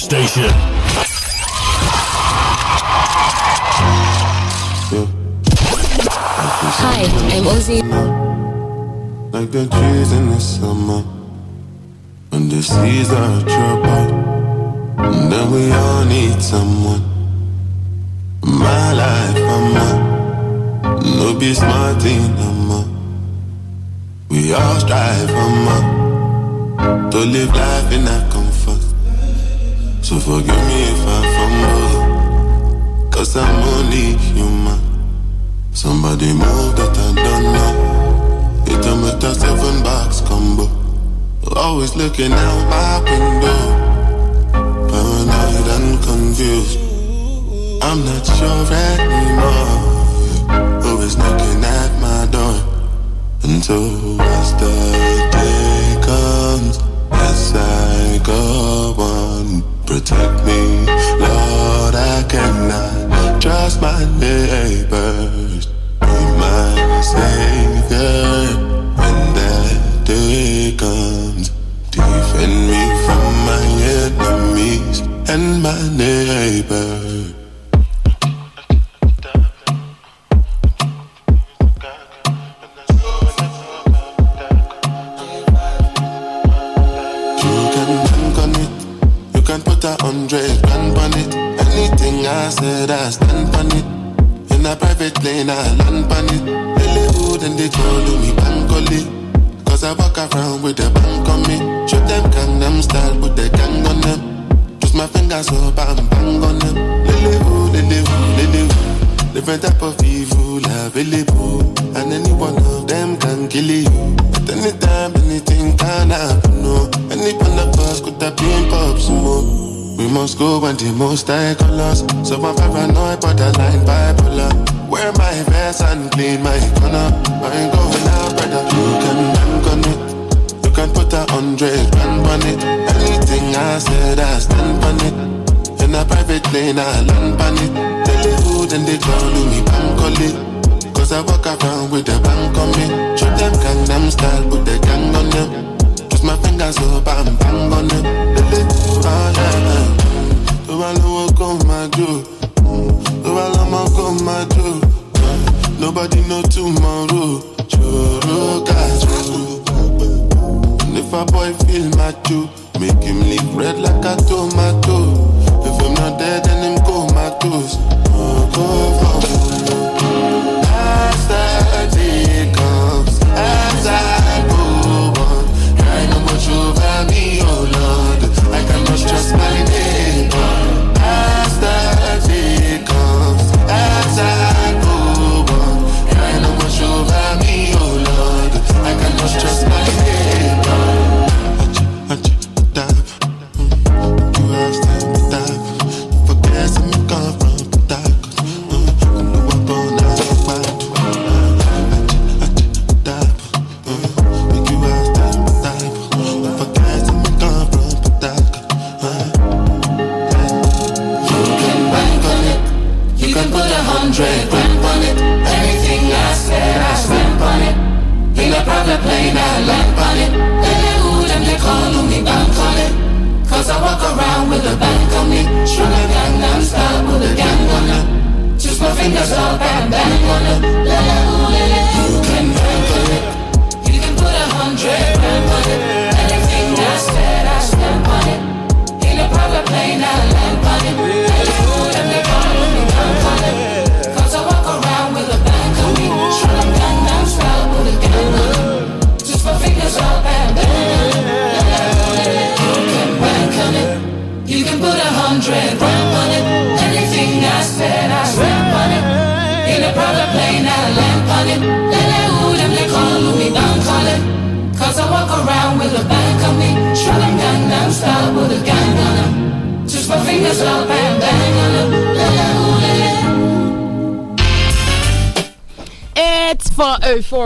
station. Hi, I'm Ozzy. Like the trees in the summer, when the seas are troubled.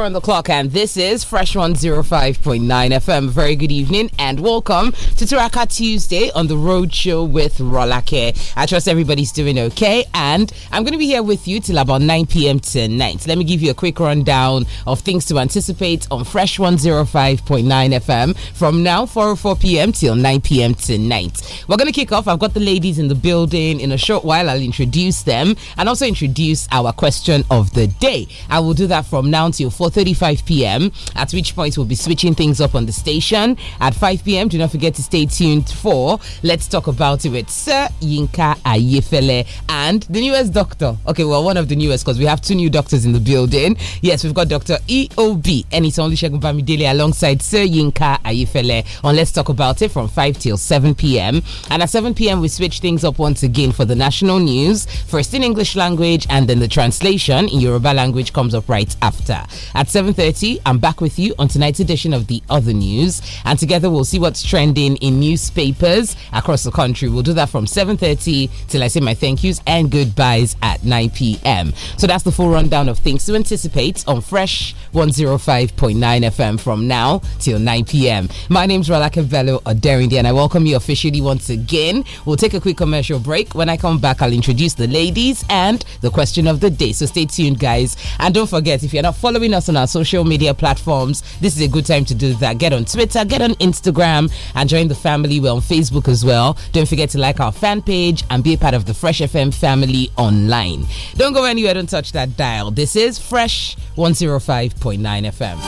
on the clock, and this is Fresh 105.9 FM. Very good evening and welcome to Taraka Tuesday on the Road Show with Rolake. I trust everybody's doing okay, and I'm going to be here with you till about 9 p.m. tonight. Let me give you a quick rundown of things to anticipate on Fresh 105.9 FM from now, 4 4 p.m. till 9 p.m. tonight. We're going to kick off. I've got the ladies in the building. In a short while, I'll introduce them and also introduce our question of the day. I will do that from now until 4:35 p.m. At which point we'll be switching things up on the station at 5 p.m. Do not forget to stay tuned for Let's Talk About It with Sir Yinka Ayefele, and the newest doctor. Okay, well, one of the newest because we have two new doctors in the building. Yes, we've got Dr. EOB, and it's only Shegun Bamidele alongside Sir Yinka Ayefele on Let's Talk About It from 5 till 7 p.m. And at 7 p.m., we switch things up once again for the national news, first in English language, and then the translation in Yoruba language comes up right after. At 7.30, I'm back with you on tonight's edition of The Other News, and together we'll see what's trending in newspapers across the country. We'll do that from 7.30 till I say my thank yous and goodbyes at 9 p.m. So that's the full rundown of things to anticipate on Fresh 105.9 FM from now till 9 p.m. My name name's Rolaka Daring Oderindi and I welcome you officially once again. We'll take a quick commercial break. When I come back, I'll introduce the ladies and the question of the day. So stay tuned, guys. And don't forget, if you're not following us on our social media platforms, this is a good time to do that. Get on Twitter, get on Instagram, and join the family. We're on Facebook as well. Don't forget to like our fan page and be a part of the Fresh FM family online. Don't go anywhere, don't touch that dial. This is Fresh 105.9 FM.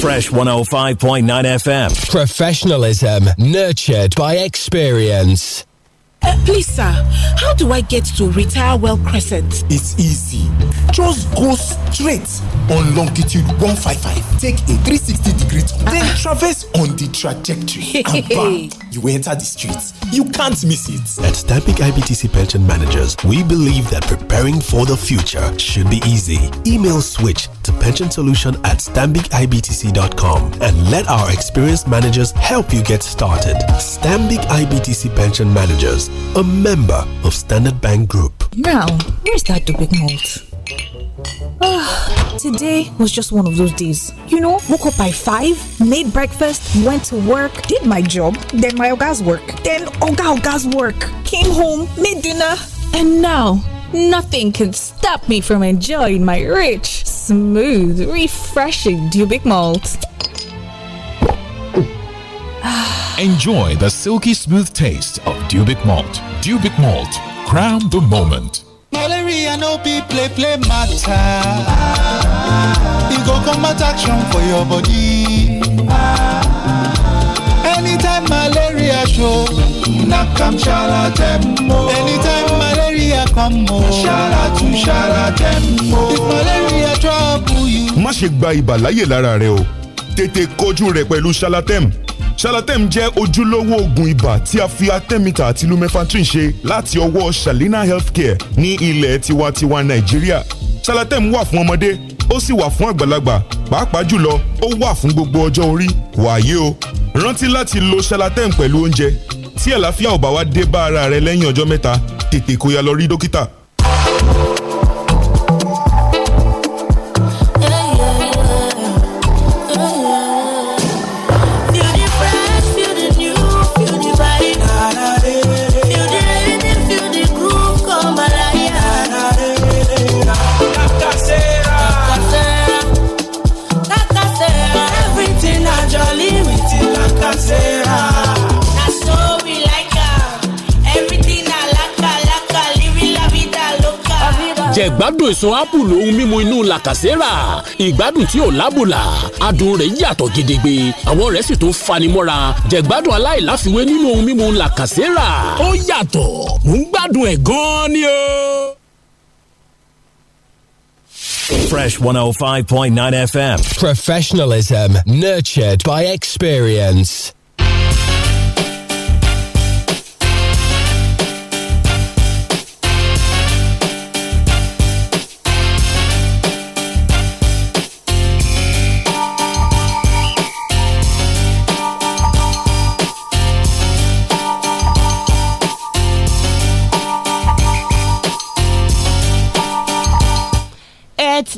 Fresh 105.9 FM. Professionalism nurtured by experience. Uh, please, sir, how do I get to Retire Well Crescent? It's easy. Just go straight on longitude 155. Take a 360 degree turn, uh -uh. then uh-huh. traverse on the trajectory and bam, you enter the streets. You can't miss it. At Stabic IBTC Pension Managers, we believe that preparing for the future should be easy. Email switch to pension solution at stambicibtc.com and let our experienced managers help you get started. Stambic IBTC Pension Managers, a member of Standard Bank Group. Now, where's that duplicate note? Today was just one of those days. You know, woke up by 5, made breakfast, went to work, did my job, then my oga's work, then oga oga's work, came home, made dinner, and now nothing can stop me from enjoying my rich, smooth, refreshing Dubik malt. Enjoy the silky smooth taste of Dubik malt. Dubik malt, crown the moment. Valeria no be play play matter. You go combat action for your body. Anytime malaria show, knock am shala them. Oh. Anytime malaria come, oh. shala to shala them. Oh. If malaria trouble you. Má ṣe gba ibà láyè lára rẹ o, tètè kojú rẹ̀ pẹ̀lú Shalatem Shalatem jẹ́ ojúlówó oògùn ibà tí a fi atẹ́mítà àti lumefantrine ṣe láti ọwọ́ Shalina Healthcare ní ilẹ̀ tiwantiwa Nàìjíríà. Shalatem wà fún ọmọdé ó sì wà fún àgbàlagbà pàápàá jùlọ ó wà fún gbogbo ọjọ́ orí wàyé o. Rántí láti lo Shalatem pẹ̀lú oúnjẹ tí àlàáfíà ò bá wá dé bá ara rẹ lẹ́yìn ọjọ́ mẹ́ta tètè kó ya lọ rí dókítà. ìgbádùn ìsun apple ohun mímu inú làkàsẹ́rà ìgbádùn tí ò lábùlà adùn rẹ̀ yàtọ̀ gedegbe àwọn rẹ̀ sì tún fanimọ́ra jẹ̀gbádùn aláìláfiwé nínú ohun mímu làkàsẹ́rà ó yàtọ̀ mò ń gbádùn ẹ̀ gan-an ni o. Fresh 105.9 FM. Professionalism nurtured by experience.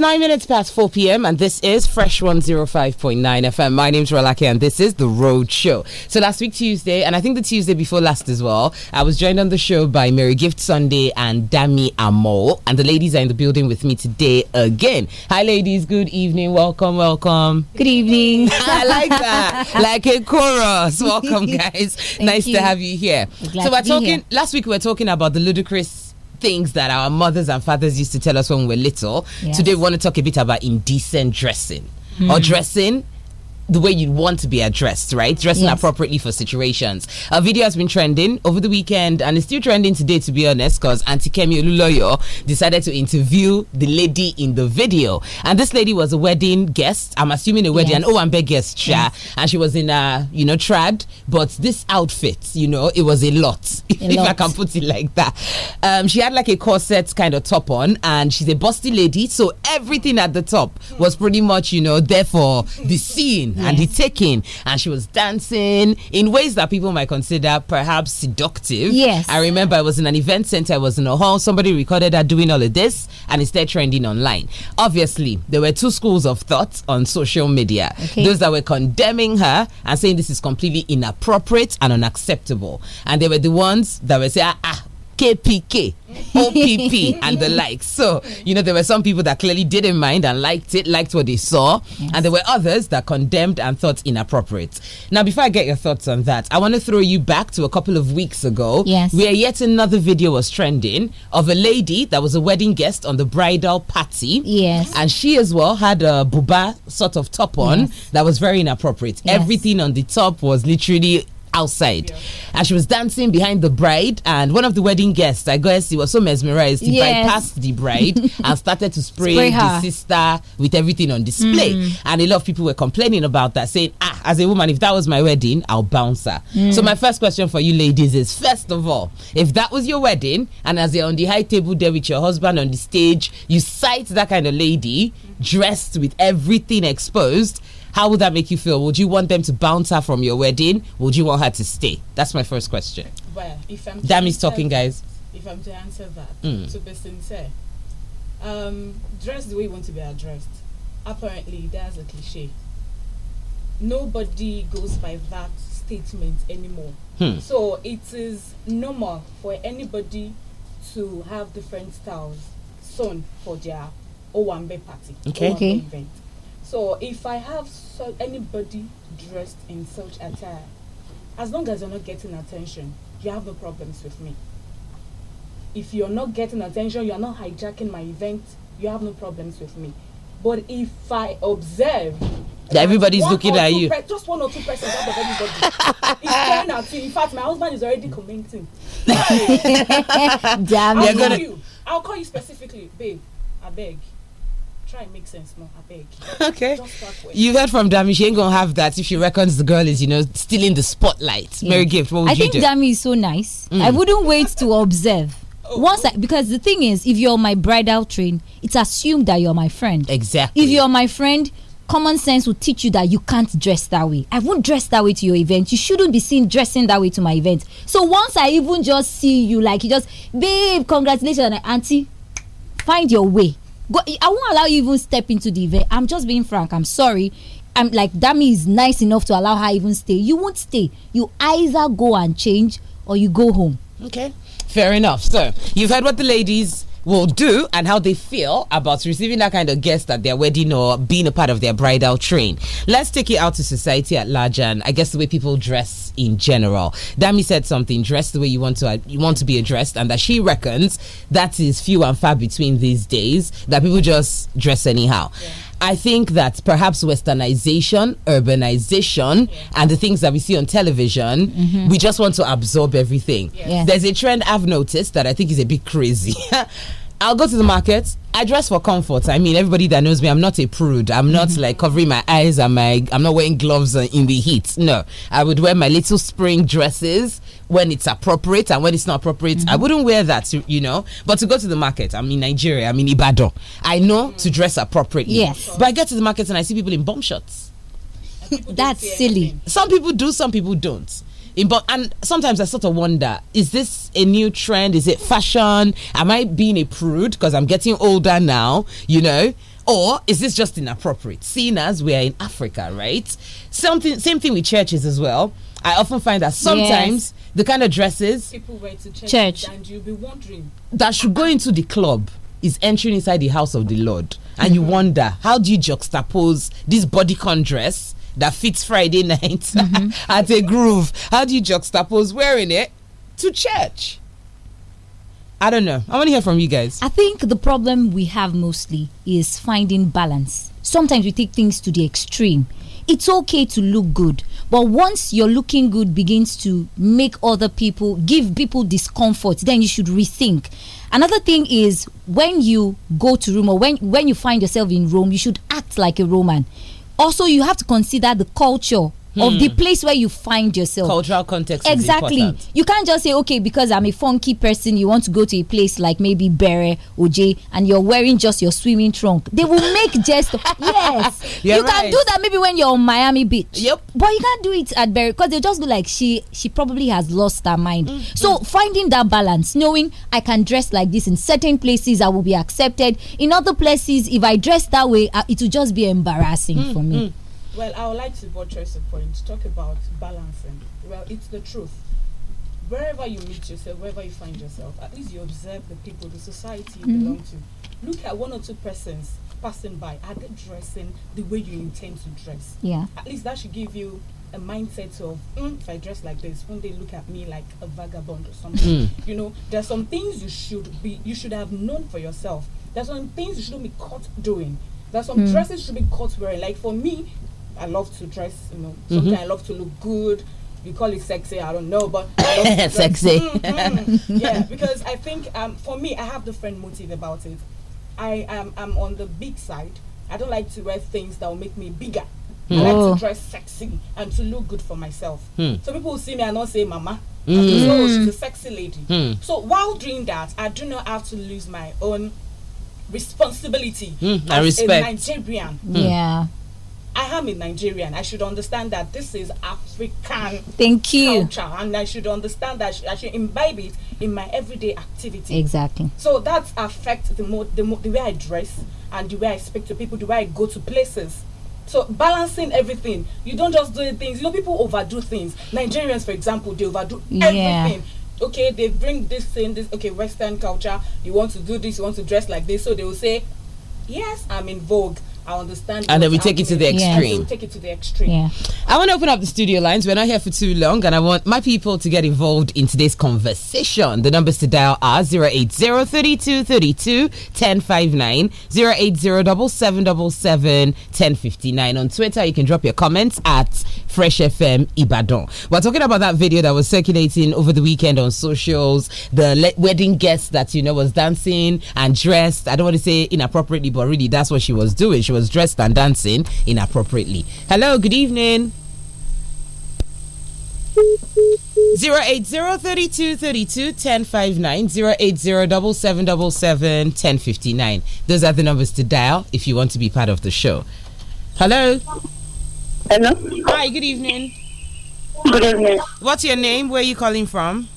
nine minutes past 4 p.m., and this is Fresh 105.9 FM. My name is Rolake, and this is The Road Show. So, last week, Tuesday, and I think the Tuesday before last as well, I was joined on the show by Mary Gift Sunday and Dami Amol. And the ladies are in the building with me today again. Hi, ladies. Good evening. Welcome, welcome. Good evening. I like that. like a chorus. Welcome, guys. nice you. to have you here. so, we're talking, here. last week, we were talking about the ludicrous things that our mothers and fathers used to tell us when we were little. Yes. Today, we want to talk a bit about indecent dressing mm. or hmm. dressing the way you'd want to be addressed, right? Dressing yes. appropriately for situations. A video has been trending over the weekend and it's still trending today, to be honest, because Auntie Kemi Oluloyo decided to interview the lady in the video. And this lady was a wedding guest, I'm assuming a wedding, yes. an Owambe guest, yeah. And she was in a, uh, you know, trad, but this outfit, you know, it was a lot, a if lot. I can put it like that. Um, she had like a corset kind of top on and she's a busty lady, so everything at the top was pretty much, you know, there for the scene yes. and the taking. And she was dancing in ways that people might consider perhaps seductive. Yes. I remember I was in an event center, I was in a hall, somebody recorded her doing all of this and it's there trending online. Obviously, there were two schools of thought on social media. Okay. Those that were condemning her and saying this is completely inappropriate and unacceptable. And they were the ones that were saying, ah, ah KPK, OPP, and the like. So, you know, there were some people that clearly didn't mind and liked it, liked what they saw, yes. and there were others that condemned and thought inappropriate. Now, before I get your thoughts on that, I want to throw you back to a couple of weeks ago, yes. where yet another video was trending of a lady that was a wedding guest on the bridal party. Yes. And she as well had a buba sort of top on yes. that was very inappropriate. Everything on the top was literally outside. Yeah. And she was dancing behind the bride and one of the wedding guests, I guess he was so mesmerized, he yes. bypassed the bride and started to spray, spray the sister with everything on display. Mm. And a lot of people were complaining about that, saying, ah, as a woman, if that was my wedding, I'll bounce her. Mm. So my first question for you ladies is, first of all, if that was your wedding and as you're on the high table there with your husband on the stage, you sight that kind of lady dressed with everything exposed, how would that make you feel? Would you want them to bounce her from your wedding? Would you want her to stay? That's my first question. Well, if I'm that means talking, that, guys. If I'm to answer that, mm. to be sincere, um, dress the way you want to be addressed. Apparently, that's a cliche. Nobody goes by that statement anymore. Hmm. So it is normal for anybody to have different styles sewn for their Owambe party, okay. Owambe okay. event. So if I have so anybody dressed in such attire, as long as you're not getting attention, you have no problems with me. If you're not getting attention, you're not hijacking my event, you have no problems with me. But if I observe that everybody's looking at you, just one or two persons out of everybody In fact, my husband is already commenting. Damn, I'll call gonna... you. I'll call you specifically, babe. I beg. Try and make sense I beg. okay. You heard from Dami, she ain't gonna have that if she reckons the girl is, you know, stealing the spotlight. Yeah. Mary Gift, what would I you do? I think Dami is so nice. Mm. I wouldn't wait to observe. Oh. Once I, because the thing is, if you're my bridal train, it's assumed that you're my friend. Exactly. If you're my friend, common sense will teach you that you can't dress that way. I won't dress that way to your event. You shouldn't be seen dressing that way to my event. So once I even just see you, like you just, babe, congratulations, auntie, find your way. Go, I won't allow you even step into the event. I'm just being frank. I'm sorry. I'm like Dami is nice enough to allow her even stay. You won't stay. You either go and change or you go home. Okay. Fair enough. So you've heard what the ladies will do and how they feel about receiving that kind of guest at their wedding or being a part of their bridal train. Let's take it out to society at large and I guess the way people dress in general. Dami said something, dress the way you want to uh, you want to be addressed and that she reckons that is few and far between these days that people just dress anyhow. Yeah. I think that perhaps westernization, urbanization, yeah. and the things that we see on television, mm -hmm. we just want to absorb everything. There's a trend I've noticed that I think is a bit crazy. I'll go to the market. I dress for comfort. I mean, everybody that knows me, I'm not a prude. I'm not mm-hmm. like covering my eyes and my. I'm not wearing gloves in the heat. No, I would wear my little spring dresses when it's appropriate and when it's not appropriate. Mm -hmm. I mm-hmm. wouldn't wear that, you know. But to go to the market, I'm in Nigeria. I'm in Ibadan. I know to dress appropriately. Yes. But I get to the market and I see people in bomb shorts. That's silly. Some people do, some people don't. But and sometimes I sort of wonder: Is this a new trend? Is it fashion? Am I being a prude because I'm getting older now? You know, or is this just inappropriate? Seeing as we are in Africa, right? Something, same thing with churches as well. I often find that sometimes yes. the kind of dresses people wear to church, church, and you'll be wondering that should go into the club is entering inside the house of the Lord, and mm -hmm. you mm-hmm. wonder how do you juxtapose this bodycon dress that fits Friday night mm-hmm. at a groove. How do you juxtapose wearing it to church? I don't know. I want to hear from you guys. I think the problem we have mostly is finding balance. Sometimes we take things to the extreme. It's okay to look good, but once your looking good begins to make other people give people discomfort, then you should rethink. Another thing is when you go to Rome or when, when you find yourself in Rome, you should act like a Roman also you have to consider the culture hmm. of the hmm. place where you find yourself. Cultural context. Exactly. You can't just say, okay, because I'm a funky person, you want to go to a place like maybe Bere, Oj, and you're wearing just your swimming trunk. They will make jest. yes. You're you right. can do that maybe when you're on Miami Beach. Yep. But you can't do it at Bere because they will just be like, she she probably has lost her mind. Mm -hmm. So finding that balance, knowing I can dress like this in certain places, I will be accepted. In other places, if I dress that way, uh, it will just be embarrassing mm -hmm. for me. Mm. Well, I would like to buttress a point, talk about balancing. Well, it's the truth. Wherever you meet yourself, wherever you find yourself, at least you observe the people, the society you mm -hmm. belong to. Look at one or two persons passing by. Are they dressing the way you intend to dress? Yeah. At least that should give you a mindset of mm, if I dress like this, when they look at me like a vagabond or something. Mm. You know, there's some things you should be you should have known for yourself. There's some things you shouldn't be caught doing. There's some mm. dresses you should be caught wearing. Like for me, I love to dress, you know, mm-hmm. I love to look good. You call it sexy, I don't know, but sexy. Mm-hmm. yeah, because I think um, for me, I have different motive about it. I am I'm on the big side. I don't like to wear things that will make me bigger. Mm. I like to oh. dress sexy and to look good for myself. Mm. So people will see me and not say, "Mama, mm. so oh, she's a sexy lady." Mm. So while doing that, I do not have to lose my own responsibility mm, as a Nigerian. Hmm. Yeah I am a Nigerian. I should understand that this is African Thank you. culture, and I should understand that I should imbibe it in my everyday activity. Exactly. So that affects the mo- the, mo- the way I dress and the way I speak to people, the way I go to places. So balancing everything. You don't just do things. You know, people overdo things. Nigerians, for example, they overdo yeah. everything. Okay, they bring this thing, this okay, Western culture. You want to do this, you want to dress like this. So they will say, Yes, I'm in vogue understand. And then we take it to the extreme. Take it to the extreme. Yeah. I want to open up the studio lines. We're not here for too long, and I want my people to get involved in today's conversation. The numbers to dial are 080-3232-1059, 1059 On Twitter, you can drop your comments at Fresh FM Ibadan. We're talking about that video that was circulating over the weekend on socials. The wedding guest that you know was dancing and dressed. I don't want to say inappropriately, but really that's what she was doing. She was was dressed and dancing inappropriately. Hello, good evening. 80 Those are the numbers to dial if you want to be part of the show. Hello. Hello. Hi, good evening. Good evening. What's your name? Where are you calling from?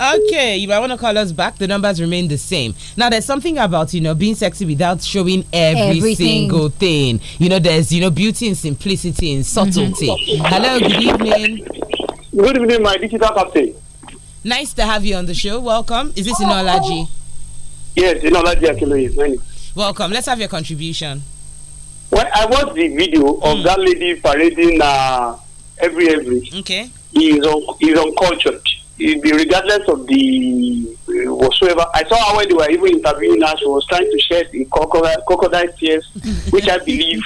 Okay, you might want to call us back. The numbers remain the same. Now, there's something about, you know, being sexy without showing every Everything. single thing. You know, there's, you know, beauty in simplicity, in subtlety. Mm -hmm. Hello, good evening. Good evening, my digital captain. Nice to have you on the show. Welcome. Is this Inolaji? Yes, Inolaji Akiloye. Welcome. Let's have your contribution. Well, I watched the video of mm. that lady parading uh, every every. Okay. He's, un- he's uncultured regardless of the uh, whatsoever, I saw how they were even interviewing us. She was trying to shed in crocodile, tears, which I believe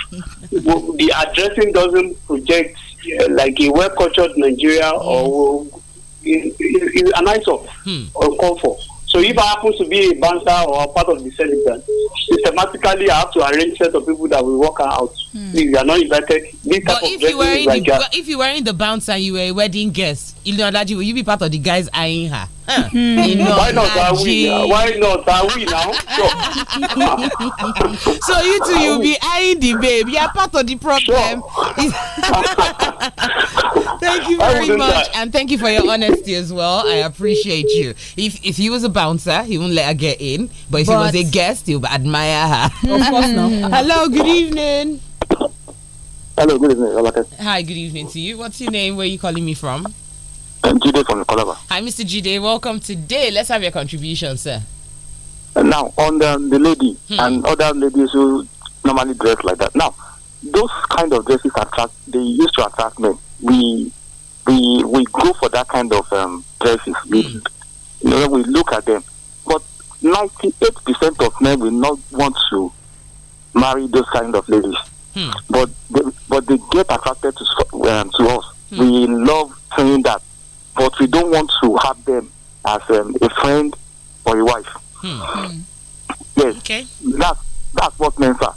the addressing doesn't project uh, like a well cultured Nigeria or an ISO hmm. or comfort. So if I happen to be a banker or part of the celebrant, systematically I have to arrange set of people that will work out Hmm. If you are not invited, this but if you were in the, that. if you were in the bounce and you were a wedding guest, you know will you be part of the guys eyeing her? Huh? Hmm. why not are we? Why not are we now? Sure. so you two, you be eyeing the babe. You are part of the problem. Sure. thank you very much, that? and thank you for your honesty as well. I appreciate you. If if he was a bouncer, he won't let her get in. But if but he was a guest, he would admire her. Of course not. Hello, good evening. Hello, good evening. Hi, good evening to you. What's your name? Where are you calling me from? I'm Jide from Kolaba. Hi, Mr. Jide. Welcome today. Let's have your contribution, sir. now, on the, the lady hmm. and other ladies who normally dress like that. Now, those kind of dresses attract, they used to attract men. We we we go for that kind of um, dresses. We, hmm. you know, we look at them, but ninety-eight percent of men will not want to marry those kind of ladies. Hmm. But they, but they get attracted to um, to us. Hmm. We love saying that, but we don't want to have them as um, a friend or a wife. Hmm. hmm. Yes. Okay. That's that's what men are.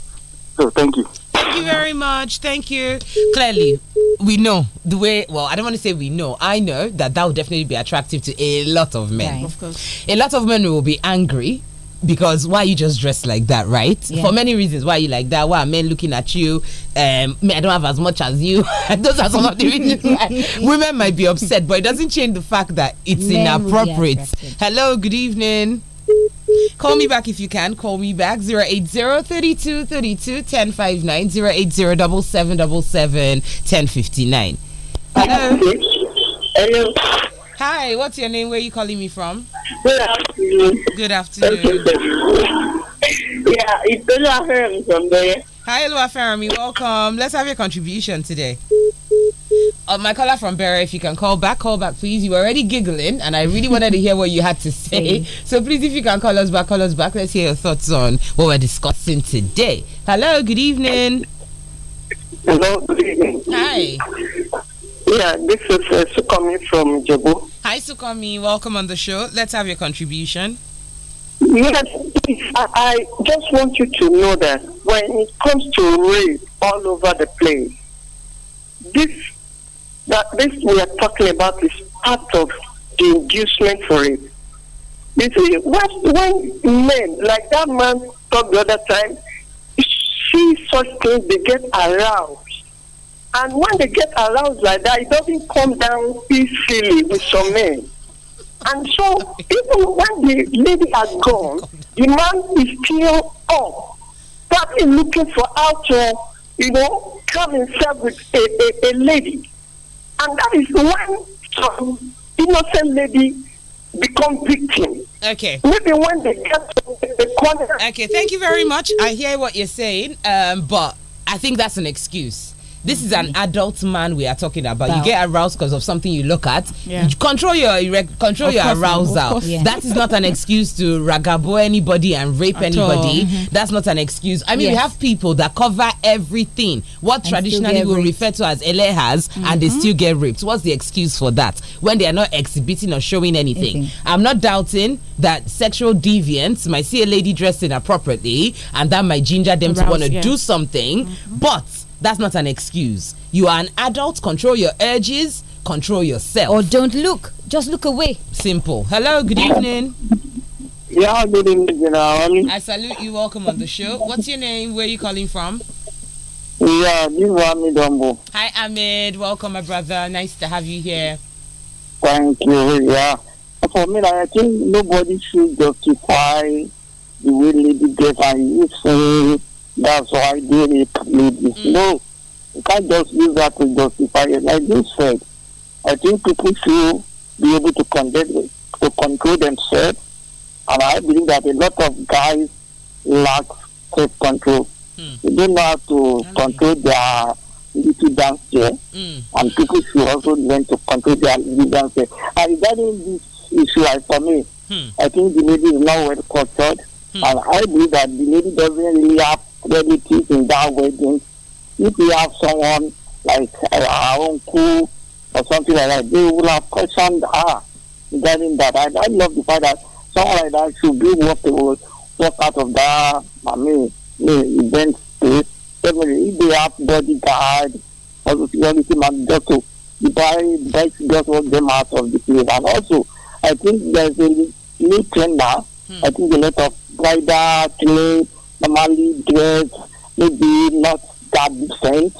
So thank you. Thank you very much. Thank you. Clearly, we know the way. Well, I don't want to say we know. I know that that will definitely be attractive to a lot of men. Right. Of course, a lot of men will be angry because why you just dressed like that, right? Yeah. For many reasons, why you like that? Why are men looking at you? Um, I don't have as much as you. Those are some of the reasons why women might be upset, but it doesn't change the fact that it's men inappropriate. Hello, good evening. Call me back if you can. Call me back 080 32 32 1059 080 7777 Hello. Hello. Hi, what's your name? Where are you calling me from? Good afternoon. Good afternoon. yeah, it's Oluwaferemi from there. Hi, Oluwaferemi. Welcome. Let's have your contribution today. Uh, my caller from Bera, if you can call back, call back, please. You were already giggling, and I really wanted to hear what you had to say. So please, if you can call us back, call us back. Let's hear your thoughts on what we're discussing today. Hello, good evening. Hello, good evening. Hi. Yeah, this is uh, Sukomi from Jebu. Hi, Sukomi. Welcome on the show. Let's have your contribution. Yes, I, just want you to know that when it comes to rape all over the place, this that this we are talking about is part of the inducement for it. You see, when men like that man talked the other time, see such things, they get aroused and when they get aroused like that, it doesn't come down easily with some men. And so, even when the lady has gone, the man is still up, probably looking for how uh, to, you know, calm himself with a, a, a lady. And that is when some innocent lady become victim. Okay. Maybe when they get to the corner. Okay, thank you very much. I hear what you're saying, um, but I think that's an excuse. This is an adult man we are talking about. You get aroused because of something you look at. Yeah. You control your erect, control your arousal. Yeah. That is not an excuse to ragabo anybody and rape at anybody. Mm -hmm. That's not an excuse. I mean, yes. we have people that cover everything. What and traditionally we refer to as elehas, mm -hmm. and they mm-hmm. still get raped. What's the excuse for that? When they are not exhibiting or showing anything. I'm not doubting that sexual deviants might see a lady dressed inappropriately, and that might ginger them Arouse, to want to yeah. do something, mm -hmm. but that's not an excuse. You are an adult. Control your urges. Control yourself. Or don't look. Just look away. Simple. Hello. Good evening. Yeah, good evening. You know, I salute you. Welcome on the show. What's your name? Where are you calling from? Yeah, this is Ahmed Dombo. Hi, Ahmed. Welcome, my brother. Nice to have you here. Thank you. Yeah. For me, I think nobody should justify the way Lady Gaga is. That's why they need this law. You can't just use that to justify it. Like you said, I think people should be able to, condemn, to control themselves. And I believe that a lot of guys lack self control. Mm. They don't know how to control their little dance Mm. And people should also learn to control their little dance And regarding this issue, I, for me, mm. I think the lady is not well cultured. Hmm. And I believe that the lady doesn't really have relatives in that wedding, if we have someone like uh, our uncle or something like that, they will have questioned her regarding that. I, I love the fact that someone like that should be what they will walk out of that, I mean, event space. Definitely, if they have bodyguard or security man just to buy, buy, just walk them out of the place. And also, I think there's a new trend now. Hmm. I think a lot of bridal clips normally dress maybe not that different.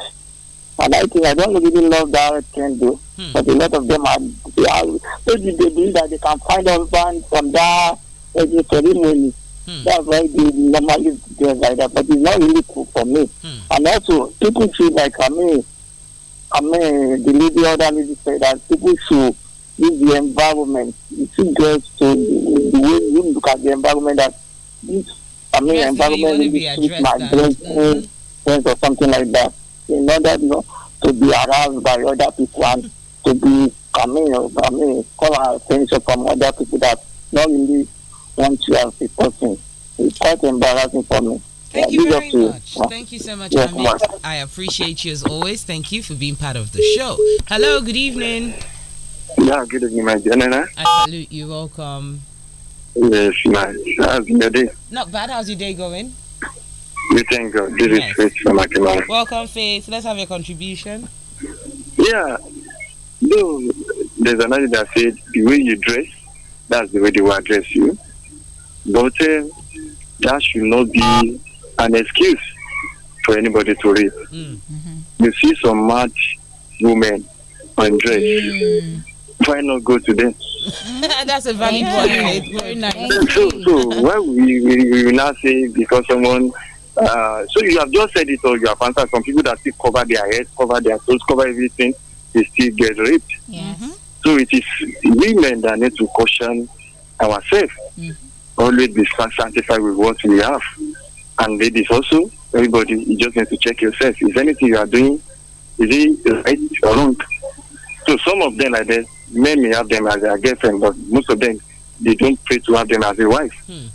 And I think I don't really love that trend though. Hmm. But a lot of them are they are maybe they believe that they can find husband from that wedding ceremony. Hmm. That's why they normally dress like that. But it's not really cool for me. Hmm. And also people feel like I mean I mean the lady other lady said that people should use the environment. You should dress to the way you look at the environment that this I mean, Firstly, environment really be my brain, mm -hmm. or something like that. In order you know, to be aroused by other people and to be, I mean, I mean, call our attention from other people that not really want you as a person. It's quite embarrassing for me. Thank you very much. Thank you so much, yes, Ami. I appreciate you as always. Thank you for being part of the show. Hello, good evening. Yeah, good evening, my dear I salute you. Welcome. Yes, nice. How's your day? Not bad. How's your day going? You thank God. Uh, this nice. is Faith from Akimara. Welcome, Faith. Let's have your contribution. Yeah. No, there's another that said the way you dress, that's the way they will address you. But uh, that should not be an excuse for anybody to read. Mm. Mm-hmm. You see some mad women undressed. Mm. Why not go to them? That's a valid point. Very nice. So, so when we, we, we will not say because someone uh, so you have just said it all. you have answered some people that still cover their heads, cover their toes, cover everything, they still get raped. Yes. Mm-hmm. So it is women that need to caution ourselves. Mm -hmm. Always be satisfied with what we have. And ladies also, everybody, you just need to check yourself. Is anything you are doing, is it right or wrong? So some of them like that, men may have them as their girlfriend, but most of them they don't pray to have them as a wife. Hmm.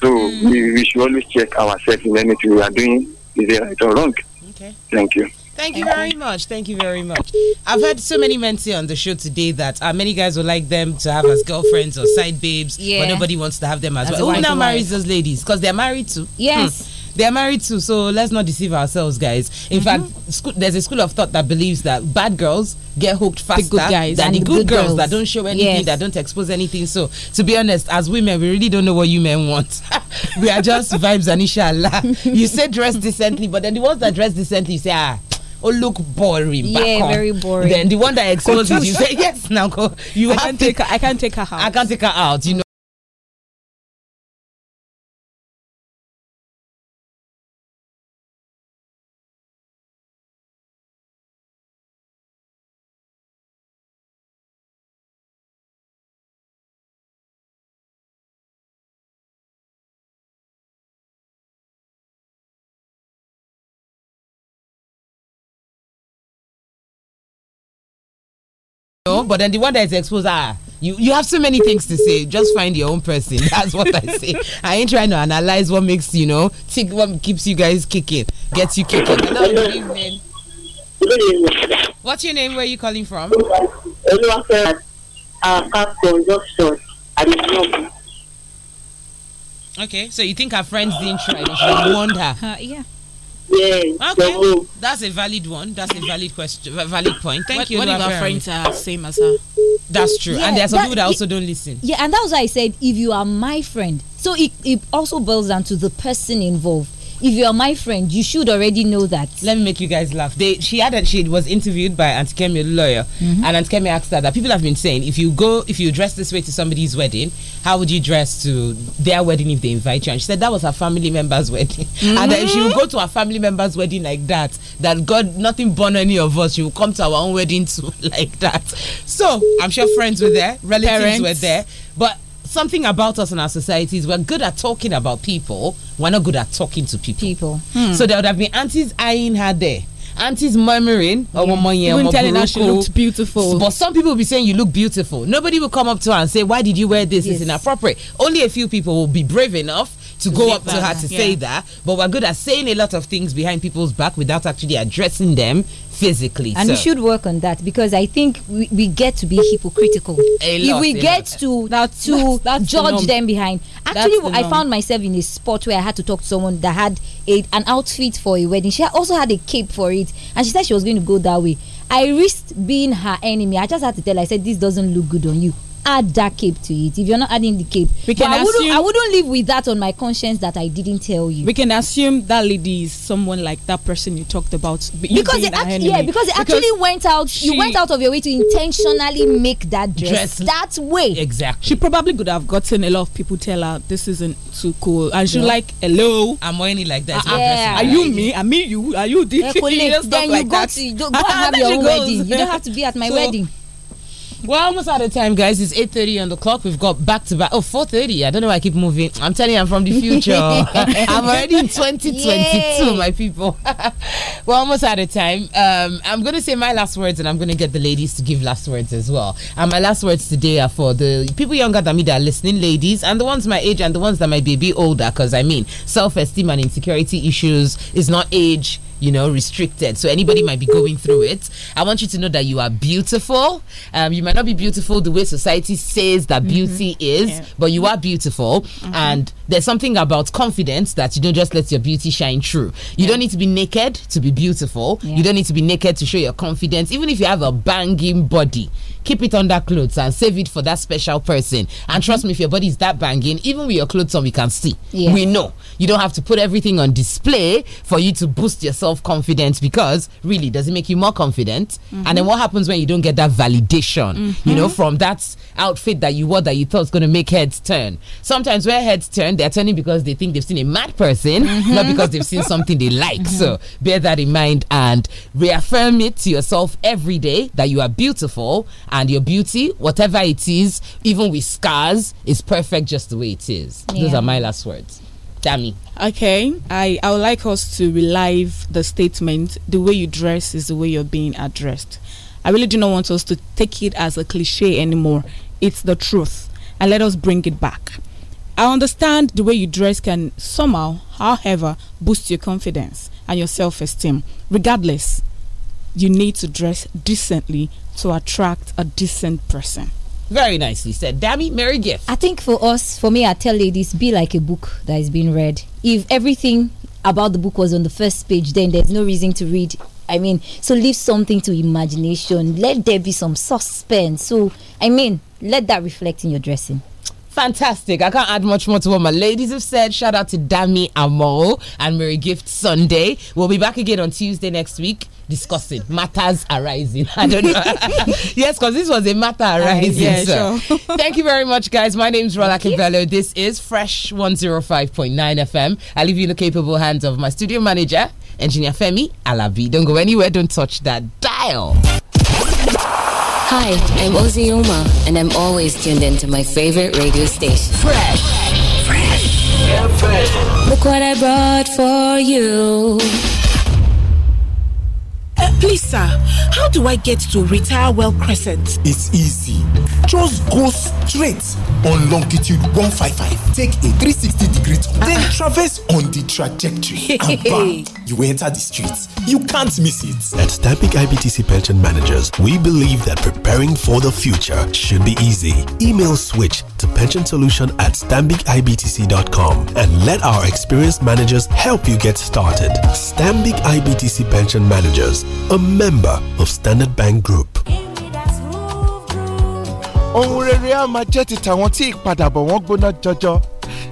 So mm. we, we, should always check ourselves in anything we are doing, is it right or wrong? Okay. Thank you. Thank you very much. Thank you very much. I've had so many men say on the show today that uh, many guys would like them to have as girlfriends or side babes, yeah. but nobody wants to have them as, as well. Who now marries those ladies? Because they're married too. Yes. Hmm they're married too, so let's not deceive ourselves, guys. In mm -hmm. fact, school, there's a school of thought that believes that bad girls get hooked faster the guys, than the, the good, good girls, girls, that don't show anything, yes. that don't expose anything. So, to be honest, as women, we really don't know what you men want. we are just vibes and inshallah. You say dress decently, but then the ones that dress decently say, ah, oh look boring yeah very boring then the one that exposes you say yes now go you I can't take her, i can't take her out i can't take her out you know but then the one that is exposed, ah, you, you have so many things to say. Just find your own person. That's what I say. I ain't trying to analyze what makes, you know, Think what keeps you guys kicking, gets you kicking. Hello, good evening. What's your name? Where are you calling from? Okay, so you think our friends didn't try, but she warned her. Uh, yeah. Okay. So, that's a valid one. That's a valid question. Valid point. Thank what, you. What if our friends are same as her? That's true. Yeah, and there are some that, people that also don't listen. Yeah, and that was why I said if you are my friend. So it, it also boils down to the person involved if you're my friend, you should already know that. Let me make you guys laugh. They, she had she was interviewed by Aunt Kemi, lawyer, mm -hmm. and Aunt Kemi asked her that people have been saying if you go if you dress this way to somebody's wedding, how would you dress to their wedding if they invite you? And she said that was her family member's wedding, mm -hmm. and then she would go to her family member's wedding like that, that God nothing born any of us, she would come to our own wedding too like that. So I'm sure friends were there, relatives Parents. were there, but something about us in our societies. We're good at talking about people. We're not good at talking to people. People. Hmm. So there would have been aunties eyeing her there aunties murmuring my oh, yeah. one year even telling her she looked beautiful but some people will be saying you look beautiful nobody will come up to her and say why did you wear this yes. it's inappropriate only a few people will be brave enough to, to go up to her to yeah. say that but we're good at saying a lot of things behind people's back without actually addressing them physically. And so. we should work on that because I think we, we get to be hypocritical. Lot, if we get lot. to that's, to that's judge the them behind. Actually, the I found myself in a spot where I had to talk to someone that had a, an outfit for a wedding. She also had a cape for it, and she said she was going to go that way. I risked being her enemy. I just had to tell her, I said, This doesn't look good on you add that cape to it if you're not adding the cape we can but I, wouldn't, I wouldn't live with that on my conscience that i didn't tell you we can assume that lady is someone like that person you talked about because it actually, yeah because it actually went out she, you went out of your way to intentionally make that dress, dress that way exactly she probably could have gotten a lot of people tell her this isn't too cool and she yeah. like hello i'm wearing it like that uh, yeah. are you me i mean you are you this eh, you then like you go that. to go and have your wedding you don't have to be at my so, wedding we're almost out of time, guys. It's 8.30 on the clock. We've got back to back. Oh, 4.30. I don't know why I keep moving. I'm telling you, I'm from the future. I'm already in 2022, Yay. my people. We're almost out of time. Um, I'm going to say my last words and I'm going to get the ladies to give last words as well. And my last words today are for the people younger than me that are listening, ladies, and the ones my age and the ones that might be a bit older because, I mean, self-esteem and insecurity issues is not age – you know, restricted. So anybody might be going through it. I want you to know that you are beautiful. Um, you might not be beautiful the way society says that mm -hmm. beauty is, yeah. but you are beautiful. Mm -hmm. And there's something about confidence that you don't just let your beauty shine through. You yeah. don't need to be naked to be beautiful. Yeah. You don't need to be naked to show your confidence, even if you have a banging body keep it under clothes and save it for that special person. And mm-hmm. trust me, if your body is that banging, even with your clothes on, we can see. We know. You don't have to put everything on display for you to boost your self confidence because really, does it make you more confident? Mm -hmm. And then what happens when you don't get that validation, mm -hmm. you know, mm-hmm. from that outfit that you wore that you thought was going to make heads turn. Sometimes where heads turn, they're turning because they think they've seen a mad person, mm -hmm. not mm-hmm. because they've seen something they like. Mm -hmm. So mm-hmm. bear that in mind and reaffirm it to yourself every day that you are beautiful and your beauty, whatever it is, even with scars, is perfect just the way it is. Yeah. Those are my last words. Dami. Okay, I, I would like us to relive the statement the way you dress is the way you're being addressed. I really do not want us to take it as a cliche anymore. It's the truth. And let us bring it back. I understand the way you dress can somehow, however, boost your confidence and your self esteem. Regardless, you need to dress decently to attract a decent person. Very nicely said. Dammy, Mary Gift. I think for us, for me, I tell ladies, be like a book that is being read. If everything about the book was on the first page, then there's no reason to read I mean, so leave something to imagination. Let there be some suspense. So, I mean, let that reflect in your dressing. Fantastic. I can't add much more to what my ladies have said. Shout out to Dami Amo and Mary Gift Sunday. We'll be back again on Tuesday next week discussing matters arising. I don't know. yes, because this was a matter arising. yeah, sure. Thank you very much, guys. My name is Rola Cavello. This is Fresh 105.9 FM. I leave you in the capable hands of my studio manager, Engineer Femi Alavi. Don't go anywhere, don't touch that dial. Hi, I'm Ozzy Uma, and I'm always tuned into my favorite radio station. Fresh. Fresh. Yeah, fresh. Look what I brought for you. Uh, please, sir, how do I get to Retire Well Crescent? It's easy. Just go straight on longitude 155. Take a 360 degree turn, uh -uh. then traverse on the trajectory. and bam, you enter the streets. You can't miss it. At Stabic IBTC Pension Managers, we believe that preparing for the future should be easy. Email switch to pension solution at stambicibtc.com and let our experienced managers help you get started. Stambic IBTC Pension Managers a member of Standard Bank Group. ohun rere á máa jẹ́ ti tàwọn tí ìpadàbọ̀ wọn gbóná jọjọ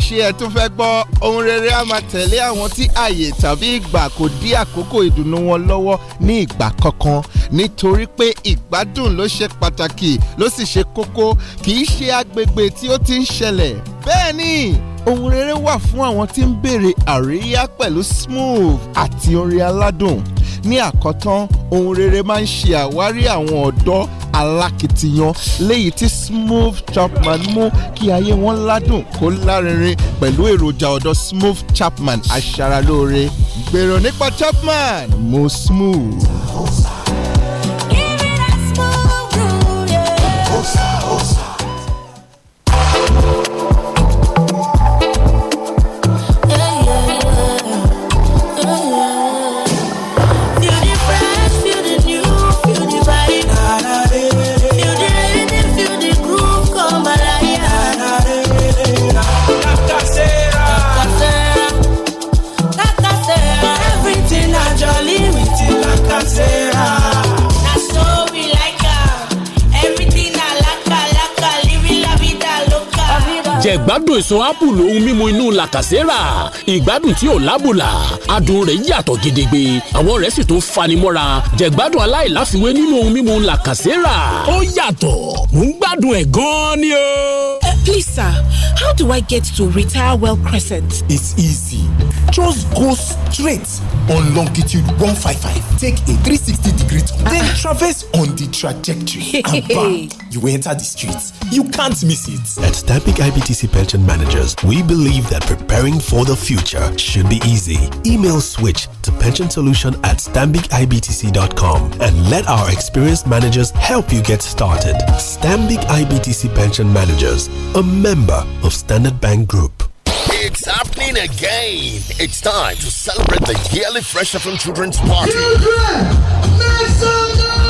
ṣé ẹ tún fẹ́ gbọ́ ohun rere á máa tẹ̀lé àwọn tí àyè tàbí ìgbà kò dí àkókò ìdùnnú wọn lọ́wọ́ ní ìgbà kankan nítorí pé ìgbádùn ló ṣe pàtàkì ló sì ṣe kókó kì í ṣe agbègbè tí ó ti ń ṣẹlẹ̀ bẹ́ẹ̀ ni ohun rere wà fún àwọn tí ń béèrè àríyá pẹ̀lú smooth àti orin aládùn ní àkọ́tán ohun rere máa ń ṣe àwárí àwọn ọ̀dọ́ alákìtiyan léyìí tí Smooth Chapman mú kí ayé wọn ládùn kó lárinrin pẹ̀lú èròjà ọ̀dọ̀ Smooth Chapman aṣaralóore gbèrò nípa Chapman mo smooth. ìgbádùn èso ápùlù ohun mímu inú làkàsẹ́rà ìgbádùn tí ò lábùlà adùn rẹ̀ yàtọ̀ gedegbe àwọn rẹ̀ sì tún fanimọ́ra jẹ̀gbádùn aláìláfiwé nínú ohun mímu làkàsẹ́rà ó yàtọ̀ mò ń gbádùn ẹ̀ gan-an ni o. Eh, please, sir, how do I get to Retire Well Crescent? It's easy. just go straight on longitude 155 take a 360 degree turn then ah. traverse on the trajectory and bam you enter the streets you can't miss it at stabic ibtc pension managers we believe that preparing for the future should be easy email switch to pension solution at stambicibtc.com and let our experienced managers help you get started stambic ibtc pension managers a member of standard bank group it's happening again. It's time to celebrate the yearly Fresh from Children's Party. Children, make some noise!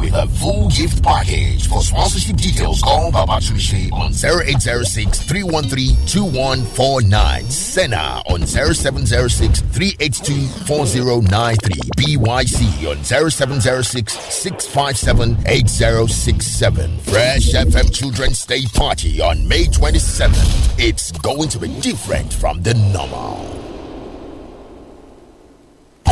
with a full gift package. For sponsorship details, call Baba Tumishe on 0806 313 2149. Senna on 0706 382 4093. BYC on 0706 657 8067. Fresh FM Children's Day Party on May 27th. It's going to be different from the normal.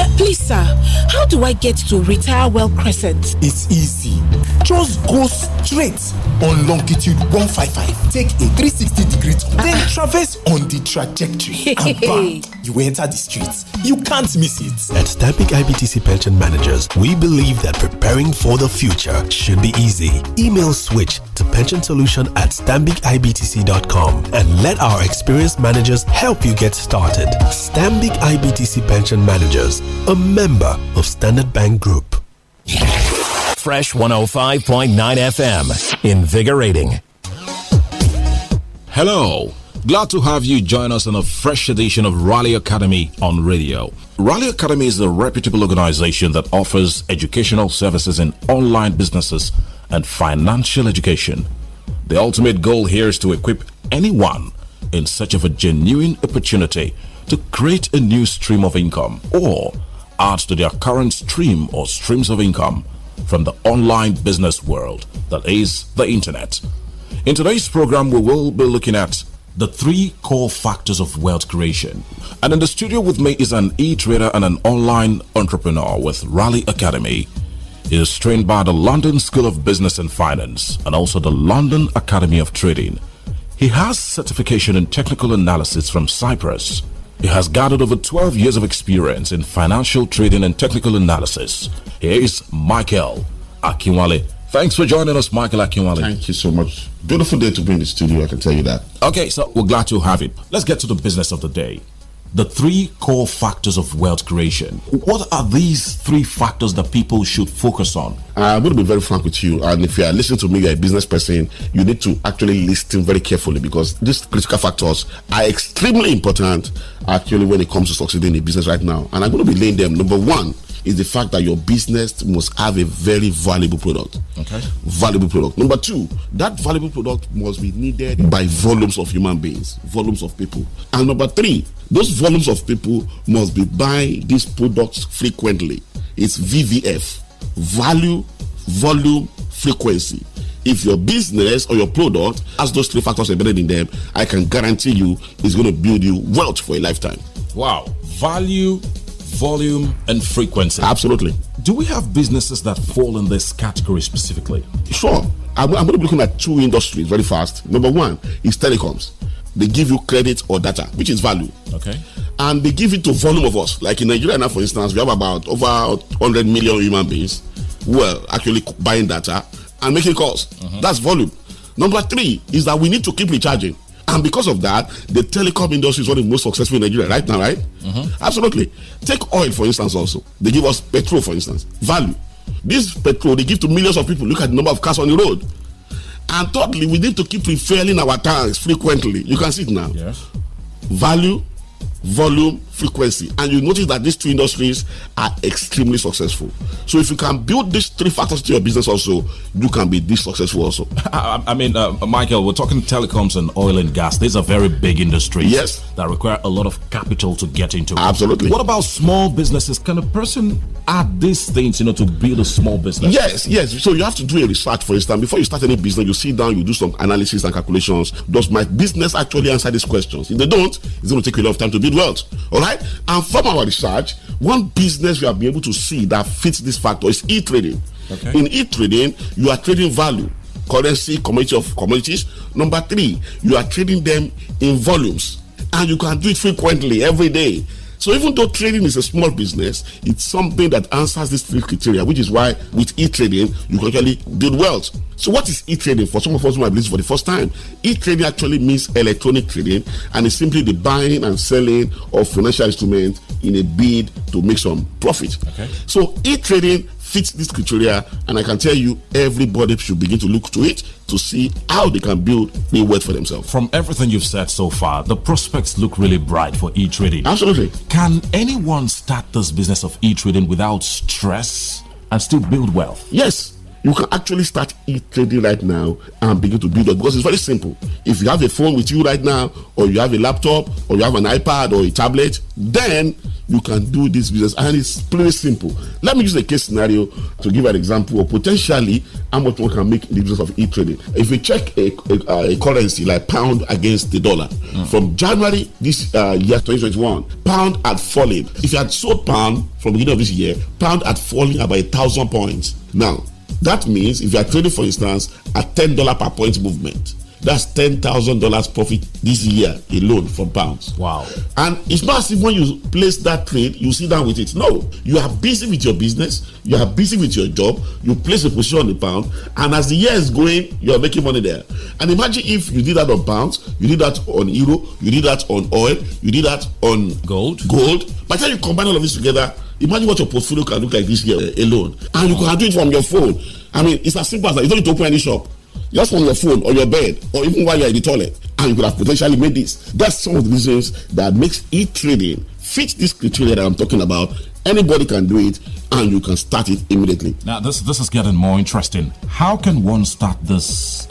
Uh, please, sir, how do I get to Retire Well Crescent? It's easy. Just go straight on longitude 155. Take a 360 degree turn, uh -uh. then uh-huh. traverse on the trajectory. and back. you enter the streets. You can't miss it. At Stabic IBTC Pension Managers, we believe that preparing for the future should be easy. Email switch to pension solution at stambicibtc.com and let our experienced managers help you get started. Stambic IBTC Pension Managers, a member of Standard Bank Group. Fresh 105.9 FM, invigorating. Hello. Glad to have you join us on a fresh edition of Raleigh Academy on radio. Raleigh Academy is a reputable organization that offers educational services in online businesses and financial education. The ultimate goal here is to equip anyone in search of a genuine opportunity to create a new stream of income or add to their current stream or streams of income from the online business world, that is, the internet. In today's program, we will be looking at the three core factors of wealth creation. And in the studio with me is an e-trader and an online entrepreneur with Raleigh Academy. He is trained by the London School of Business and Finance and also the London Academy of Trading. He has certification in technical analysis from Cyprus. He has gathered over 12 years of experience in financial trading and technical analysis. Here is Michael Akinwale Thanks for joining us, Michael Akinwale. Thank you so much. Beautiful day to be in the studio, I can tell you that. Okay, so we're glad to have it. Let's get to the business of the day. The three core factors of wealth creation. What are these three factors that people should focus on? I'm going to be very frank with you. And if you are listening to me, you're a business person, you need to actually listen very carefully because these critical factors are extremely important actually when it comes to succeeding in business right now. And I'm going to be laying them. Number one, is the fact that your business must have a very valuable product. Okay. Valuable product. Number two, that valuable product must be needed by volumes of human beings, volumes of people. And number three, those volumes of people must be buying these products frequently. It's VVF value, volume, frequency. If your business or your product has those three factors embedded in them, I can guarantee you it's going to build you wealth for a lifetime. Wow. Value, volume, and frequency. Absolutely. Do we have businesses that fall in this category specifically? Sure. I'm, I'm going to be looking at two industries very fast. Number one is telecoms. They give you credit or data, which is value. Okay. And they give it to volume of us. Like in Nigeria now, for instance, we have about over 100 million human beings who are actually buying data and making calls. Uh-huh. That's volume. Number three is that we need to keep recharging. And because of that, the telecom industry is one of the most successful in Nigeria right now, right? Mm -hmm. Absolutely. Take oil, for instance, also. They give us petrol, for instance, value. This petrol they give to millions of people. Look at the number of cars on the road. And thirdly, we need to keep refilling our tanks frequently. You can see it now. Yes. Value, volume, frequency. And you notice that these two industries are extremely successful. So if you can build these three factors to your business also, you can be this successful also. I, I mean, uh, Michael, we're talking telecoms and oil and gas. These are very big industries. Yes. That require a lot of capital to get into. Absolutely. What about small businesses? Can a person add these things, you know, to build a small business? Yes, yes. So you have to do a research, for instance. Before you start any business, you sit down, you do some analysis and calculations. Does my business actually answer these questions? If they don't, it's going to take a lot of time to build build wealth. All right. And from our research, one business we have been able to see that fits this factor is e trading. Okay. In e trading, you are trading value, currency, commodity of commodities. Number three, you are trading them in volumes and you can do it frequently every day. So even though trading is a small business, it's something that answers these three criteria, which is why with e-trading you can actually build wealth. So what is e-trading? For some of us who are listening for the first time, e-trading actually means electronic trading, and it's simply the buying and selling of financial instruments in a bid to make some profit. Okay. So e-trading fits this criteria, and I can tell you everybody should begin to look to it to see how they can build new wealth for themselves. From everything you've said so far, the prospects look really bright for e trading. Absolutely. Can anyone start this business of e trading without stress and still build wealth? Yes you can actually start e-trading right now and begin to build up because it's very simple. If you have a phone with you right now, or you have a laptop, or you have an iPad or a tablet, then you can do this business and it's pretty simple. Let me use a case scenario to give an example of potentially how much one can make in the business of e-trading. If we check a, a, a currency like pound against the dollar, mm. from January this uh, year 2021, pound had fallen. If you had sold pound from the beginning of this year, pound had fallen about a thousand points. Now that means if you are trading, for instance, a $10 per point movement, that's $10,000 profit this year alone from pounds. Wow. And it's not as if when you place that trade, you sit down with it. No, you are busy with your business, you are busy with your job, you place a position on the pound, and as the year is going, you are making money there. And imagine if you did that on pounds, you did that on euro, you did that on oil, you did that on gold. Gold. By the time you combine all of this together, Imagine what your portfolio can look like this year alone. And you can do it from your phone. I mean, it's as simple as that. You don't need to open any shop. Just from your phone or your bed or even while you're in the toilet. And you could have potentially made this. That's some of the reasons that makes e-trading fit this criteria that I'm talking about. Anybody can do it and you can start it immediately. Now, this, this is getting more interesting. How can one start this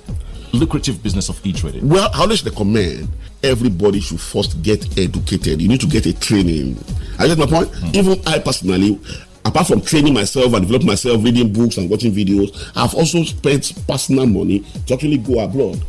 lucrative business of e-trading? Well, I always recommend everybody should first get educated. You need to get a training. I get my point. Mm. Even I personally, apart from training myself and developing myself, reading books and watching videos, I've also spent personal money to actually go abroad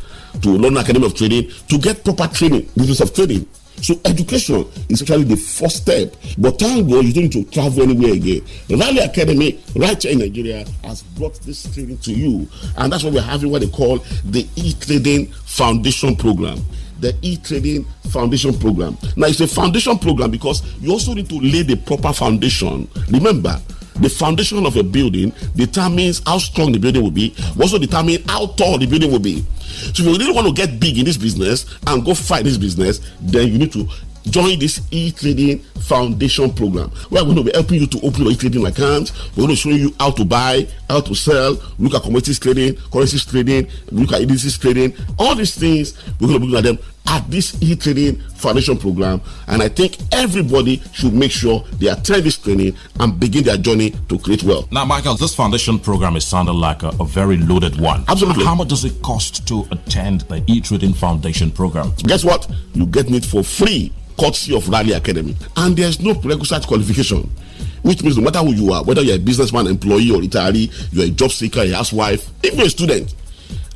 to learn Academy of Trading to get proper training, business of trading. So education is actually the first step. But thank God you don't need to travel anywhere again. Rally Academy, right here in Nigeria, has brought this training to you. And that's why we're having what they call the e-trading foundation program the e-trading foundation program. Now it's a foundation program because you also need to lay the proper foundation. Remember, the foundation of a building determines how strong the building will be, also determine how tall the building will be. So if you really want to get big in this business and go fight this business, then you need to join this e-trading foundation program. We are going to be helping you to open your e-trading account. We're going to show you how to buy, how to sell, look at commodities trading, currencies trading, look at indices trading, all these things. We're going to be looking at them at this e-trading foundation program and i think everybody should make sure they attend this training and begin their journey to create wealth now michael this foundation program is sounding like a, a very loaded one absolutely how much does it cost to attend the e-trading foundation program guess what you get it for free courtesy of rally academy and there's no prerequisite qualification which means no matter who you are whether you're a businessman employee or retiree you're a job seeker a housewife even a student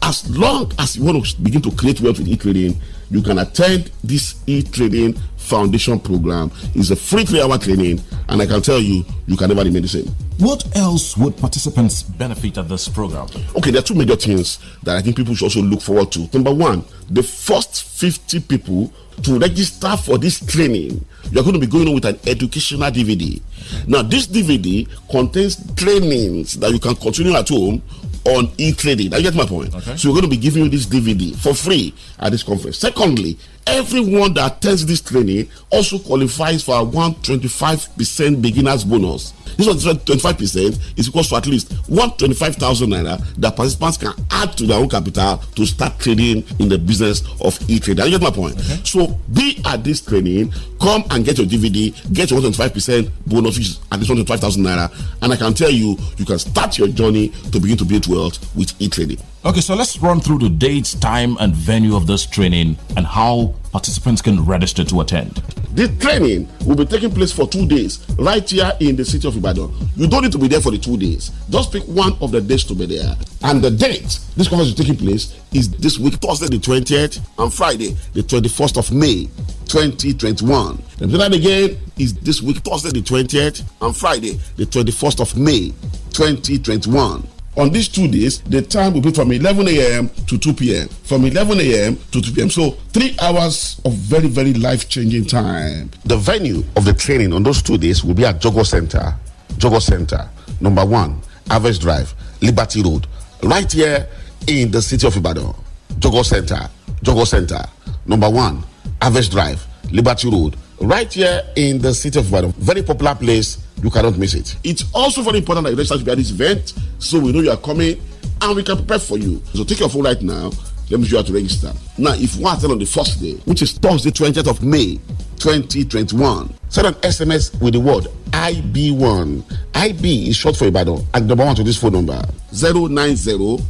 as long as you want to begin to create wealth with e-trading you can attend this e-training foundation program. It's a free three-hour training, and I can tell you, you can never remain the same. What else would participants benefit at this program? Okay, there are two major things that I think people should also look forward to. Number one, the first 50 people to register for this training, you're going to be going on with an educational DVD. Now, this DVD contains trainings that you can continue at home on e-trading. I get my point. Okay. So we're going to be giving you this DVD for free at this conference. Secondly, everyone that attends this training also qualifies for a 125% beginner's bonus. This one, 25% is equal to at least 125,000 naira that participants can add to their own capital to start trading in the business of e trading. You get my point? Okay. So be at this training, come and get your DVD, get your 125% bonus, which is at least 125,000 naira. And I can tell you, you can start your journey to begin to build wealth with e trading. Okay, so let's run through the dates, time, and venue of this training and how participants can register to attend. This training will be taking place for two days right here in the city of Ibadan. You don't need to be there for the two days. Just pick one of the days to be there. And the date this conference is taking place is this week, Thursday the 20th and Friday the 21st of May 2021. The that again is this week, Thursday the 20th and Friday the 21st of May 2021. On these two days, the time will be from 11 a.m. to 2 p.m. From 11 a.m. to 2 p.m. So three hours of very, very life-changing time. The venue of the training on those two days will be at Jogo Center. Jogo Center, number one, Average Drive, Liberty Road, right here in the city of Ibadan. Jogo Center, Jogo Center, number one, Average Drive, Liberty Road, right here in the city of Ibadan. Very popular place you cannot miss it. It's also very important that you register to be at this event so we know you are coming and we can prepare for you. So take your phone right now. Let me show you how to register. Now, if you attend on the first day, which is Thursday, 20th of May, 2021, send an SMS with the word IB1. IB is short for Ibadan. And number one to this phone number 090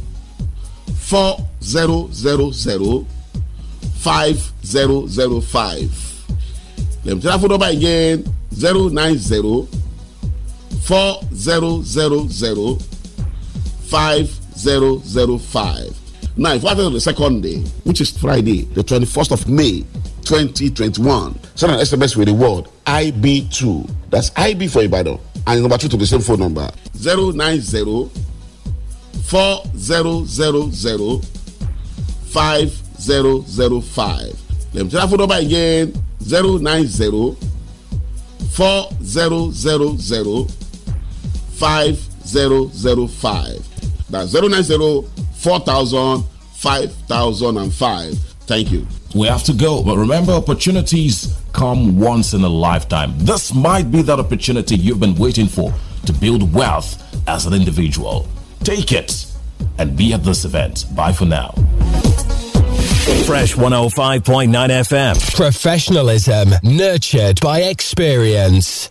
4000 Let me tell that phone number again 090 four zero zero zero five zero zero five. Now, if I tell the second day, which is Friday, the twenty-first of May twenty twenty-one, send an SMS with the word IB2. That's IB for Ibadan. And number two to the same phone number zero zero zero nine four 090 zero 5005. Let me tell that phone number again zero zero zero nine four zero zero 5005. That's 090 4000 5005. Thank you. We have to go, but remember, opportunities come once in a lifetime. This might be that opportunity you've been waiting for to build wealth as an individual. Take it and be at this event. Bye for now. Fresh 105.9 FM. Professionalism nurtured by experience.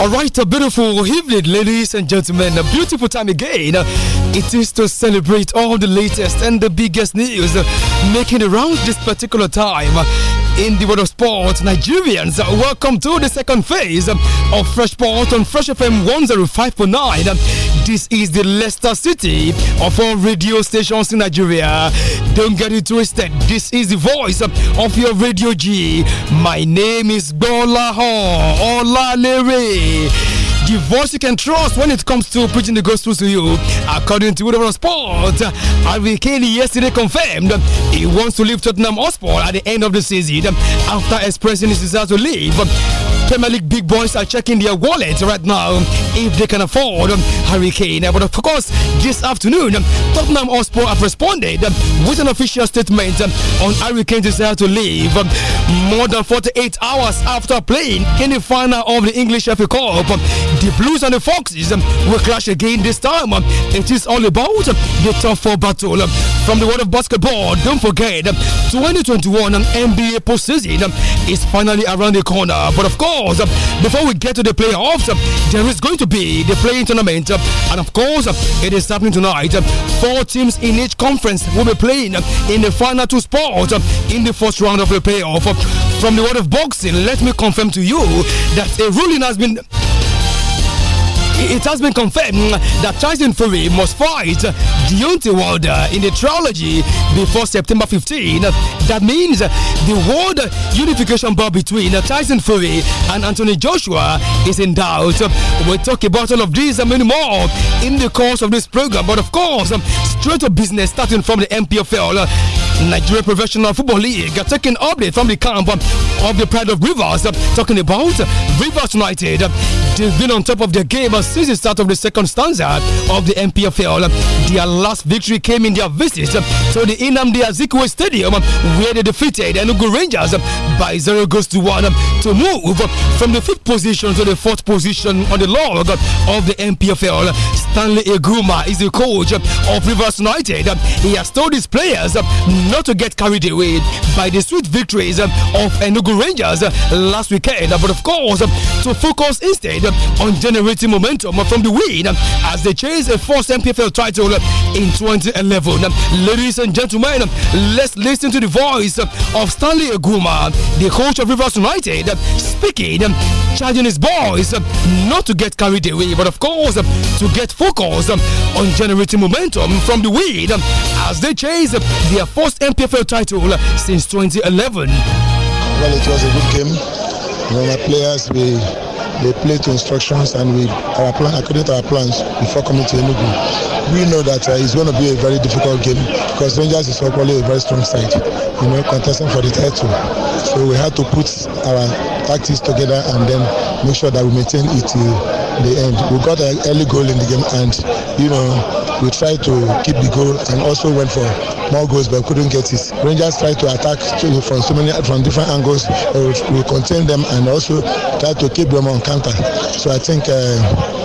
All right, a beautiful evening, ladies and gentlemen. A beautiful time again. It is to celebrate all the latest and the biggest news making around this particular time in the world of sports, Nigerians, welcome to the second phase of Fresh Sports on Fresh FM 105.9. This is the Leicester City of all radio stations in Nigeria. Don't get it twisted. This is the voice of your radio G. My name is Gola Ho Olalere the voice you can trust when it comes to preaching the gospel to you. According to Whatever Sport, Harvey Kelly yesterday confirmed he wants to leave Tottenham Hotspur at the end of the season after expressing his desire to leave. Premier League big boys are checking their wallets right now if they can afford Harry Kane. But of course, this afternoon, Tottenham Hotspur have responded with an official statement on Harry Kane's desire to leave more than 48 hours after playing in the final of the English FA Cup. The Blues and the Foxes will clash again this time. It is all about the top four battle. From the world of basketball, don't forget 2021 NBA postseason is finally around the corner. But of course, course, uh, before we get to the playoffs, uh, there is going to be the playing tournament. Uh, and of course, it is happening tonight. Four teams in each conference will be playing in the final two spots in the first round of the playoff. From the world of boxing, let me confirm to you that a ruling has been it has been confirmed that Tyson Fury must fight Deontay Wilder in the trilogy before September 15. That means the world unification bout between Tyson Fury and Anthony Joshua is in doubt. We'll talk about all of these and many more in the course of this program. But of course, straight to business starting from the MPFL. Nigeria Professional Football League taking update from the camp of the Pride of Rivers, talking about Rivers United. They've been on top of their game since the start of the second stanza of the MPFL. Their last victory came in their visit to the Inamdi Azikwe Stadium, where they defeated Enugu Rangers by 0 goals to 1 to move from the fifth position to the fourth position on the log of the MPFL. Stanley Eguma is the coach of Rivers United. He has told his players not to get carried away by the sweet victories of Enugu Rangers last weekend, but of course, to focus instead on generating momentum momentum from the win as they chase a first MPFL title in 2011. Ladies and gentlemen, let's listen to the voice of Stanley Aguma, the coach of Rivers United, speaking, charging his boys not to get carried away, but of course to get focused on generating momentum from the win as they chase their first MPFL title since 2011. Well, it was a good game. You know, my players, we They play to instructions and we our plan, according to our plans before coming to Enugu. We know that uh, it's going to be a very difficult game because Rangers is probably a very strong side, you know, contesting for the title. So we had to put our tactics together and then make sure that we maintain it till the end. We got an early goal in the game and, you know, we tried to keep the goal and also went for more goals but couldn't get it. Rangers tried to attack from so many from different angles. Uh, we contained them and also tried to keep them on counter. So I think uh,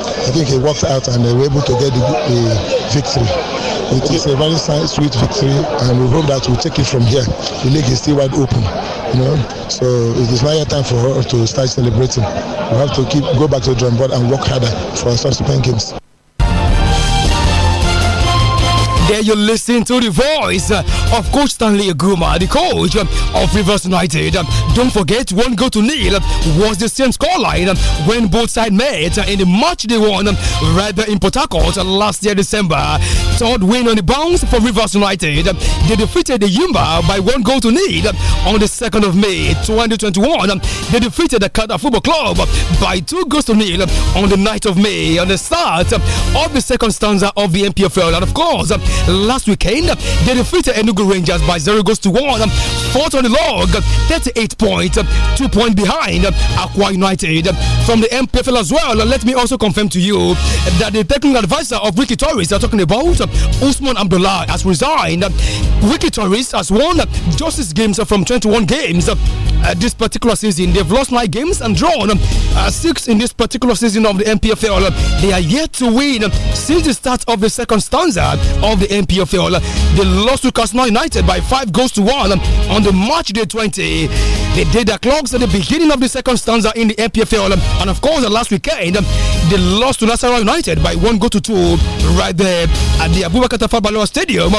I think it worked out and they were able to get the, the victory. It is a very sweet victory and we hope that we take it from here. The league is still wide open. You know, so it is now your time for us to start celebrating. We have to keep go back to the drawing board and work harder for subsequent games. There you listen to the voice of Coach Stanley Aguma, the coach of Rivers United. Don't forget, one goal to nil was the same scoreline when both sides met in the match they won rather in Port Harcourt last year, December. Third win on the bounce for Rivers United. They defeated the Yumba by one goal to nil on the 2nd of May 2021. They defeated the Qatar Football Club by two goals to nil on the 9th of May on the start of the second stanza of the MPFL. And of course, last weekend. They defeated Enugu Rangers by 0 goals to 1. Fourth on the log, 38 points, 2 points behind Aqua United. From the MPFL as well, let me also confirm to you that the technical advisor of Ricky Torres are talking about Usman Abdullah has resigned. Ricky Torres has won justice games from 21 games. Uh, this particular season. They've lost nine games and drawn uh, six in this particular season of the MPFL. They are yet to win since the start of the second stanza of the NPFL. They lost to Casino United by five goals to one on the March day 20. They did the clocks at the beginning of the second stanza in the NPFL. And of course, the last weekend, they lost to Nasarawa United by one goal to two right there at the Abubakar Tafabaloa Stadium,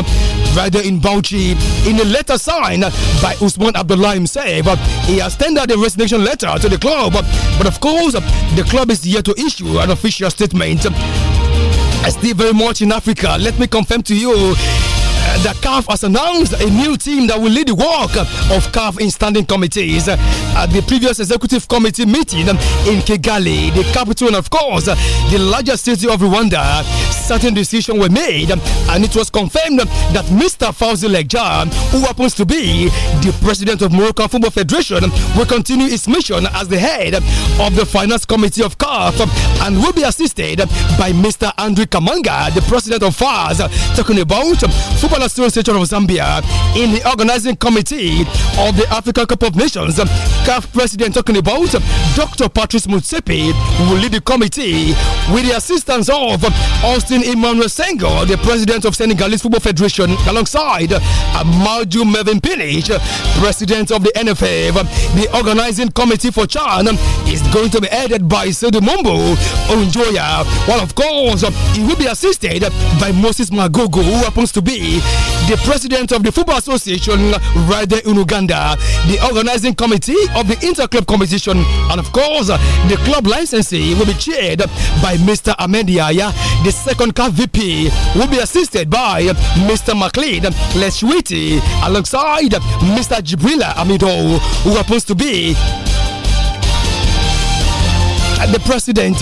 right there in Bauchi. In a letter signed by Usman Abdullah himself, he has tendered a resignation letter to the club. But of course, the club is yet to issue an official statement. I stay very much in Africa. Let me confirm to you the CAF has announced a new team that will lead the work of CAF in standing committees. At the previous executive committee meeting in Kigali, the capital and of course the largest city of Rwanda, certain decisions were made and it was confirmed that Mr. Fauzi Legja, who happens to be the president of Moroccan Football Federation, will continue his mission as the head of the finance committee of CAF and will be assisted by Mr. Andrew Kamanga, the president of FAS, talking about football Kampala Association of Zambia in the organizing committee of the Africa Cup of Nations. CAF president talking about Dr. Patrice Mutsepe will lead the committee with the assistance of Austin Emmanuel Senghor, the president of Senegalese Football Federation, alongside Amadou Mervin Pinich, president of the NFF. The organizing committee for Chan is going to be headed by Sidi Mumbo Onjoya. Well, of course, he will be assisted by Moses Magogo, who happens to be the president of the Football Association right there in Uganda, the organizing committee of the Interclub competition, and of course, the club licensee will be chaired by Mr. Ahmed The second car VP will be assisted by Mr. McLean Leshwiti alongside Mr. Jibrila Amido, who happens to be the president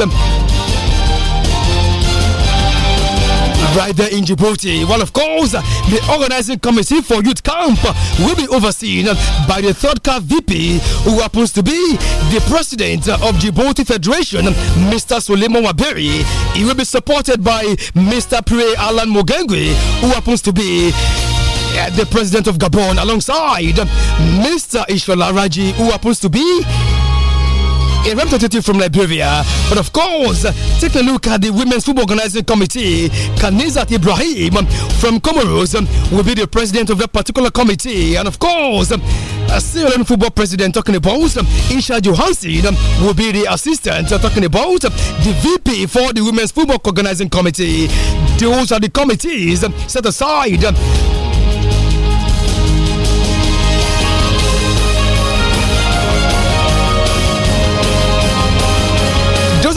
right there in Djibouti. Well, of course, the organizing committee for youth camp will be overseen by the third car VP, who happens to be the president of Djibouti Federation, Mr. Suleiman Waberi. He will be supported by Mr. Pire Alan Mugengwe, who happens to be eh, the president of Gabon alongside Mr. Ishola Raji, who happens to be a representative from Liberia. But of course, take a look at the Women's Football Organizing Committee. Kanizat Ibrahim from Comoros will be the president of that particular committee. And of course, a Syrian football president talking about Isha Johansson will be the assistant talking about the VP for the Women's Football Organizing Committee. Those are the committees set aside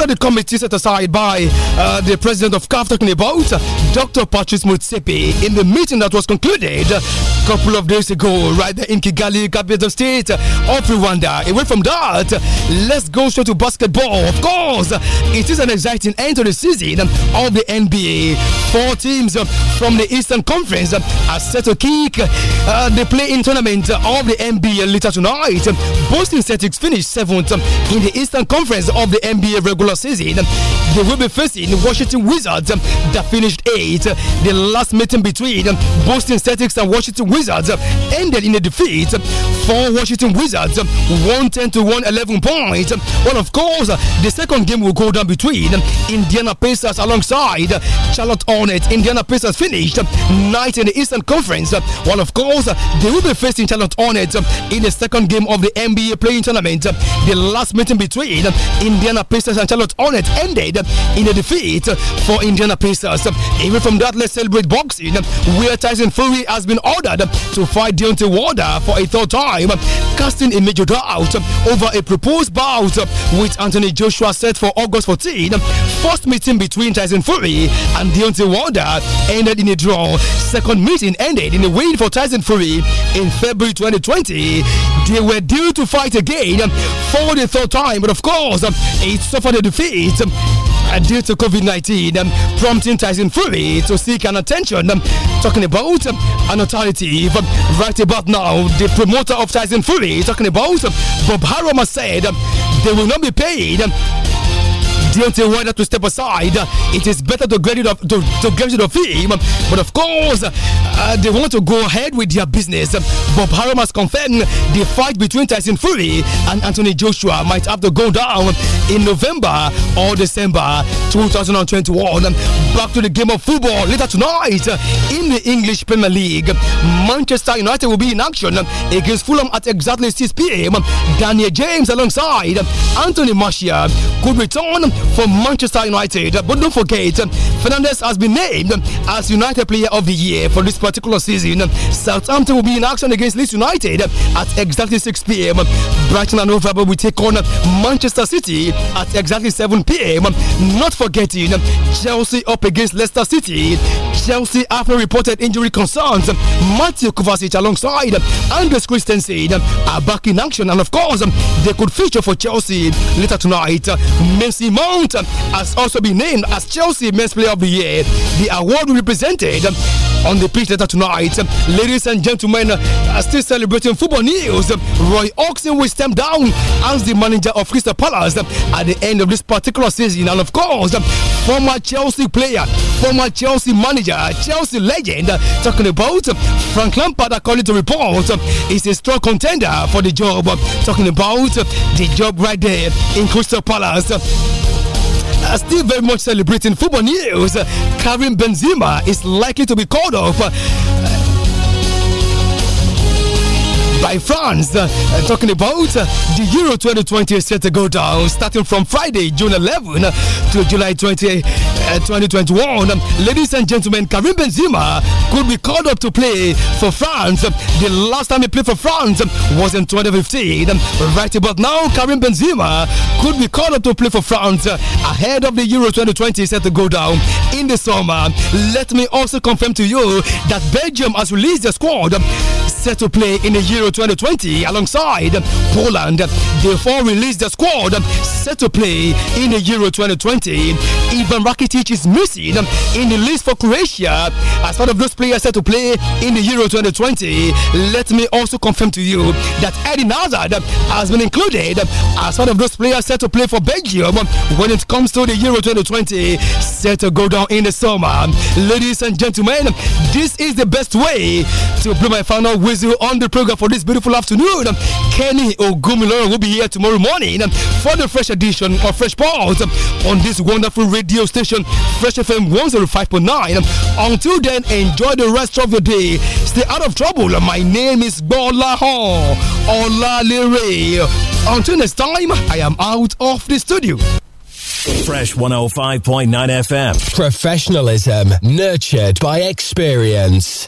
the committee set aside by uh, the president of CAF talking about Dr. Patrice Mutsepe in the meeting that was concluded a couple of days ago, right there in Kigali, capital state of Rwanda. Away from that, let's go straight to basketball. Of course, it is an exciting end to the season of the NBA. Four teams from the Eastern Conference are set to kick uh, the play-in tournament of the NBA later tonight. Boston Celtics finished seventh in the Eastern Conference of the NBA regular regular season, they will be facing Washington Wizards that finished eighth. The last meeting between Boston Celtics and Washington Wizards ended in a defeat for Washington Wizards, 110 to 111 points. Well, of course, the second game will go down between Indiana Pacers alongside Charlotte Hornets. Indiana Pacers finished ninth in the Eastern Conference. Well, of course, they will be facing Charlotte Hornets in the second game of the NBA playing tournament. The last meeting between Indiana Pacers and Charlotte on it ended in a defeat for Indiana Pacers. Even from that, let's celebrate boxing, where Tyson Fury has been ordered to fight Deontay Wilder for a third time, casting a major doubt over a proposed bout with Anthony Joshua set for August 14. First meeting between Tyson Fury and Deontay Wilder ended in a draw. Second meeting ended in a win for Tyson Fury in February 2020. They were due to fight again for the third time, but of course, it suffered a defeat feet um, due to COVID 19, um, prompting Tyson Fury to seek an attention. Um, talking about um, an authority um, right about now, the promoter of Tyson Fury, talking about um, Bob Haroma said they will not be paid Deontay Wilder to step aside. It is better to get rid of to, to get rid of him. But of course, uh, they want to go ahead with their business. Bob Harum has confirmed the fight between Tyson Fury and Anthony Joshua might have to go down in November or December 2021. Back to the game of football later tonight in the English Premier League. Manchester United will be in action against Fulham at exactly 6 p.m. Daniel James alongside Anthony Martial could return for Manchester United. But don't forget, Fernandez has been named as United Player of the Year for this particular season. Southampton will be in action against Leeds United at exactly 6 p.m. Brighton and Hove Albion will take on Manchester City at exactly 7 p.m. Not forgetting Chelsea up against Leicester City. Chelsea after reported injury concerns. Matthew Kovacic alongside Andres Christensen are back in action, and of course, they could feature for Chelsea later tonight. Messi Mon Mount has also been named as Chelsea Men's Player of the Year. The award will be presented on the pitch later tonight. Ladies and gentlemen, uh, still celebrating football news. Roy Oxen will step down as the manager of Crystal Palace at the end of this particular season. And of course, former Chelsea player, former Chelsea manager, Chelsea legend, talking about Frank Lampard, according to reports, is a strong contender for the job. Talking about the job right there in Crystal Palace are still very much celebrating football news. Karim Benzema is likely to be called off. by France. Uh, uh talking about uh, the Euro 2020 is set to go down starting from Friday, June 11 uh, to July 20, 2021. Um, ladies and gentlemen, Karim Benzema could be called up to play for France. The last time he played for France was in 2015. Right But now, Karim Benzema could be called up to play for France ahead of the Euro 2020 set to go down in the summer. Let me also confirm to you that Belgium has released their squad set to play in the Euro 2020 alongside Poland. They four released the squad set to play in the Euro 2020. Ivan Rakitic is missing in the list for Croatia as part of those players set to play in the Euro 2020. Let me also confirm to you that Edin Hazard has been included as one of those players set to play for Belgium when it comes to the Euro 2020 set to go down in the summer. Ladies and gentlemen, this is the best way to blow my final whistle on the program for this beautiful afternoon. Kenny Ogumiloro will be here tomorrow morning for the fresh edition of Fresh Balls on this wonderful radio station, Fresh FM 105.9. Until then, enjoy the rest of your day. Stay out of trouble. My name is Bola Hon Lire. Until next time, I am out of the studio. Fresh 105.9 FM. Professionalism nurtured by experience.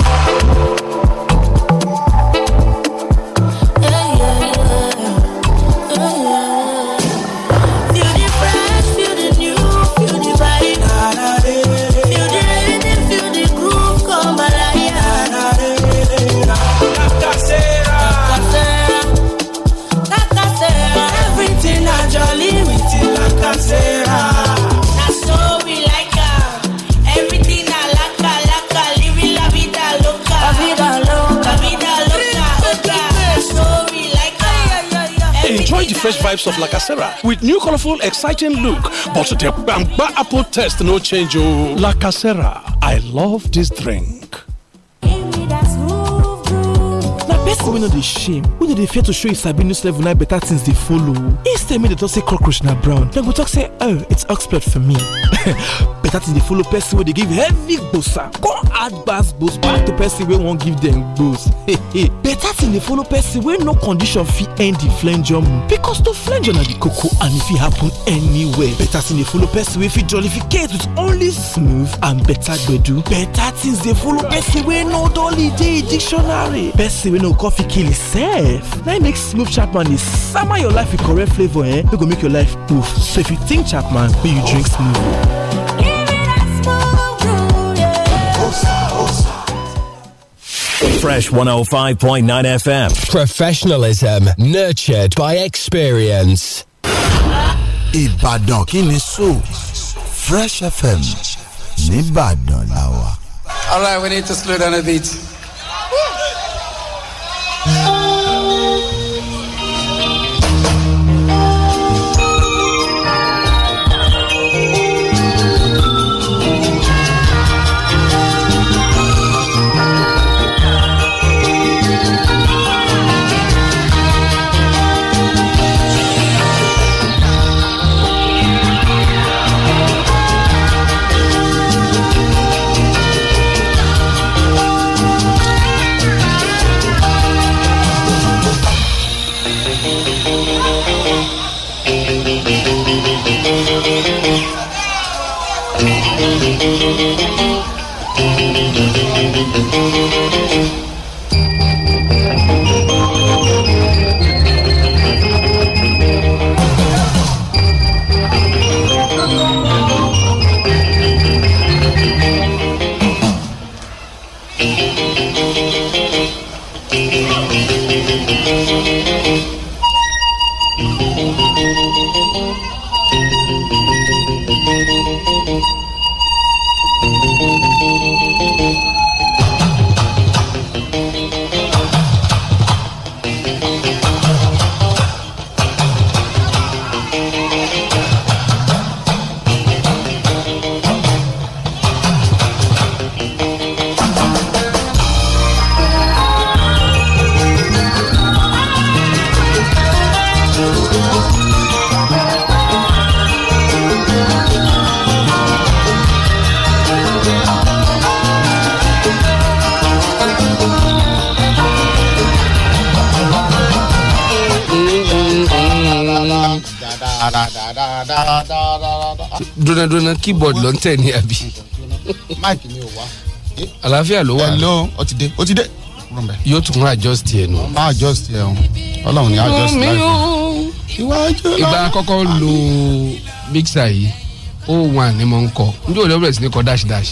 fresh vibes of La Casera with new colorful, exciting look. But the Bamba apple taste no change, oh. Casera, I love this drink. person wey no dey shame wey no dey fear to show e sabi news level na better things dey follow instead make dem talk say cockroach na brown dem go talk say oh it's expert for me better things dey follow person wey dey give heavy gbosa come add gbas gbos back to person wey wan give dem gbos better things dey follow person wey no condition fit end the flenjor mu because to flenjor na the koko and e fit happen anywhere better things dey follow person wey fit jollificate with only smooth and better gbedu better things dey follow person wey no dolly dey dictionary person wey no coffee kill itself Now you make smooth chapman is summer your life with correct flavour eh It go make your life poof so if you think chapman make you drink smooth. Fresh 105.9 FM. Professionalism nurtured by experience. Ibadan kini Fresh FM. Nibadan lawa. All right, we need to slow down a bit. Oh. Thank náà dúró náà keyboard ló ń tẹ̀ ní àbí. máìkì mi ò wá. àlàáfíà ló wà. hello ó ti dé ó ti dé. yóò tún máa adjust yẹn nù. máa adjust yẹn o ọlọ́run ni adjust láìpẹ́. iwájú náà. ìgbà àkọ́kọ́ lo mixer yìí ó wà ní mò ń kọ njẹ́ òde bẹ̀rẹ̀ sí ni kọ dash dash.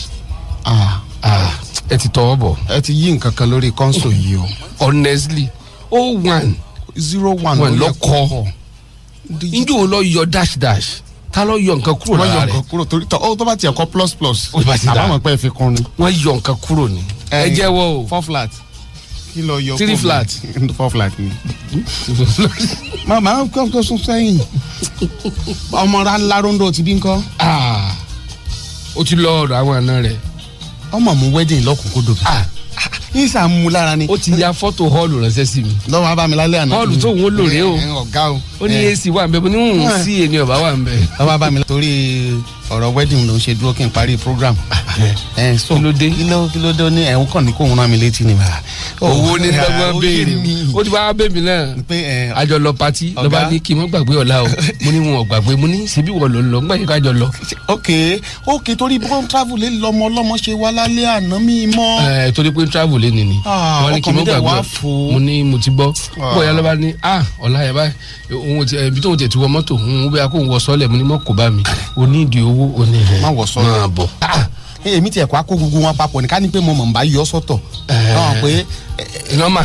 Ah. Ah, ẹ ti tọwọ́ bọ̀. ẹ ti yí nǹkan kan lórí console yìí o. honestly ó wà zero one ló yẹ kọ́ njẹ́ òun lọ yọ dash dash ta ló yọ nǹkan kúrò lára rẹ wọ́n yọ nǹkan kúrò torí tọ́ ó tó bá tiẹ̀ kọ́ plus plus àbámọ̀ pé fi kún ni. wọ́n yọ nǹkan kúrò ni. ẹ jẹ́wọ́ o four flat kí lọ yọ three flat four flat ni. màmá kọ́ tó sún sẹ́yìn ọmọ ra ńlá rondo ti bí nǹkan. Ah, ó ti lọ ọ̀dọ̀ àwọn àna rẹ̀. ọmọ mú wedding lọ́kùnkúndùn ìsà mu lára ni. ó ti ya fọ́tò họ́ọ̀lù ránṣẹ́ sí mi. lọ́wọ́ abami lálẹ́ àná. họ́ọ̀lù tó wọ́n lòrè o. o. ó ní ac wà ń bẹ ní hùn ènìyàn bá wà ń bẹ. lọ́wọ́ abami torí ọ̀rọ̀ wedding ló ń ṣe dúró kí n parí program. Eh, kí ló ó ní ẹ̀hún kàn ní kó ń rán mi létí ni oh, owó ní lọ́gbọ́n béèrè ó ti wá bèmí náà àjọ eh, lọ pati lọ́ba ní kí n má gbàgbé ọ̀la o mo ní wọn gbàgbé mo ní ṣebí wọ́n ló ń lọ nígbà kájọ lọ. ok ok torí bọ́n travel lé lọmọ ọlọ́mọ ṣe wá lálẹ́ àná mi mọ́. ẹ eh, torí pé travel lé nìní ah, wọn ní kí n má gbàgbé mo ní mo ti gbọ́ ah, ah ọ̀la yẹn báyìí ibi tó ń mo ní mọ́ kó oníhẹ má wọ sọ̀rọ̀ máa bọ. Ah, èmi tiẹ̀ kó akó gbogbo wọn papọ̀ ní ká ní pé mo mọ̀ n bá yọ sọ́tọ̀. Eh. ọmọ pé nọ́mà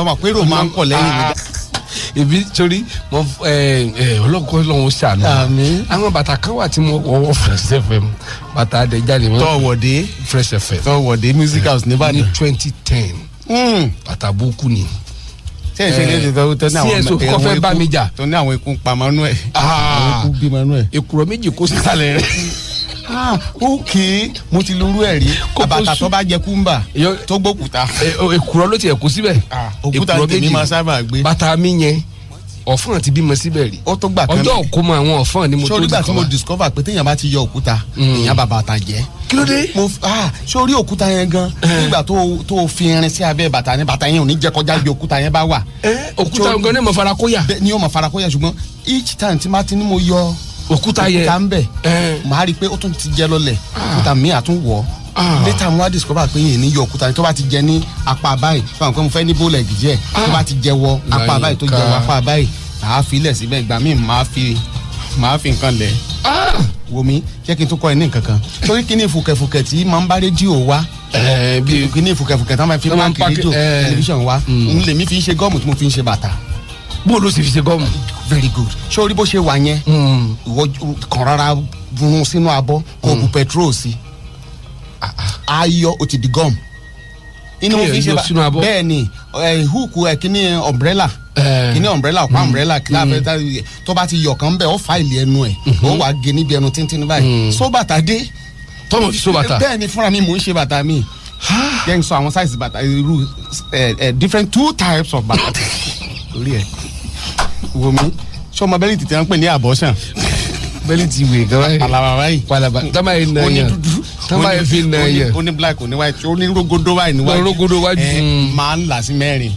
ọmọ pé rò máa ń kọ̀ lẹ́yìn mi. Ah. èmi torí mo ọlọ́kọ́ lọ́wọ́ sànù àwọn bàtà kan wà tí mo wọ́wọ́ Fresh FM bàtà àdéjáde. tọwọ́dé Fresh FM tọwọ́dé music house níbàdàn. ní twenty ten hmm. bàtà bókù ni. Mm ṣé ìṣe ilé ìṣètò tó ní àwọn ẹ̀wọ̀n ikú kọfẹ́ bá mi jà tó ní àwọn ikú pamọ́ nú ẹ̀ ah. àwọn ikú bímọ nú ẹ̀. èkùrọ̀ méjì kó sísàlẹ̀ rẹ̀. Ah, ok mo ti lóru ẹ̀ rí àbàtà tó bá jẹ kúmbà tó gbókùtà. èkùrọ̀ eh, ló ti ẹ̀kú síbẹ̀. Ah, òkúta tèmi máa sábà gbé. bàtà mi yẹn ọ̀fọ̀n ti bímọ síbẹ̀ rí ó tó gbà kan ọjọ́ òkúmọ àwọn ọ̀fọ̀n ni mo tó dùkọ́ wa sórí gbà tí mo discover pé téèyàn bá ti yọ òkúta hmm. èèyàn bàbá àtà jẹ́ kí ló dé mo ah sórí òkúta yẹn gan eh. nígbà tó tó fi irin sí abẹ́ bàtà yẹn bàtà yẹn ò ní jẹ́ kọjá bí òkúta yẹn bá wà. Eh, òkúta gan ni mo fara kóyà. ni o mo fara kóyà ṣùgbọ́n each time tí ma ti ní mo yọ òkúta yẹ òkúta ń bẹ màá rí i pé ó tún ti jẹ lọlẹ ah. òkúta mi àtúnwọ̀ ah. later mo wá discover pé yìnyín ní yọ òkúta ni tó bá ti jẹ ní apá báyìí fáwọn kan mo fẹ́ ní bóòlù ẹ̀gì díẹ̀ tó bá ti jẹ wọ apá báyìí tó jẹ wọ apá báyìí màá fi ilẹ̀ síbẹ̀ ìgbà míì màá fi màá fi nǹkan lẹ̀ ah. wò mí jẹ́ kí n tún kọ́ ẹ ní nǹkan kan torí kí ni ìfùkẹ̀fùkẹ̀ tí máa ń bá rédíò wá eh, kí ni ìfùkẹ̀fùkẹ̀ tí máa fi máa ń kí rédíò eh. tẹlifíṣàn wá hmm. n lèmi fi ń ṣe gọ́ọ̀mù tí mo fi ń ṣe bàtà. bó sì fi ṣe gọ́ọ̀mù very good ṣé orí bó ṣe wà yẹn hmm. ìwọ kàn rárá run sínú abọ́ kó bu hmm. petrol sí ah, ah. ayọ̀ ó ti di gum inú mo fi ṣe bá bẹ́ẹ̀ ni hook kíní umbrella eh. kíní umbrella ọ̀pá hmm. umbrella kíláàbẹ̀ tó bá ti yọ̀ kan bẹ́ẹ̀ ó fa ìlì ẹnu ẹ̀ ó wàá gé níbi ẹnu tíntín báyìí so bàtà dé tọmọ fi so bàtà bẹ́ẹ̀ ni fúnra mi mò ń ṣe bàtà mi ah. jẹ́ sọ àwọn size bàtà irú eh, eh, different two types of bàtà wò mí ṣé ọmọ bẹ́lí tètè ń pè ní àbọ̀sàn. bẹ́lí ti wè gan báyìí palaba báyìí palaba tọ́ba yìí nà yàn tọ́ba yìí fi nà yàn. ó ní black ó ní white ó ní rógódó white. níwájú rógódó wájú. ẹ máa ń là sí mẹ́rin.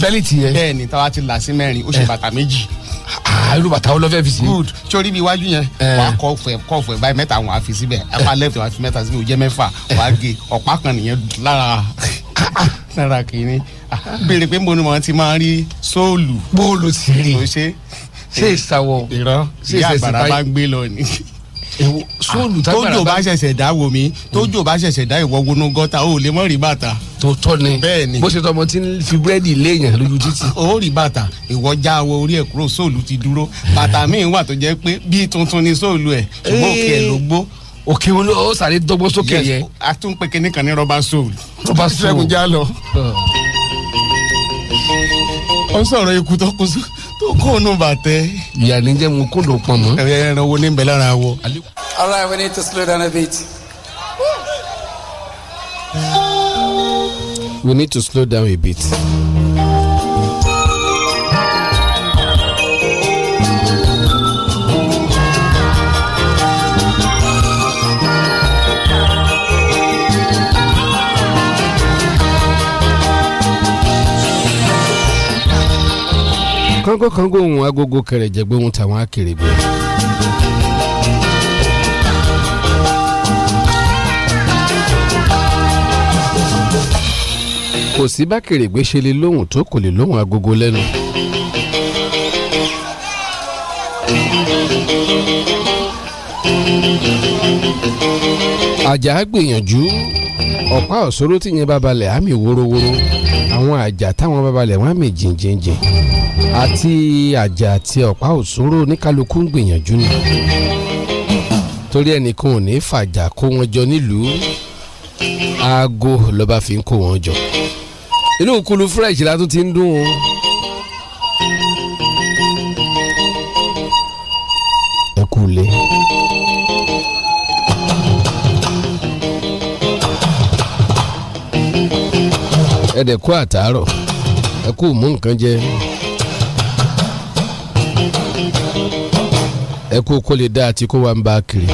bẹ́lí ti yẹ. bẹ́ẹ̀ ni táwa ti là sí mẹ́rin ó ṣe bàtà méjì. Ah, irú bàtà fi sí. good sori mi iwájú yẹn eh. wàá kọ fẹ kọ fẹ báyìí mẹ́ta wọn á fi síbẹ̀ apá left wọn á fi mẹ́ta síbẹ̀ ó jẹ́ mẹ́fà wàá gé ọ̀pá kan nìyẹn lára lára kìíní ah, béèrè pé mbọ́ni wọn ti máa rí sóòlù. bóòlù ti rí ṣe ìsàwọ̀ ṣe ìsàwọ̀ ìyá àgbàrá bá ń gbé lọ ni sóòlù ah, tágbára bá tójò bá ṣẹ̀ṣẹ̀ dá wò mí hmm. tójò bá ṣẹ̀ṣẹ̀ dá ìwọ wọnú gọ́tà ó lè mọ́ rí bàtà. tó tọ́ ni bẹ́ẹ̀ni bó ṣe tọ́ tí ń fi búrẹ́dì léèyàn lójú títì. ó rí bàtà ìwọ já awọ orí ẹ̀ kúrò sóòlù ti dúró bàtà míì wà tó jẹ́ pé bí tuntun ni sóòlù ẹ̀ ṣùgbọ́n òkè ẹ̀ ló gbó òkè wọn ó sáré dọ́gbọ́n sókè yẹn. a tún pé kinní kan ní rọba sóòlù. rọba sóòlù ó sọ̀rọ̀ ikú tó kú sóòlù tó kó nu bàtẹ. yanni jẹ mu kó dùn pọn mọ. ẹ ẹ ẹran wo ara wọ. all right we need to slow down a bit. we need to slow down a bit. kánkó kánkó ohun agogo kẹrẹ̀jẹ̀gbẹ́ ohun tàwọn akèrègbè. kò sí bá kèrègbè ṣe lè lóhùn tó kò lè lóhùn agogo lẹ́nu. àjà gbìyànjú ọ̀pá òṣòro tìyẹn bá balẹ̀ àmì wórówóró àwọn àjà táwọn babalẹ̀ wọn mì jìnjìnjìn àti àjà àti ọ̀pá òṣòro oníkálukú ń gbìyànjú ni torí ẹnìkan ò ní fàjà kó wọn jọ nílùú aago lọ́ba fi ń kó wọn jọ inú kulu fresh la tún ti ń dún o. ẹ̀dẹ̀ kú àtàárọ̀ ẹ kú mú nǹkan jẹ ẹ kú kó lè dá àti kó wà ń bá kiri.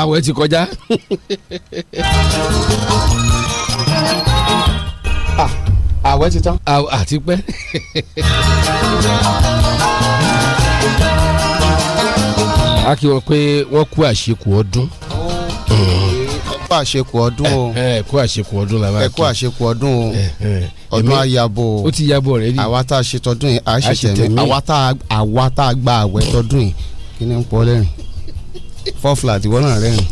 àwẹ̀ ti kọjá. Ah, àwẹ̀ ti tán. àti pẹ́. a kì í wọ pé wọ́n kú àṣekù ọdún. Oh. Mm kú àṣekù ọdún o ẹ eh, eh, àṣekù ọdún la máa eh, kí ẹ kú àṣekù ọdún o ọdún ayabo o ti yabo rẹ ni àwa tá a ṣe tọdún yìí a ṣe tẹ̀mí àwa tá a gba àwẹ̀ tọdún yìí kí ni ń pọ lẹ́rìn four flat ìwọ náà lẹ́rìn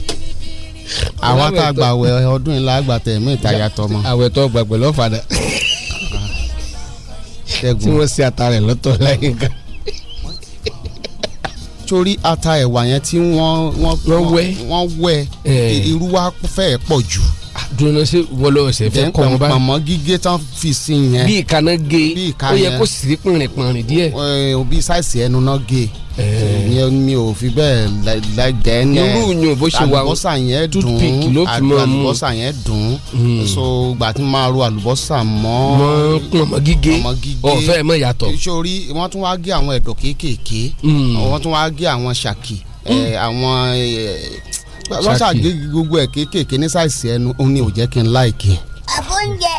àwa tá a gba àwẹ̀ ọdún yìí la gba tẹ̀mí ìtayà tọmọ. àwẹ̀ tó gbàgbẹ́ lọ́fàdà tí wọ́n ṣe àtàrẹ̀ lọ́tọ̀ láyé gan torí ata ẹ̀wà yẹn tí wọ́n wọ́n wẹ́ eh. irú wa fẹ́ẹ̀ pọ̀ jù dunu sí wọlé ọsẹ fẹ kọ wọn báyìí. pàmò gígé tán fi sí yẹn. bí ìkànnà gé ó yẹ kó sì pìnrìn pìnrìn díẹ̀. bí sáìsì ẹnu náà gé ìyẹn mi ò fi bẹ́ẹ̀ lẹ́jẹ̀ ní ẹ̀ irú yun bó ṣe wà àlùbọ́sà yẹn dùn àlùbọ́sà yẹn dùn hmm. so gbà tí máa ro àlùbọ́sà mọ́ ọmọ gígé ọ̀fẹ́ mọ̀ yàtọ̀. sórí wọ́n tún wá gé àwọn ẹ̀dọ̀ kéékèèké hmm. wọ́n tún wá gé àwọn ṣàkì hmm. àwọn wọ́n ṣàgé gbogbo ẹ̀ kéékèèké ní sáìsì ẹnu òun ni ò jẹ́ kí n láìkì. àbó ń jẹ.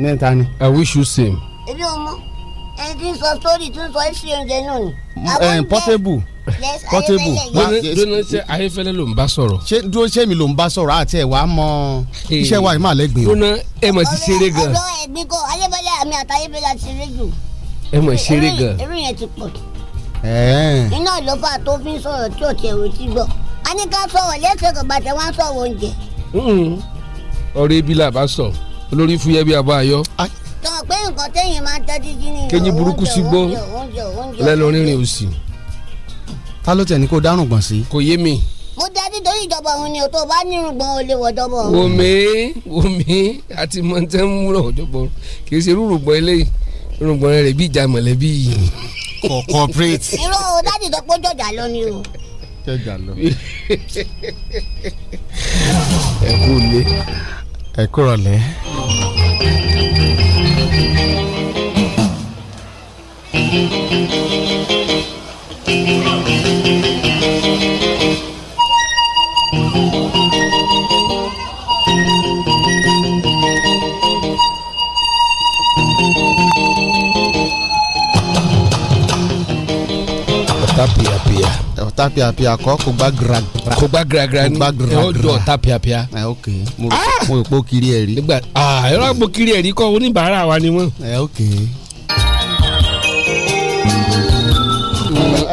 ní ta ni. I wish you same. èmi ò mọ ẹni tí ń sọ sórí tí ń sọ ẹ ṣe oúnjẹ náà ni. Mm, eh, ẹ Portable Portable. dúró ṣe ayéfẹ́lẹ́ ló ń bá sọ̀rọ̀. ṣé dúró ṣé mi ló ń bá sọ̀rọ̀ àti ẹ̀ wàá mọ iṣẹ́ wa ìmọ̀ àlẹ́ gbìn. dúró ẹ mọ̀ sí ṣeré gan. ọ̀rọ̀ ẹ̀gbìn kan ayébẹ́lẹ́ àmì àtayébẹ́lẹ́ àti ṣeré jù. ẹ mọ̀ ṣeré gan. eré yẹn ti pọ̀. iná ìlọ́fà tó fi ń sọ̀rọ̀ tí ò tiẹ̀ wò gbọ́ a ní ká sọ̀rọ̀ lẹ́sẹ̀ kò bá tẹ wá sọ̀rọ̀ oúnjẹ. ọ̀rọ̀ ebi là bá sọ olórí fúyẹ́ bí abọ́ ayọ́. tọ́ pé nǹkan téèyàn máa tẹ́tí jí ni. kéyìn burúkú sí gbọ́ lẹ́nu rírìn òsì. ta ló tẹ̀ ní kó dárùn gbọ̀n sí. kò yé mi. mo dá nítorí ìjọba òun ni o tó bá nírun gbọ̀n o lè wọ ìjọba òun. wòmí wòmí àti mọ̀tẹ́ ń múlò ìjọba òun kì í ṣe rúrùgbọ̀n eléyìí rúrùgbọ̀n rẹ̀ bí ìjà mọ̀lẹ́bí yìí. kò cooperate. irọ́ o dájú tó pọ́jọ́jà lọ ni o. C'è giallo. Eccolo lì. Eccolo lì. pia, pia. ọ̀tá pìàpìà kọ́ kò gbá gra gra kò gbá gra gra ni ó jọ ọ̀tá pìàpìà. ẹ ok mo ah! rò pé ó kiri ẹ rí. nígbà ẹ rọ pé kiri ẹ rí kọ́ oníbàárà wa ni wọ́n. ẹ ok.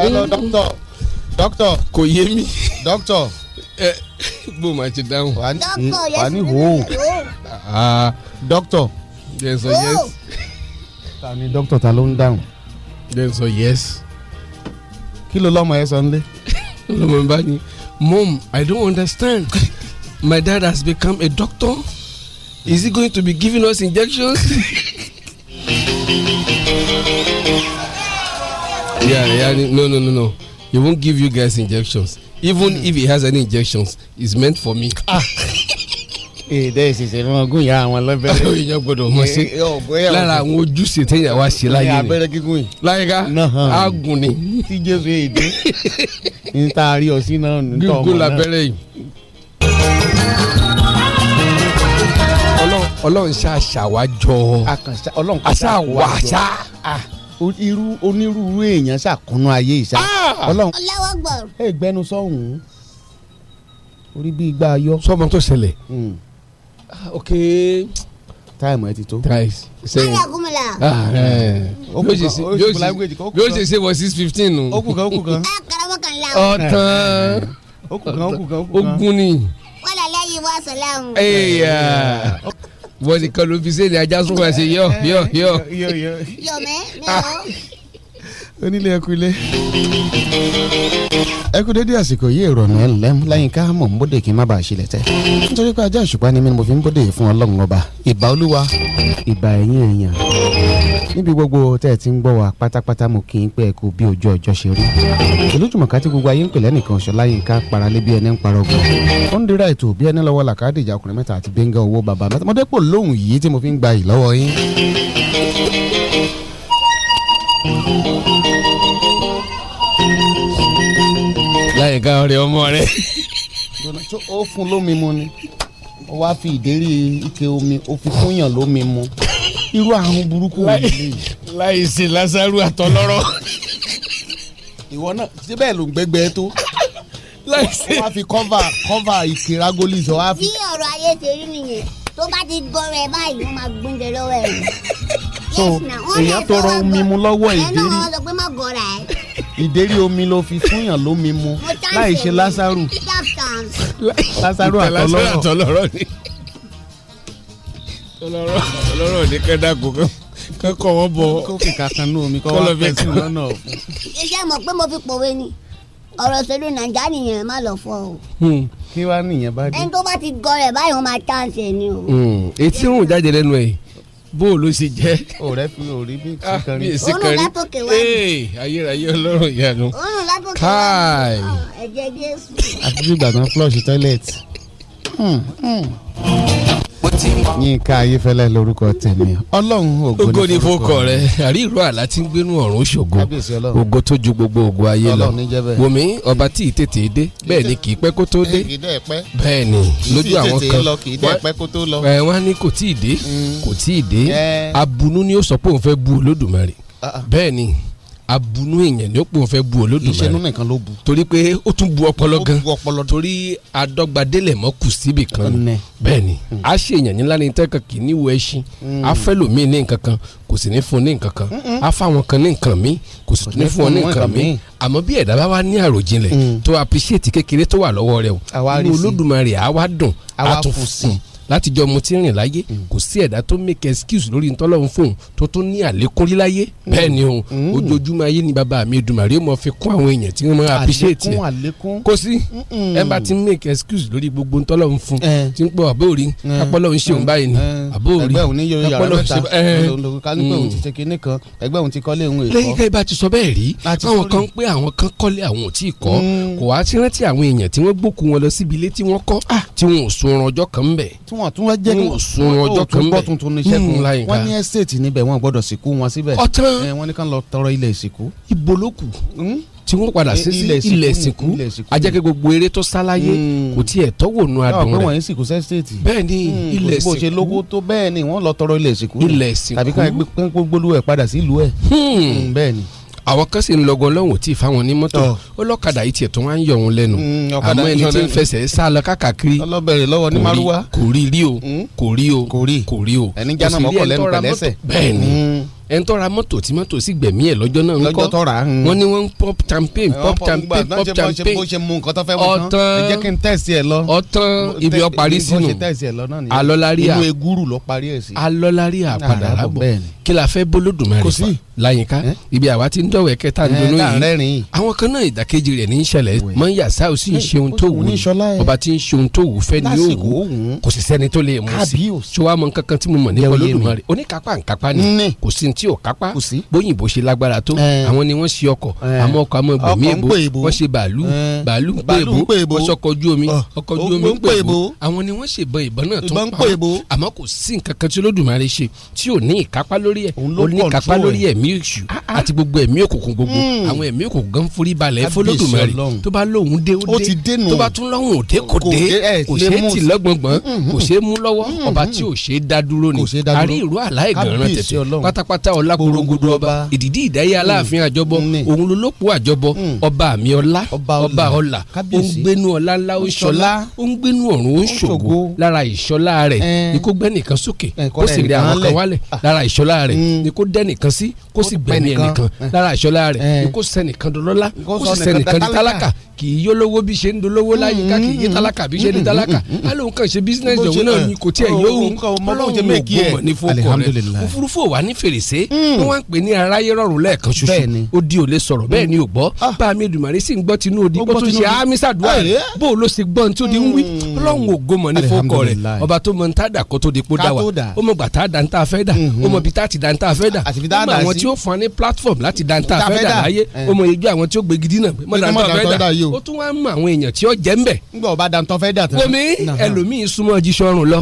ẹ lọ dókítà dókítà. kò yé mi. dókítà. ẹ eh, bó ma ti dáhùn. wà á ní wò ó. dókítà. yẹ sọ yẹs. ta ni dókítà ta ló ń dáhùn. yẹ sọ yẹs. kí ló lọ́mọ ẹ sọ nílé. lọ́mọ bá mom i don't understand my dad has become a doctor is he going to be giving us injections. yeah yeah no no no no he won't give you guys injections even mm. if he has any injections it's meant for me. Ah. èdè ìṣẹ̀ṣẹ̀ wọn gún ìyá wọn lọ́bẹ̀rẹ̀. ìyẹn gbọ́dọ̀ mọ̀ sí lára àwọn ojúṣe téèyàn wá sí láyé ni abẹ́rẹ́ gígùn yìí. láyéká àgùn ni. tí jésù èdè ń ta àrí ọ̀sìn náà ń ọmọ náà. gígùn labẹ́rẹ́ yìí. ọlọ́run ṣàṣàwájọ aṣàwà aṣá. irú onírúurú èèyàn ṣàkúnú ayé ìṣá. ọlọ́run ọlọ́wọ́ gbọ̀rọ̀. ẹ Ah, ok táìmù ẹ ti tó. thrice sẹ́yìn ah, eh. yóò ṣe ṣe wọ six fifteen nù. ó kù kan ó kù kan. Ah, ọ̀tàn ó kù kan ó kù kan ó kù kan. ogun ni. wọ́n lọ lẹ́yìn wọ́n sọ láwọn. wọ́n ti kọ́ ló fi ṣe ní ajá súnmọ́ ẹ̀ ṣe yọ̀ yọ̀ yọ̀. yọ̀ mẹ́ mi ò onílé ẹkú ilé ẹkú dédé àsìkò yìí ìrọ̀nà ẹlẹ́mú láyínká mọ̀ ń bóde kí n má bàa ṣílẹ̀ tẹ́ nítorí pé ajá òṣùpá ni mí ni mo fi ń bóde fún ọlọ́run ọba ìbà olúwa ìbà ẹ̀yìn èèyàn níbi gbogbo tẹ́ ẹ ti ń gbọ́ wa pátápátá mo kì í pé ẹ kú bí ojú ọjọ́ ṣe rí ìlújùmọ̀ká tí gbogbo ayé ń pè lẹ́nìkan ṣọlá yín ká paralé bí ẹni ń parọ́ gan ó ń dira ètò bí ẹni lọ́wọ́ làkàdé ọkùnrin mẹ́ta àti bẹ́ńgá owó bàbá mẹ́ta mọ́dépò lóhùn yìí tí mo fi ń gba ìlọ́wọ́ yín. nìkan rẹ ọmọ rẹ. ó fún lómi mu ni ó wá fi ìdérí ike omi ó fi fúnyàn lómi mu irú àrùn burúkú wò ni. láì ṣe lásàrú ìwọ náà síbẹ̀ ló ń gbẹgbẹ tó láì ṣe. wọ́n fi cover cover ike ragoli sọ wá fi. bí ọ̀rọ̀ ayé ṣe rí nìyẹn tó bá ti bọ̀rọ̀ ẹ̀ báyìí wọ́n máa gbóúnjẹ lọ́wọ́ ẹ̀. so èèyàn tọrọ omi mu lọ́wọ́ ìdérí. ẹ náà wọ́n sọ pé má gọ̀ọ́ra ẹ̀ ìdérí omi ló fi fúnyàn lómi mu láì ṣe lásàrù lásàrù àtọlọ́rọ̀ ni ọlọ́rọ̀ ní kẹ́dàgùn kan kẹ́kọ̀ọ́ wọn bọ̀ kó fi kankan ní omi kọ́ wá pẹ̀sì lọ́nà ọ̀fun. iṣẹ́ mọ̀ pé mo fi pòwe ni ọ̀rọ̀ ṣèlú nàìjà nìyẹn má lọ fọ o. Hmm, kí wàá nìyẹn bá dé. ẹni tó bá ti gọ báyìí wọ́n máa tá à ń ni o. Hmm, etí òun jáde lẹ́nu ẹ̀ bó o ló ṣe jẹ́. ọ̀rẹ́ fi orí bí sikari. Ah, oorun lápòkè wá. ayérayé ọlọ́run ìyanu. oorun lápòkè wá. káì. Ah, ẹ̀jẹ̀ jésù. àti bí ìgbà kan flush toilet. Hmm, hmm yínká ayífẹ́lẹ́ lórúkọ tèmi ọlọ́run ògo ni fọkọ rẹ àrí ìró àlá tí ń gbénú ọ̀run ṣògo ògo tó ju gbogbo ògo ayé lọ wòmí ọba tí ì tètè dé bẹ́ẹ̀ ni kì í pẹ́ kó tó dé bẹ́ẹ̀ ni lójú àwọn kan wọ́n á ní kò tí ì dé mm. kò tí ì dé abunú ni ó sọ pé òun fẹ́ bu Olódùmarè ah, ah. bẹ́ẹ̀ ni abunú èèyàn ní ó pò fẹ́ bu olódùmarè iṣẹ́ nínú nìkan ló bu torí pé ó tún bu ọpọlọ gan torí adọ́gbadélẹ̀ mọ́ kù síbi kan bẹ́ẹ̀ ni hmm. a ṣe èèyàn ní lánàá tẹ́kàn kì í ní wo ẹṣin hmm. a fẹ́ lòmíì ní nǹkan kan kò sì ní fún ní nǹkan kan a fáwọn kan ní nǹkan míì kò sì ní fún ọ ní nǹkan míì àmọ́ bí ẹ̀dá bá wá ní àròjinlẹ̀ hmm. tó appreciate kékeré tó wà lọ́wọ́ rẹ o olódùmarè àwa dùn a látijọ́ mo ti rìn láyé mm. kò sí ẹ̀dá tó make excuse lórí ntọ́lọ́run fóun tó tún ní àlékórí láyé mm. bẹ́ẹ̀ ni òun mm. ojoojúmọ́ ayé ni bàbá mi Èdùmàrè ó mọ fi kún àwọn èèyàn tí wọ́n mọ appreciate ẹ̀ kò sí ẹ bá ti make excuse lórí gbogbo ntọ́lọ́run fún eh. ti ń pọ̀ àbóòrí eh. kápọ́lọ́ ń ṣeun eh. báyìí ni àbóòrí ẹgbẹ́ òun ní yóò yàrá mẹ́ta kálípẹ́ òun ti ṣe kinní kan ẹgbẹ́ òun ti kọ́lé òun èkó lẹ́yìn tẹ́ bá ti sọ bẹ́ẹ̀ rí àwọn kan pé àwọn kan kọ́lé àwọn ò tí ì kọ́ kò wá ti rántí àwọn èèyàn tí wọ́n gbókùn wọn lọ síbi ilé tí wọ́n kọ́ ah. tí wọn ò sunrun ọjọ́ kan ń bẹ̀ wọ́n tún wá jẹ́ kí wọ́n sọ ọjọ́ kan bẹ tuntun ní sẹkùn hmm. láyé ká wọ́n ní ẹsẹẹtì níbẹ̀ wọ́n gbọ́dọ̀ sìnkú wọn síbẹ̀ ọtán wọ́n ní kàn lọ tọrọ ilẹ̀ ìsìnkú. ibo hmm? tí wọ́n padà sí ilẹ̀ ìsìnkú ajẹ́kẹ́ gbogbo eré tó sáláyé hmm. kò tiẹ̀ tọ́wọ́ nu adùn rẹ̀. bẹ́ẹ̀ ni ilẹ̀ ìsìnkú bó ṣe lóko tó bẹ́ẹ̀ ni wọ́n lọ tọrọ ilẹ̀ ìsìnkú tàbí ká àwọn kan sì ń lọgọ lọ́hùn tí ìfáwọn ní mọ́tò ó lọ́kadà yìí tiẹ̀ tó wá ń yọ òun lẹ́nu mm, àmọ́ ẹni tí ń fẹsẹ̀ sá lọ káàkiri kò rí rí o mm. kò rí o kò rí o ẹni jáná mọ́kànlẹ́nu pẹ̀lẹ́sẹ̀ bẹ́ẹ̀ ni mm ẹni tó ra mọ́tò tí mọ́tò sì gbẹ̀mí ẹ̀ lọ́jọ́ náà ńkọ́ lọ́jọ́ hmm. wọ́n ní wọ́n ń pop champagne pop champagne pop champagne ọ̀tán ọ̀tán ibi ọparí sínú alọ́lárí à inú egúrù lọ parí ẹ̀ sí. alọ́lárí à ah, padà rábọ̀ kí la fẹ́ bólódùmarè fa láyìnká ibi àwa ti ń dọ̀wẹ́ kẹta ń dunú yìí àwọn kan náà ìdàkejì rẹ̀ ní í ṣẹlẹ̀ mọ yàtọ̀ ó sì ń ṣeun tó wù ọba tí ń ṣeun tó wù fẹ́ ni yóò wù kò sì sẹ́ni tó lè mú sí ṣọwọ́ mọ kankan tí mo mọ̀ nípa olódùmarè oníkápá nkápá ni kò sí ní tí ò kápá kò sí bóyìnbó ṣe lágbára tó eh. àwọn ni wọ́n ṣe ọkọ̀ eh. àmọ́ ọkọ̀ àmọ́ ìbò mí èbó wọ́n ṣe bàálù eh. bàálù ń pè èbó wọ́n ṣọkọ̀ ojú omi oh. ọkọ̀ ojú omi ń pè èbó àwọn ni wọ́n ṣe ìbọn ìbọn náà tó ń pa àmọ́ kò sí nǹkan kan tí Olódùmarè ṣe tí ò ní ìkápá lórí ẹ̀ ò ní ìkápá lórí ẹ̀mí èṣù ah, ah. àti gbogbo ẹ̀mí òkùnkùn gbogbo hmm. àwọn ẹ̀mí òkùnkùn gan forí balẹ̀ f'Olódùmarè tó bá lóhùn dé ó dé tó bá tún lọ́hùn ò dé kò dé kò ṣe é tì lọ́gbọ̀ngbọ̀n hmm. kò ṣe é mú lọ́wọ́ hmm. ọba tí ò ṣe é dá dúró ni àrí ìró àláìgànràn tẹ̀tẹ̀ pátápátá barista ọlákorongodo ọba ìdìdí ìdáyé hmm. aláàfin àjọbọ hmm. òun ló lópo àjọbọ hmm. ọba àmì ọlá ọba ọlà ó ń gbénu ọlá ńlá ó ń ṣọlá ó ń gbénu ọ̀run ó ń ṣògo lára ìṣọlá rẹ̀ eh. ni kó gbẹ́nìkan sókè kó sì rí àwọn kan wálẹ̀ lára ìṣọlá rẹ̀ ni kó dẹ́nìkan sí kó sì gbẹ̀mí ẹnìkan lára ìṣọlá rẹ̀ ni kó sẹ́nìkan dọlọ́lá kó sì sẹ́nìkan di tálákà kì í yólówó bí ṣe ń dolówó láyé ká kì í yé tálákà bí ṣe ń tálákà á lóun ṣe bísínẹ́sì òun náà ni kò tiẹ̀ yóò òun ọlọ́run ò gbọ́mọ̀ ní fún ọkọ òfurufú ò wá ní fèrèsé dé hmm. tí wọ́n pè ní aráyé rọrùn lẹ́ẹ̀kan ṣoṣo odi ò lè sọ̀rọ̀ bẹ́ẹ̀ ni ò gbọ́ ah. bá mi Èdùmàrè sì ń gbọ́ tinú odi bó tún ṣe amisa dùn àrẹ bó o ló ṣe gbọ́ tó di ń wí hmm. ọlọ́run ògo mọ̀ ní fọkọ rẹ̀ ọba tó mọ níta dà kó tó di kó dá wa ó mọ̀ gbàtà dá níta fẹ́ dà hmm. ó mọ̀ bìtà ti dá níta fẹ́ dà ó mọ̀ eh. àwọn tí ó fún ní platform láti dá níta fẹ́ dà láyé ó mọ̀ ìjọ àwọn tí ó gbégi dínà mọ̀ dá níta fẹ́ dà ó tún wá mọ̀ àwọn èèyàn tí ó jẹ́ ń bẹ̀. ngbọ̀ bá dá níta fẹ́ dà tán. omi ẹlòmíì súnmọ́ jíṣọ́rùn lọ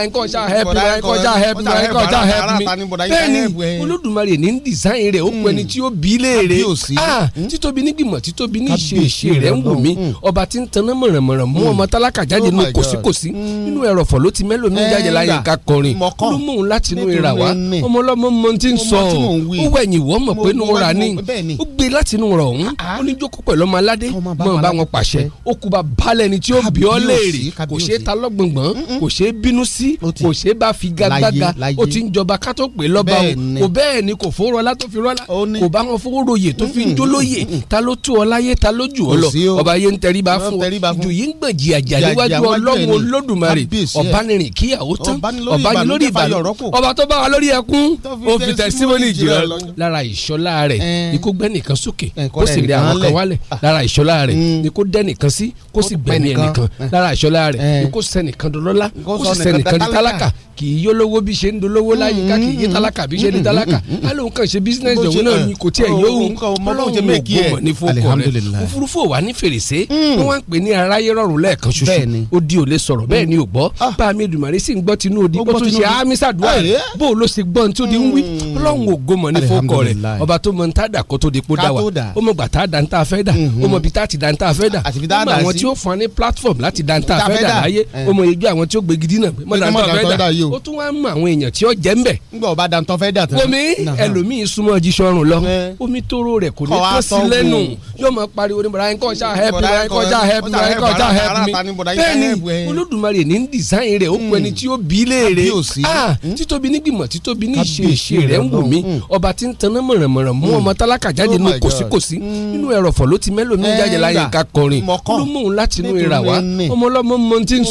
eh. help kọjá help me Olódùmarè kọjá help me bẹ́ẹ̀ni Olódùmarè ní design rẹ̀ ó hmm. pẹ́ tí ó bí léèrè ah títóbi hmm. nígbìmọ̀ títóbi ní ìṣeéṣe rẹ̀ ń wù mí hmm. ọba tí ń taná mọ̀rànmọ̀ràn mú ọmọ tálákà jáde oh nínú kòsíkòsí nínú ẹ̀rọ̀fọ̀ ló ti mẹ́lòmí jáde láyé ká kọrin ló mú un láti inú ìrà wá ọmọ ọlọ́mọ mọ ti ń sọ ó wẹ̀yìn wọ́n mọ̀ pé nùrà ni ó gbé láti inú rọ̀ ọ̀hún ah. ó ní jókòó pẹ̀lú ọmọ aládé mọ̀ bá wọn pàṣẹ ó kù bá balẹ̀ ni tí ó bí ọ léèrè kò ṣeé ta lọ́gbọ̀ngbọ̀n kò ṣeé bínú sí kò ṣeé bá figagbága ó ti ń jọba ká tó pè lọ́ba o kò bẹ́ẹ̀ ni kò fó rọlá tó fi rọlá kò bá wọn fowó royè tó fi ń jólóyè ta ló tú ọ láyé ta ló jù ọ lọ ọba yẹn ń tẹríba fún ọ jù yìí ń gbèjì àjà níwájú ọlọ́run olódùmarè ọ̀bánirin kíyàwó tán ọ̀bánirin lórí ìbàdàn ọba tó bá wa lórí ẹkún ó fi tẹ̀símọ́nì jùlọ lára ìṣọ́lá rẹ̀ ni kó gbẹ́ nìkan sókè kó sì rí àwọn kan wálẹ̀ ah. lára ìṣọ́lá rẹ̀ mm. ni kó dẹ́ nìkan sí kó sì gbẹ̀mí ẹnìkan lára ìṣọ́lá rẹ̀ ni kó sẹ́nìkan dọlọ́lá kó sì sẹ́nìkan di tálákà kì í yólówó bí ṣe ń dolówó láyìíká kì í yé mm-hmm. tálákà bí ṣe ní mm-hmm. tálákà mm-hmm. á lóun ṣe bísínẹ́sì òun náà ni kò tí ẹ̀ ọlọ́run ò gbọ́mọ̀ ní fọ́kọ̀ òfurufú ò wá ní fèrèsé ni mm. wọ́n ń pè ní aráyé rọrùn lẹ́ẹ̀kan ṣoṣo odi ò lè sọ̀rọ̀ bẹ́ẹ̀ ni ò gbọ́ ah. bá a mi dùmàrí sí ń gbọ́ tinú odi ó tún ṣe àmísàdúrà rẹ̀ bó o ló ṣe gbọ́ ní tó di ń wí mm. ọlọ́run ò ó tún wá mọ àwọn èèyàn tí ó jẹ́ ń bẹ̀. ngbà ọba dantọ fẹ́ dàtọ. omi ẹlòmíì súnmọ́ jísọrùn lọ omi tóró rẹ̀ kò ní kó sí lẹ́nu yóò máa pariwo ní bọ̀dá ẹ̀kọ́ help mi bọ̀dá ẹ̀kọ́ help mi bọ̀dá ẹ̀kọ́ help mi bẹ́ẹ̀ni olódùmarè ní dísáìn rẹ̀ ó pẹ́ ni hmm. tí ó bí léèrè títóbi nígbìmọ̀ ah, hmm. títóbi ní ìṣeéṣe rẹ̀ ń wù mí hmm. ọba tí ń taná mọ̀rànmọ̀ràn mú ọmọ tálákà jáde oh nínú kòsíkòsí nínú ẹ̀rọ̀fọ̀ ló ti mẹ́lò ní jáde láyé ká kọrin ló mú òun láti inú ìrà wá ọmọ ti ń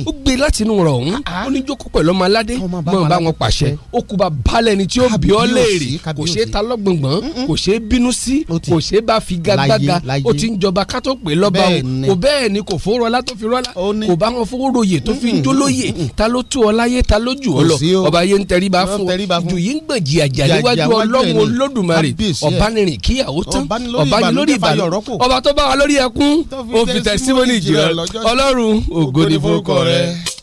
ni. ó gbé láti inú rọ̀ ọ̀hún ah, ah. ó ní jókòó pẹ̀lú ọmọ aládé mọ̀ bá wọn pàṣẹ ó kú bá balẹ̀ ni tí ó bí ọ léèrè kò ṣeé ta lọ́gbọ̀ngbọ̀n mm, mm. kò ṣeé bínú sí kò ṣeé bá fi gagbága ó ti ń jọba ká tó pè lọ́ba o kò bẹ́ẹ̀ ni kò fó rọlá tó fi rọlá kò bá wọn fowó royè tó fi mm, jólóyè ta ló tú ọ láyé ta ló jù ọ lọ ọba yẹn ń tẹríba fún ọ jù yín gbèjì àjà níwájú ọlọ́run olódùmarè ọ̀bánirin kíyàwó tán ọ̀bánirin lórí ìbàdàn ọba tó bá wa lórí ẹkún ó fi tẹ̀síwọ́nì that.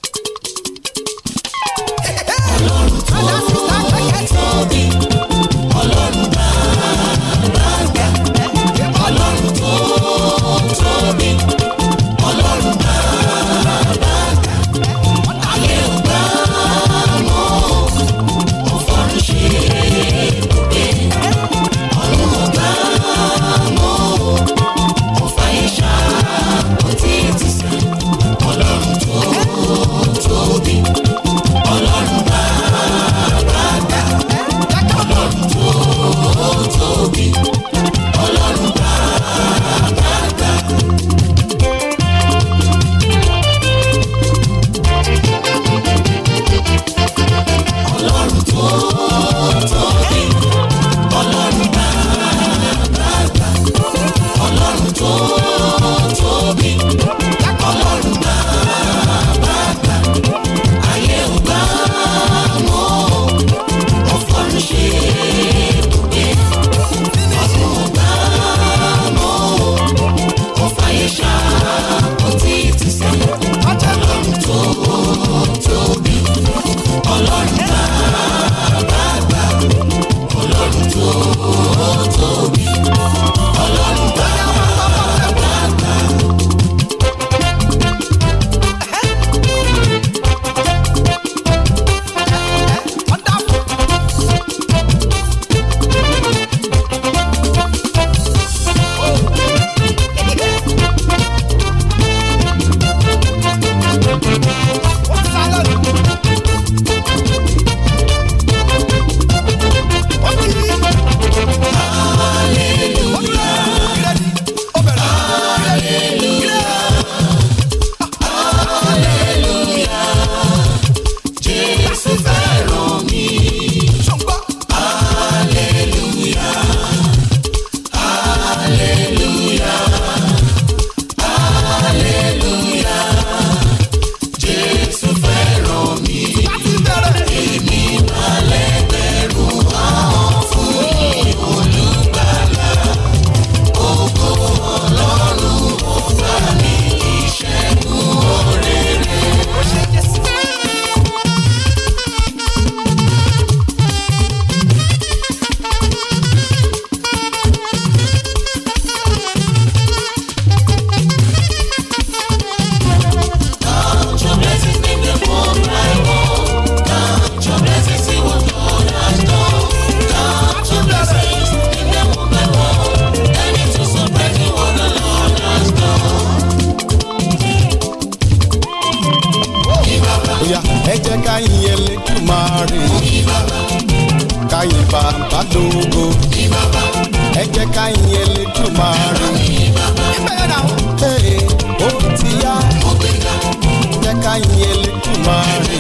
Olódùmarè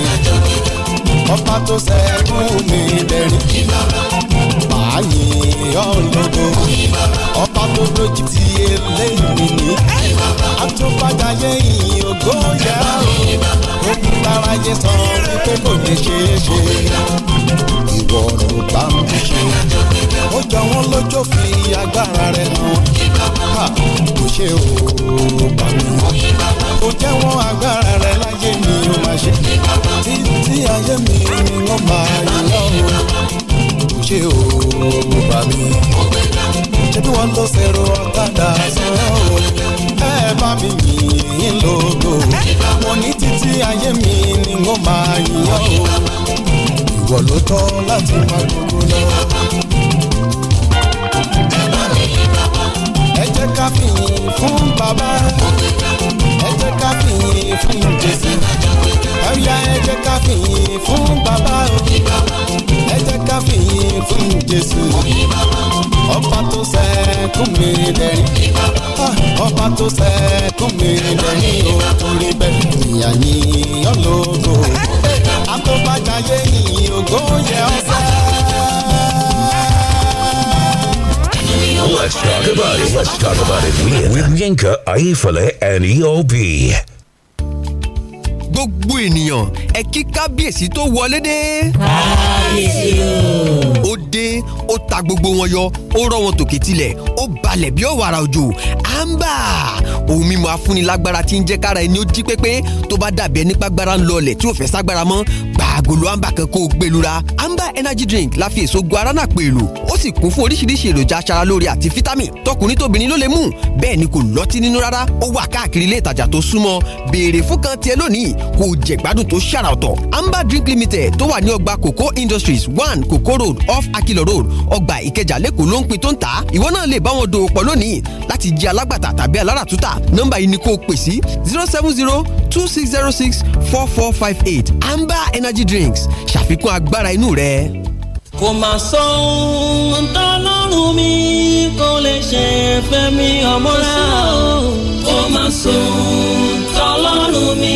ọba tó ṣẹ́gun mi lẹ́rìn màá ọlọ́dọ̀ ọba tó lójú ti eléyìí ni àtúbàjáyé yìn ògo yá o omi lára yẹ sọ wípé kò ní ṣeé ṣe ìwọ ló bá mi ṣe ó jọ wọ́n lójó fi agbára rẹ̀ hàn kò ṣe o kò jẹ́ wọ́n agbára rẹ̀ láyé mi ó máa ṣe títí ayé mi ni wọ́n máa yọ lọ́wọ́ kò ṣe o kò bá mi ṣebí wọ́n ló ṣèrò ọ̀kadà sọ́ọ́ ẹ bá mi yìn lógo mo ní títí ayé mi ni wọ́n máa yọ o ìwọ ló tọ́ láti máa gbogbo lọ. ẹ jẹ́ ká fìyìn fún bàbá ẹ jẹ́ ká fìyìn fún Jésù ẹ yá ẹ jẹ́ ká fìyìn fún bàbá ẹ jẹ́ ká fìyìn fún Jésù ọba tó sẹ́kùn mi dẹ̀rín ah, ọba tó sẹ́kùn mi dẹ̀rín o torí bẹ́ẹ̀ ìyá yín ọlọ́gbọ́ àtọ́bàjáyé yìí ògo yẹ ọ́ Let's talk about it. Let's talk about it with, with Yinka, Aifale, and EOB. gbogbo ènìyàn ẹ kí kábíyèsí tó wọlé dé. kábíyèsí o. ó dé ó ta gbogbo wọn yọ ó rọ wọn tòkè tilẹ̀ ó balẹ̀ bí ọ̀wàrà òjò àǹbà ohun mímu afúnilágbára tí ń jẹ́ kára ẹni ó jí pépé tó bá dàbí ẹni pàgbára ń lọlẹ̀ tí ò fẹ́ ságbára mọ́ agolo amba kan kó o gbé lura amba energy drink la fi èso guarana pèlò ó sì kún fún oríṣiríṣi èròjà aṣaralóore àti fítámì tọkùnrin tóbìnrin ló lè mú bẹ́ẹ̀ ni kò lọ́tí nínú rárá ó wà káàkiri ilé ìtajà tó súnmọ́ béèrè fún kan tiẹ̀ lónìí kó o gbádùn tó ṣàrà ọ̀tọ̀ amba drink limited tó wà ní ọgbà coco industries one coco road off akilo road ọgbà ìkẹjà lẹ́kọ̀ọ́ ló ń pin tó ń tà ìwọ náà lè bá wọn dòwò pọ̀ lónìí láti jẹ alágbàtà tàbí aláràtúntà nọ́mbà yìí ni kó pè sí zero seven zero two six zero six four four five eight amba energy drinks ṣàfikún agbára inú rẹ. kò mà sọ ohun tọ́lọ́run mi kò lè ṣe fẹ́mi ọmọ rẹ̀ kò mà sọ ohun tọ́lọ́run mi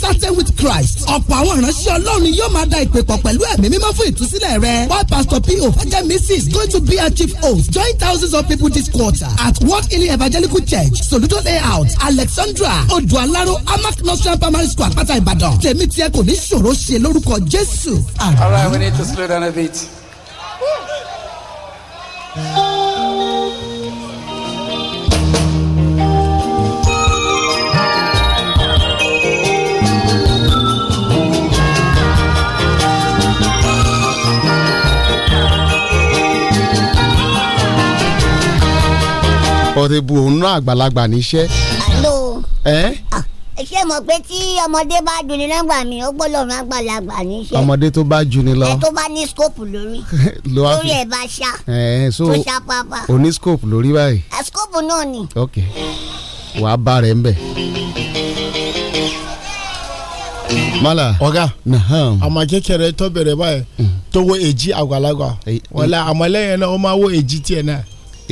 started with Christ. ọ̀pọ̀ àwọn ìránṣẹ́ ọlọ́run ni yóò máa da ìpè pọ̀ pẹ̀lú ẹ̀mí mímọ́ fún ìtúsílẹ̀ rẹ. why pastor P.O. Fajẹ Mrs. going to be our chief host join thousands of people this quarter at World Healing Evangelical Church Soludo layout Alexandra Odualaro Amak Nursery Primary School Àpáta Ìbàdàn. tèmi tiẹ̀ kò ní ṣòro ṣe lórúkọ Jésù. All right, we need to slow down a bit. comfortable òun náà àgbàlagbà níṣẹ́. alo ah, ẹ ṣé mo pé tí ọmọdé bá juni lọ́gbà mi ó gbọ́dọ̀ rán àgbàlagbà níṣẹ́. ọmọdé tó bá juni lọ. ẹ tó bá ní scope lórí lórí ẹ bá ṣá tó ṣá pápá. o ní scope lórí báyìí. scope náà ni. ok wàá bá rẹ̀ ń mala. ọ̀gá àmàjẹkẹrẹ tó bẹ̀rẹ̀ báyìí mm. tó wo èjì àgbàlagbà wọlé àmàlẹ́yìn náà ó máa wo èjì tiẹ̀ náà.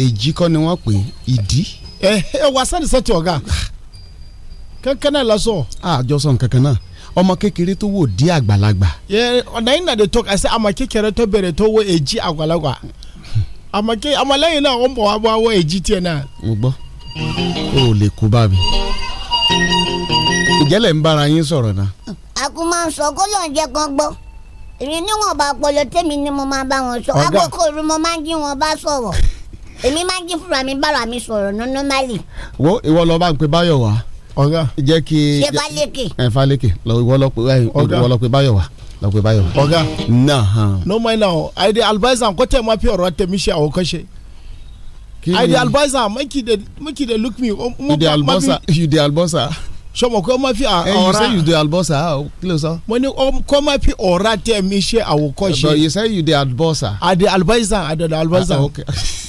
èjì kọ́ ni wọ́n pè ìdí. ẹ ẹ wà sani sẹ́tì ọ̀gá kankan náà lọ́sọ̀. kankan ọmọ kékeré tó wò di àgbàlagbà. yẹ ọ̀nà yìí nà de tó kàṣẹ àmọ kékeré tó bẹ̀rẹ̀ tó wọ èjì àgbàlagbà àmọ ké àmọ lẹ́yìn náà wọ́n bọ̀ wá bọ̀ o ò lè kú mi. ń bára yín sọ̀rọ̀ náà. a kò máa sọ ni mo máa bá wọn sọ àkókò mo máa ń jí èmi máa ń jí fúnra mi bára mi sọ̀rọ̀ ná normally. wo ìwọ lọ bá ń pe báyọ̀ wá ọ̀gá jẹ́ kí ṣé falẹ́kẹ̀ ẹ̀ falẹ́kẹ̀ lọ ìwọ lọ pe ìwọ lọ pe báyọ̀ wá lọ pe báyọ̀ wá. ọ̀gá normally now i dey advise am kó tẹ̀ ma fi ọ̀rọ̀ tẹ̀mí ṣe àwòkọ́ṣe. i dey advise am make you dey make you dey look me. you dey albosa you dey albosa sọmọ kọ́ máa fi ọ̀ra. you say you dey albosa kí ló sọ. mo ní kọ́ máa fi ọ̀ra tẹ̀ mí ṣe àwòkọ́ṣe. but you say you dey albosa. i dey albosa i dey albosa.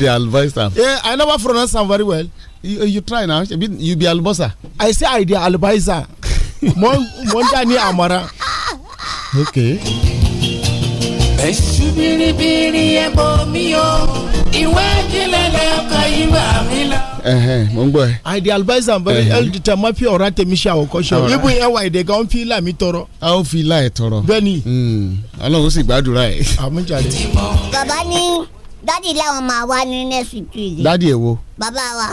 maybe they advised yeah i never pronounce am very well you, you try now you be albosa. i say i dey albaisa. mo mo n ja ni amara. okay. ẹ̀sùn bìrìbìrì ẹ̀ bọ̀ mí o ìwé ìjìnlẹ̀ lẹ́kọ̀ọ́ ìgbà mi lọ. mo ń gbọ́ ẹ. àìdè albaizan bẹ́ẹ̀ ẹlùdìtà máa fi ọ̀rá tẹ̀mí ṣe àwòkọ́ṣe ibu ẹwà èdè kan ń fi ilà mi tọrọ. a ó fi ilà ẹ tọrọ. bẹ́ẹ̀ni. ọlọ́run sì gbàdúrà ẹ. àmújáde. bàbá ní dádì làwọn máa wá ní next week tuesday. dádì èwo. bàbá wa.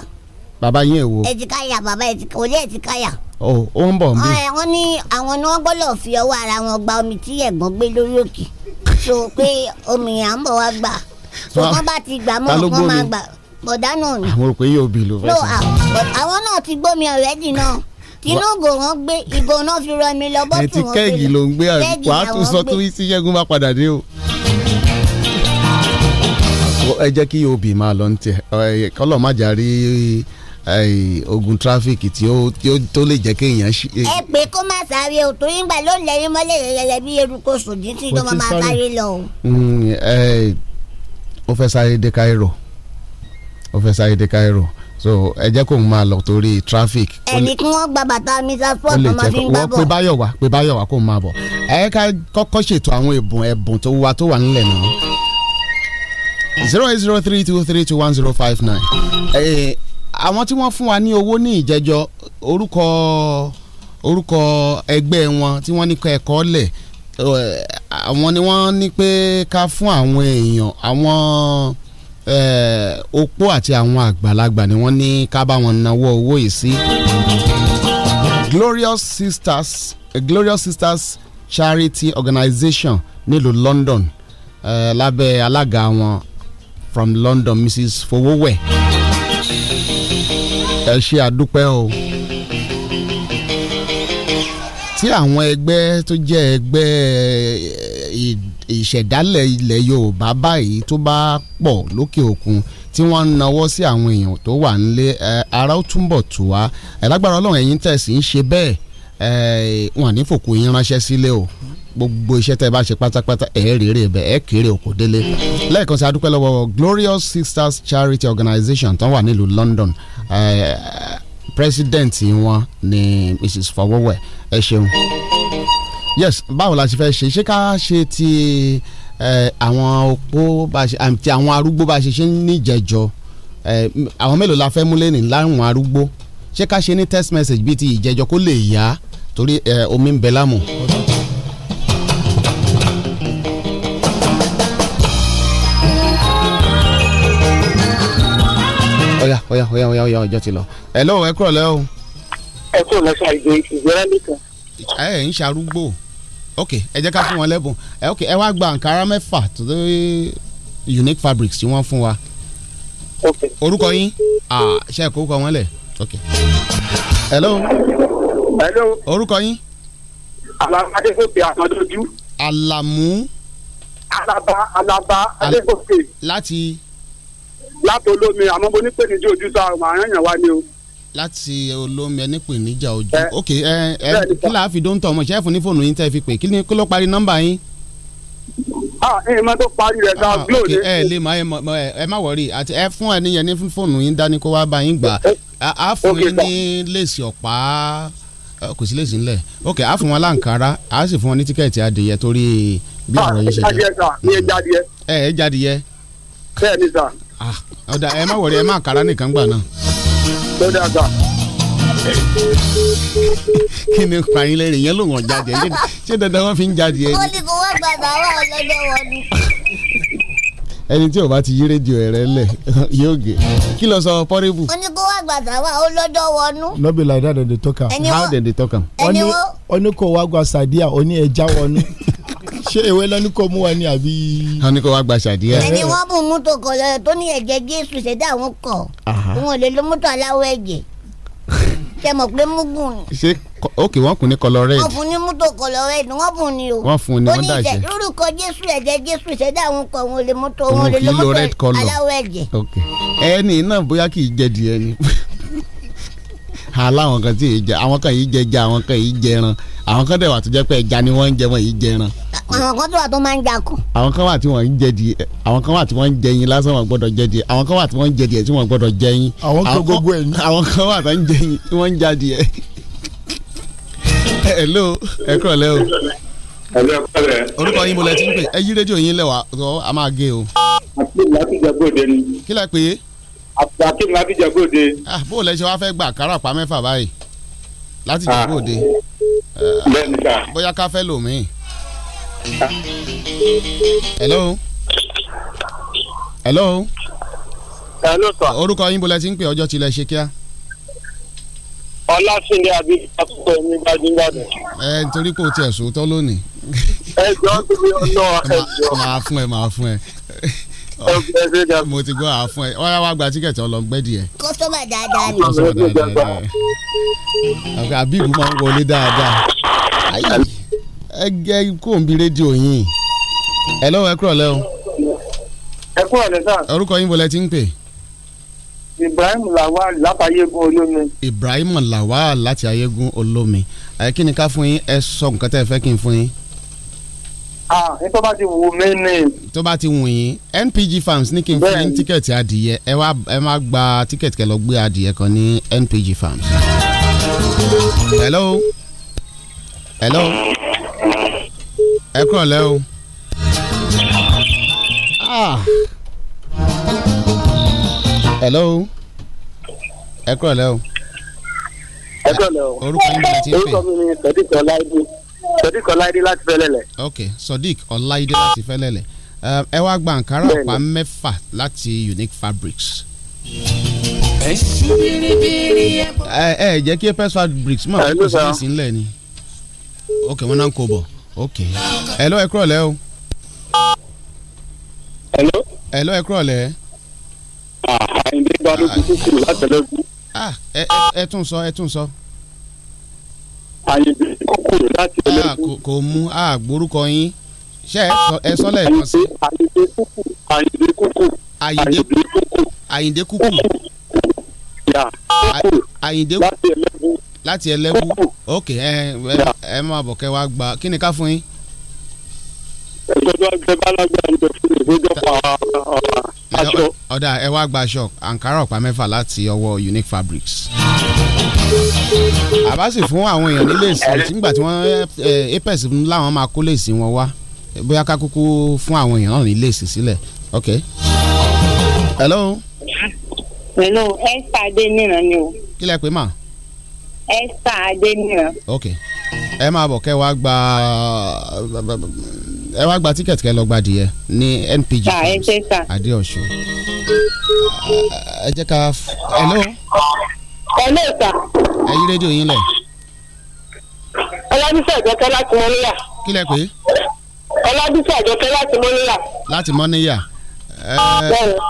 bàbá yín èwo. ẹ ti káyà bàbá ẹ ti kò lé ẹ ti káyà. ó ó ń bọ̀ ń bí. wọ́n ní àwọn ni wọ́n gbọ́dọ̀ fi ọwọ́ ara wọn gba omi tí ẹ̀gbọ́n gbé lórí òkè so pé omi à ń bọ̀ wá gbà so wọ́n bá ti gbà mọ́ wọ́n máa gbà bọ̀dá náà ni. àwọn olùkọ́ yóò bí ló fẹ́ sọ. àwọn náà ti gbómi ọ̀rẹ́dì náà tinúgò wọn gbé ìgò náà fi rọ mi lọ bọ́tù wọn gbé lọ kẹ́ẹ̀gì ló ń gbé àgbà tó sọ tó yí sí yẹ́gun bá padà dé o ẹ jẹ́ kí obì máa lọ ní tiẹ̀ kọ́lọ̀ má jà rí ogun tráfíkì tí ó tó lè jẹ́ kéèyàn ṣe. ẹ pé kó má sáré o torí ńgbà ló ń lẹ́yìn mọ́lẹ̀ yẹyẹ bí eruku sòdí tí ìjọba máa sáré lọ mm, ó fẹ́ sáré dé Cairo ó fẹ́ sáré dé Cairo so ẹ jẹ́ kóun máa lọ torí traffic. ẹni kí wọ́n gba bàtà mr sport ọmọ fi ń gbá bọ̀. pe báyọ̀ wá pe báyọ̀ wá kóun máa bọ̀. ẹ kọ́kọ́ ṣètò àwọn ẹ̀bùn ẹ̀bùn tó wà tó wà nílẹ̀ náà zero eight zero three two three two one zero five nine. àwọn tí wọ́n fún wa ní owó ní ìjẹ́jọ́ orúkọ orúkọ ẹgbẹ́ wọn tí wọ́n ní kọ́ ẹ̀kọ́ lẹ̀ àwọn ni wọ́n ní pé ká fún àwọn èèyàn àwọn opó àti àwọn àgbàlagbà ni wọ́n ní ká bá wọn náwó owó yìí sí. Glorious Sisters Glorious Sisters Charity Organization nílùú London uh, lábẹ́ alága wọn from London Mrs. Fowowe ẹ ṣe àdúpẹ́ o tí àwọn ẹgbẹ́ tó jẹ́ ẹgbẹ́ ìṣẹ̀dálẹ̀ ilẹ̀ Yorùbá báyìí tó bá pọ̀ lókè òkun tí wọ́n ń nawọ́ sí àwọn èèyàn tó wà nílé ara ó túnbọ̀ tù wá ẹ̀ lágbára Ọlọ́run ẹ̀yin tẹ̀sí ń ṣe bẹ́ẹ̀ wọn ní fòkù yín ránṣẹ́ sílé o gbogbo iṣẹ́ tẹ́ ẹ bá ṣe pátápátá ẹ̀ rèrè bẹ̀ ẹ̀ kéré òkò délé lẹ́ẹ̀kan sí adúpẹ́ lọ́wọ́ Glorious Sisters Charity Organisation. tó wà nílùú London president wọn ni Mrs Fọwọ́wẹ̀ ẹ ṣeun yes báwo la ṣe fẹ́ ṣe ṣé ká ṣe ti àwọn opó àti àwọn arúgbó bá ṣe ṣe níjẹ̀jọ àwọn mélòó la fẹ́ múlẹ̀ ní láwọn arúgbó ṣé ká ṣe ní text message bíi ti ìjẹ̀jọ kó lè yá torí omi ń bẹ lámù. ọ̀yà ọ̀yà ọ̀yà ọ̀yà ọ̀yà ọjọ́ ti lọ. ẹ lọ́wọ́ ẹ kúrọ̀ lẹ́wọ̀. ẹ kúrò lọ́sọ̀ ìgbé ìgbéra nìkan. ẹ ẹ ń ṣarúgbó ok ẹ jẹ́ ká fún wọn lẹ́bùn ẹ ok ẹ wá gba àǹkárá mẹ́fà tó dé unique fabrics tí wọ́n fún wa. ok orúkọ yín ṣe é kó kọ wọn lẹ̀ ok. hello hello. orúkọ yín. Alaba. adégòkè àtọ́jú. alamu. alaba alaba adégòkè. láti. láti olómi àmọ́ mo ní pé níjẹ́ ojú sá ọmọ àyànyàn wa ni o. láti olómi ẹni pè níjà ojú. ok ẹ ẹ kí la fi dóńtọ̀ ọmọ ṣẹ́ẹ̀fù ní fóònù yín tẹ́ fi pè kí ni kí ló parí nọ́mbà yín ìmọ̀ tó parí rẹ̀ dáa ah, glo ni. ẹ lè má ẹ má wọrí àti ẹ fún ẹni yẹn ní fóònù yín dání kó wá bá yín gbà á fún yín ní lèsì ọ̀pá Eh, kò sí lèsì ńlẹ̀ ok á fún wọn láǹkárá á sì fún wọn ní tíkẹ́ẹ̀tì adìyẹ torí bí ọ̀rọ̀ yìí ṣe jẹ́ eh, ẹ ẹ jadìyẹ. bẹ́ẹ̀ ni sà. Ah, ọ̀dà ẹ má wọ̀rẹ́ ẹ má kàrá nìkan gbà náà. lọ́dà sà kí ni pààyàn lẹ́rìn yẹn ló wọ̀n jáde ṣé dandan wọn fi ń jáde ẹni. wọ́n ní kó wọ́n gbàgbà wà lọ́dọ̀ wọn ni ẹni tí ò bá ti yí rédíò rẹ lẹ̀ yóò gé kí ló sọ pọ́rẹ́bù. ó ní kó wá gbàtà wá ó lọ́jọ́ wọnú. no be like that dem dey talk am. how dem dey talk am. ẹni wo ó ní kó wá gba sàdíà ó ẹja wọnú ṣé ewé lọ́ní kò mú wa ni àbí. wọ́n ní kó wá gba ṣàdíyà. ẹni wọ́n bù mọ́tò kọ̀ lọ́yọ̀ tó ní ẹ̀jẹ̀ jésù ṣẹ̀dá àwọn kọ̀ wọn ò lè lo mọ́tò aláwọ̀ ẹ̀jẹ̀. ṣe mọ̀ pé mugun ni. ṣé òkè wọ́n kún ní kọlọ rẹ́ẹ̀dì. wọ́n fún ní mútò kọlọ rẹ́ẹ̀dì wọ́n fún ni o. wọ́n fún ni wọ́n dàjẹ́. oníṣẹ́ lórúkọ jésù ẹ̀jẹ̀ jésù ìṣẹ̀dá àwọn kan òun lè mọ́tò òun lè lọ́mọ́tò aláwọ̀ ẹ̀jẹ̀. ẹni náà bóyá kì í jẹ díẹ̀ ni aláwọn kan sì jẹ àwọn kan yìí jẹ jẹ àwọn kan yìí jẹran àwọn kan dẹ̀ wà tó jẹ́ pé ẹja ni wọ́n ń jẹ wọ́n yìí jẹran. àwọn kan tó wà tó máa ń jakun. àwọn kan wà tí wọ́n ń jẹ di àwọn kan wà tí wọ́n ń jẹyin lásán wọ́n gbọ́dọ̀ jẹ di àwọn kan wà tí wọ́n ń jẹ di ẹ̀ tí wọ́n gbọ́dọ̀ jẹyin. àwọn kan gbogbo ẹ̀ ní. àwọn kan wà tó ń jẹyin tí wọ́n ń ja di ẹ̀. hello ẹ kúrọ̀ lẹ́ orúkọ yín mo lẹ ti ń pè ẹ yí rédíò yín lẹ́wà bẹ́ẹ̀ni sá. bóyá ká fẹ́ lò mí. hello. hello. hello sọ. orúkọ yín bolẹ́ ti ń pè ọjọ́ tilẹ̀ ṣe kíá. ọlásìndé àbí àkókò mi gbajúgbàdàn. ẹ nítorí kò tiẹ̀ sòótọ́ lónìí. ẹ jọ́ tóbi ọlọ́ọ̀ ẹ jọ. màá fún ẹ màá fún ẹ mo ti gbọ́ àfún ẹ wọ́n wá gba tíkẹ̀tì ọlọ́ngbẹ́ díẹ̀. kọ́sọ́mà dáadáa ni. kọ́sọ́mà dáadáa ni. àbíbù máa ń wọlé dáadáa. ẹ gẹ kó ń bi rédíò yín. ẹ lọ́wọ́ ẹ kúrọ̀ lẹ́wọ̀n. ẹ kúrọ̀ lẹ́sà. orúkọ yín bọ̀lẹ́ ti ń pè. Ibrahim Lawal láti Ayégún Olómi. Ibrahim Lawal láti Ayégún Olómi. kí ni ká fún yín ẹ sọ nǹkan tẹ́ ẹ fẹ́ kí n fún yín ah ní tó bá ti wù mí ni. tó bá ti wù yín NPG Farms ní kí n fún yín tíkẹ́ẹ̀tì adìyẹ ẹ wá ẹ má gba tíkẹ́ẹ̀tì kẹ́ lọ gbé adìyẹ kan ní NPG Farms. hello hello ẹ kúrọ̀ lẹ́ o. Ah. hello ẹ kúrọ̀ lẹ́ o. ẹ kúrọ̀ lẹ́ o. orúkọ mi ni Sadiq Ọláìdé sodiq ọláìdé láti fẹ́lẹ́lẹ̀. ok sodiq ọláìdé láti fẹ́lẹ́lẹ̀ ẹ wá gba àǹkárá ọ̀pá mẹ́fà láti unique fabrics. ẹ ẹ jẹ́ kí first fabrics mọ̀ kó sí ní sílẹ̀ ni ok wọn náà ń kó bọ̀ ok ẹ lọ́ ẹ kúrọ̀ lẹ́ o. hello. ẹ lọ́ ah, ah, ẹ kúrọ̀ lẹ́. àyìnbí balógun kúkú látẹlẹ́gùn. ẹ ẹ tún sọ ẹ tún sọ àyèbí ah, kòkòrò ah, láti ẹlẹ́gùn. kò mú àgbórúkọ yín ṣe ẹ sọlẹ̀ kan sí. àyèdè kúkú àyèdè kúkú àyèdè kúkú àyèdè kúkú àyèdè kúkú láti ẹlẹ́gùn ok ẹ ẹ máa bọ̀ kẹ́ wá gba kí ni ká fún yín ọ̀dà ẹ wá gba aṣọ àǹkárá ọ̀pá mẹ́fà láti ọwọ́ Unique Fabrics. àbá sì fún àwọn èèyàn nílé ìsìn nígbà tí wọ́n apex láwọn máa kó lè sìn wọn wá bóyá ká kúkú fún àwọn èèyàn náà nílé ìsìn sílẹ̀ ok. hello. hello Esther Adéníran ni o. kí lẹ pè mà. Esther Adéníran. ok ẹ máa bọ̀ kẹ́ wá gba ẹ wá gba tíkẹ̀tì kẹ́ lọ gba adìyẹ ní NPG ah, Adéọ̀ṣun ẹ jẹ́ ká hello. hello sà. ẹ yí rédíò yín lẹ̀. ọlọ́dúnfẹ́ ìjọkẹ́ láti mọ́níyà. kí lẹ pé. ọlọ́dúnfẹ́ ìjọkẹ́ láti mọ́níyà. láti mọ́níyà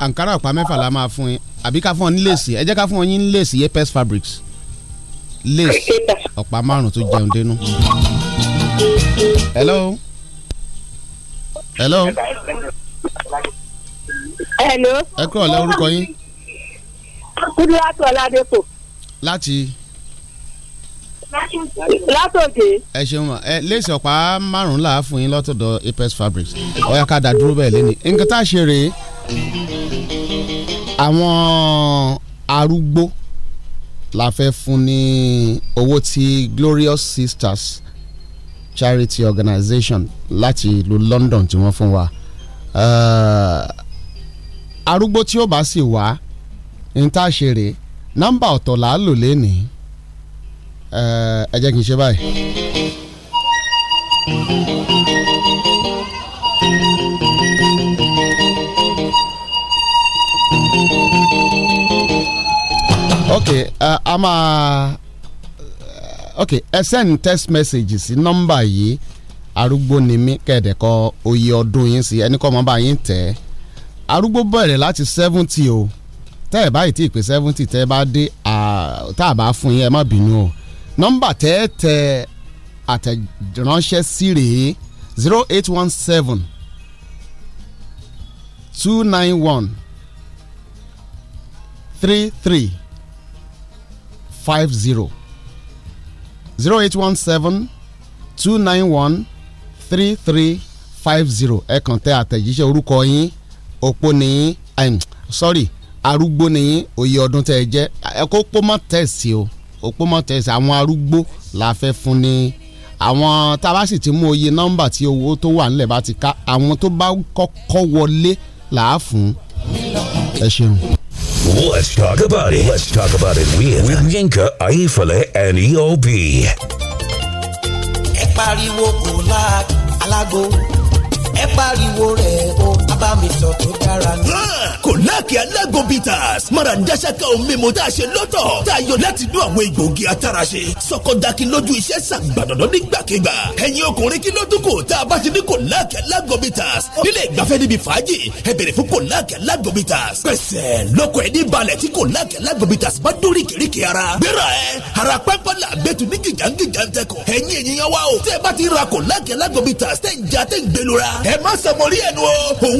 àǹkárá ọ̀pá mẹ́fà la máa fún yín àbí ká fún ọ ní lèsì ẹ jẹ́ ká fún ọ yín ní lèsì apes fabrics lace ọ̀pá márùn-ún tó jẹun dénú. hello hello. hello. ẹ kúrò lẹ orúkọ yín. kúndúrátù ọ̀làdẹ́pọ̀. láti. látòdè. ẹ ṣeun ma ẹ léèsì ọ̀pá márùn-ún là á fún yín lọ́tọ̀dọ̀ Apex Fabrics ọ̀yà ká dá dúró bẹ́ẹ̀ lẹ́ni nǹkan tá a ṣe rèé àwọn arúgbó la fẹ́ fún ní owó tí Glorious Sisters charity organization láti ìlú London tí wọ́n fún wa eh, arúgbó tí ó bá sì wá ní tá a ṣe rè nọ́mbà ọ̀tọ̀ là á lò lẹ́nìí eh, ẹ jẹ́ kí n ṣe báyìí. ok eh, a máa ok ẹ send text message sí nọ́mbà yìí arúgbó ni mí kẹ̀dẹ̀kọ oyè ọdún yín sí ẹnì kọ́ mọ́ bá yín tẹ̀ arúgbó bẹ̀rẹ̀ láti seventy o tẹ́ ẹ̀ báyìí tí ì pé seventy tẹ́ ẹ bá dé tá a bá fún yín ẹ má bínú o nọ́mbà tẹ́ ẹ tẹ àtẹ̀ránṣẹ́ sí rèé zero eight one seven two nine one three three five zero. 0817 291 3350 ẹ kàn tẹ àtẹ̀jíṣẹ́ orúkọ yín òpó nìyí sorry arúgbó nìyí òye ọdún tẹ ẹ jẹ́ ẹ kó pọ́nmọ́ tẹ̀sí o òpó mọ́ tẹ̀sí àwọn arúgbó la fẹ́ fún ni àwọn tá a bá sì ti mú oye nọ́mbà tí owó tó wà nílẹ̀ bá ti ká àwọn tó bá kọ́kọ́ wọlé là fún ẹ ṣeun. Let's talk about it. Let's talk about it with, with Yinka, Aifale, and EOB. ẹ pariwo kò alágbo ẹ pariwo rẹ̀ o. bá mi sọ tó dára ni. kòláàkì alágbó bitters mara ń dáṣẹ́ ká ohun mímu tá a ṣe lọ́tọ̀ tá a yọ láti inú àwọn egbòogi ataraṣe sọkọdaki lójú iṣẹ́ sàgbàdàdàn nígbàkigbà ẹ̀yin ọkùnrin kí ló tún kù tá a bá ti ní kòláàkì alágbó bitters nílé ìgbafẹ́ níbi fàájì ẹ bèrè fún kòláàkì alágbó bitters pẹ̀sẹ̀ lọ́kọ̀ ẹ̀ ní balẹ̀ tí kòláàkì alágbó bitters bá dórí kìríkì ara gbéra ẹ ara pẹ́pẹ́ là gbẹ́tù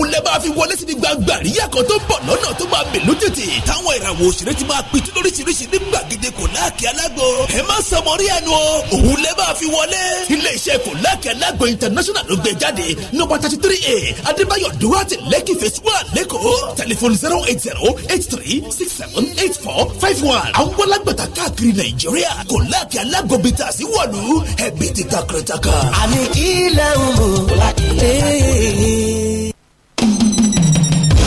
ní lẹ́ máa fi wọlé sí ní gbangba àríyá kan tó ń bọ̀ lọ́nà tó máa mèlú tètè táwọn ìràwọ̀ òṣèré ti máa pitú lóríṣiríṣi ní gbàgede kòláàkì alágbo ẹ má sọmọrí ẹnu o òun lẹ́ máa fi wọlé iléeṣẹ́ kòláàkì alágbo international ló gbé jáde nọ́mbà thirty three a adébáyọ̀ duwate lẹ́kì phase one lẹ́kọ̀ọ́ tẹlifon zero eight zero eight three six seven eight four five one àwọn wọlágbàtà káàkiri nàìjíríà kòláàkì alágbo bíi tàṣí wọ̀lú ẹ̀bí ti takrẹ́taka. àní kí lẹ́ ń mú kòláàkì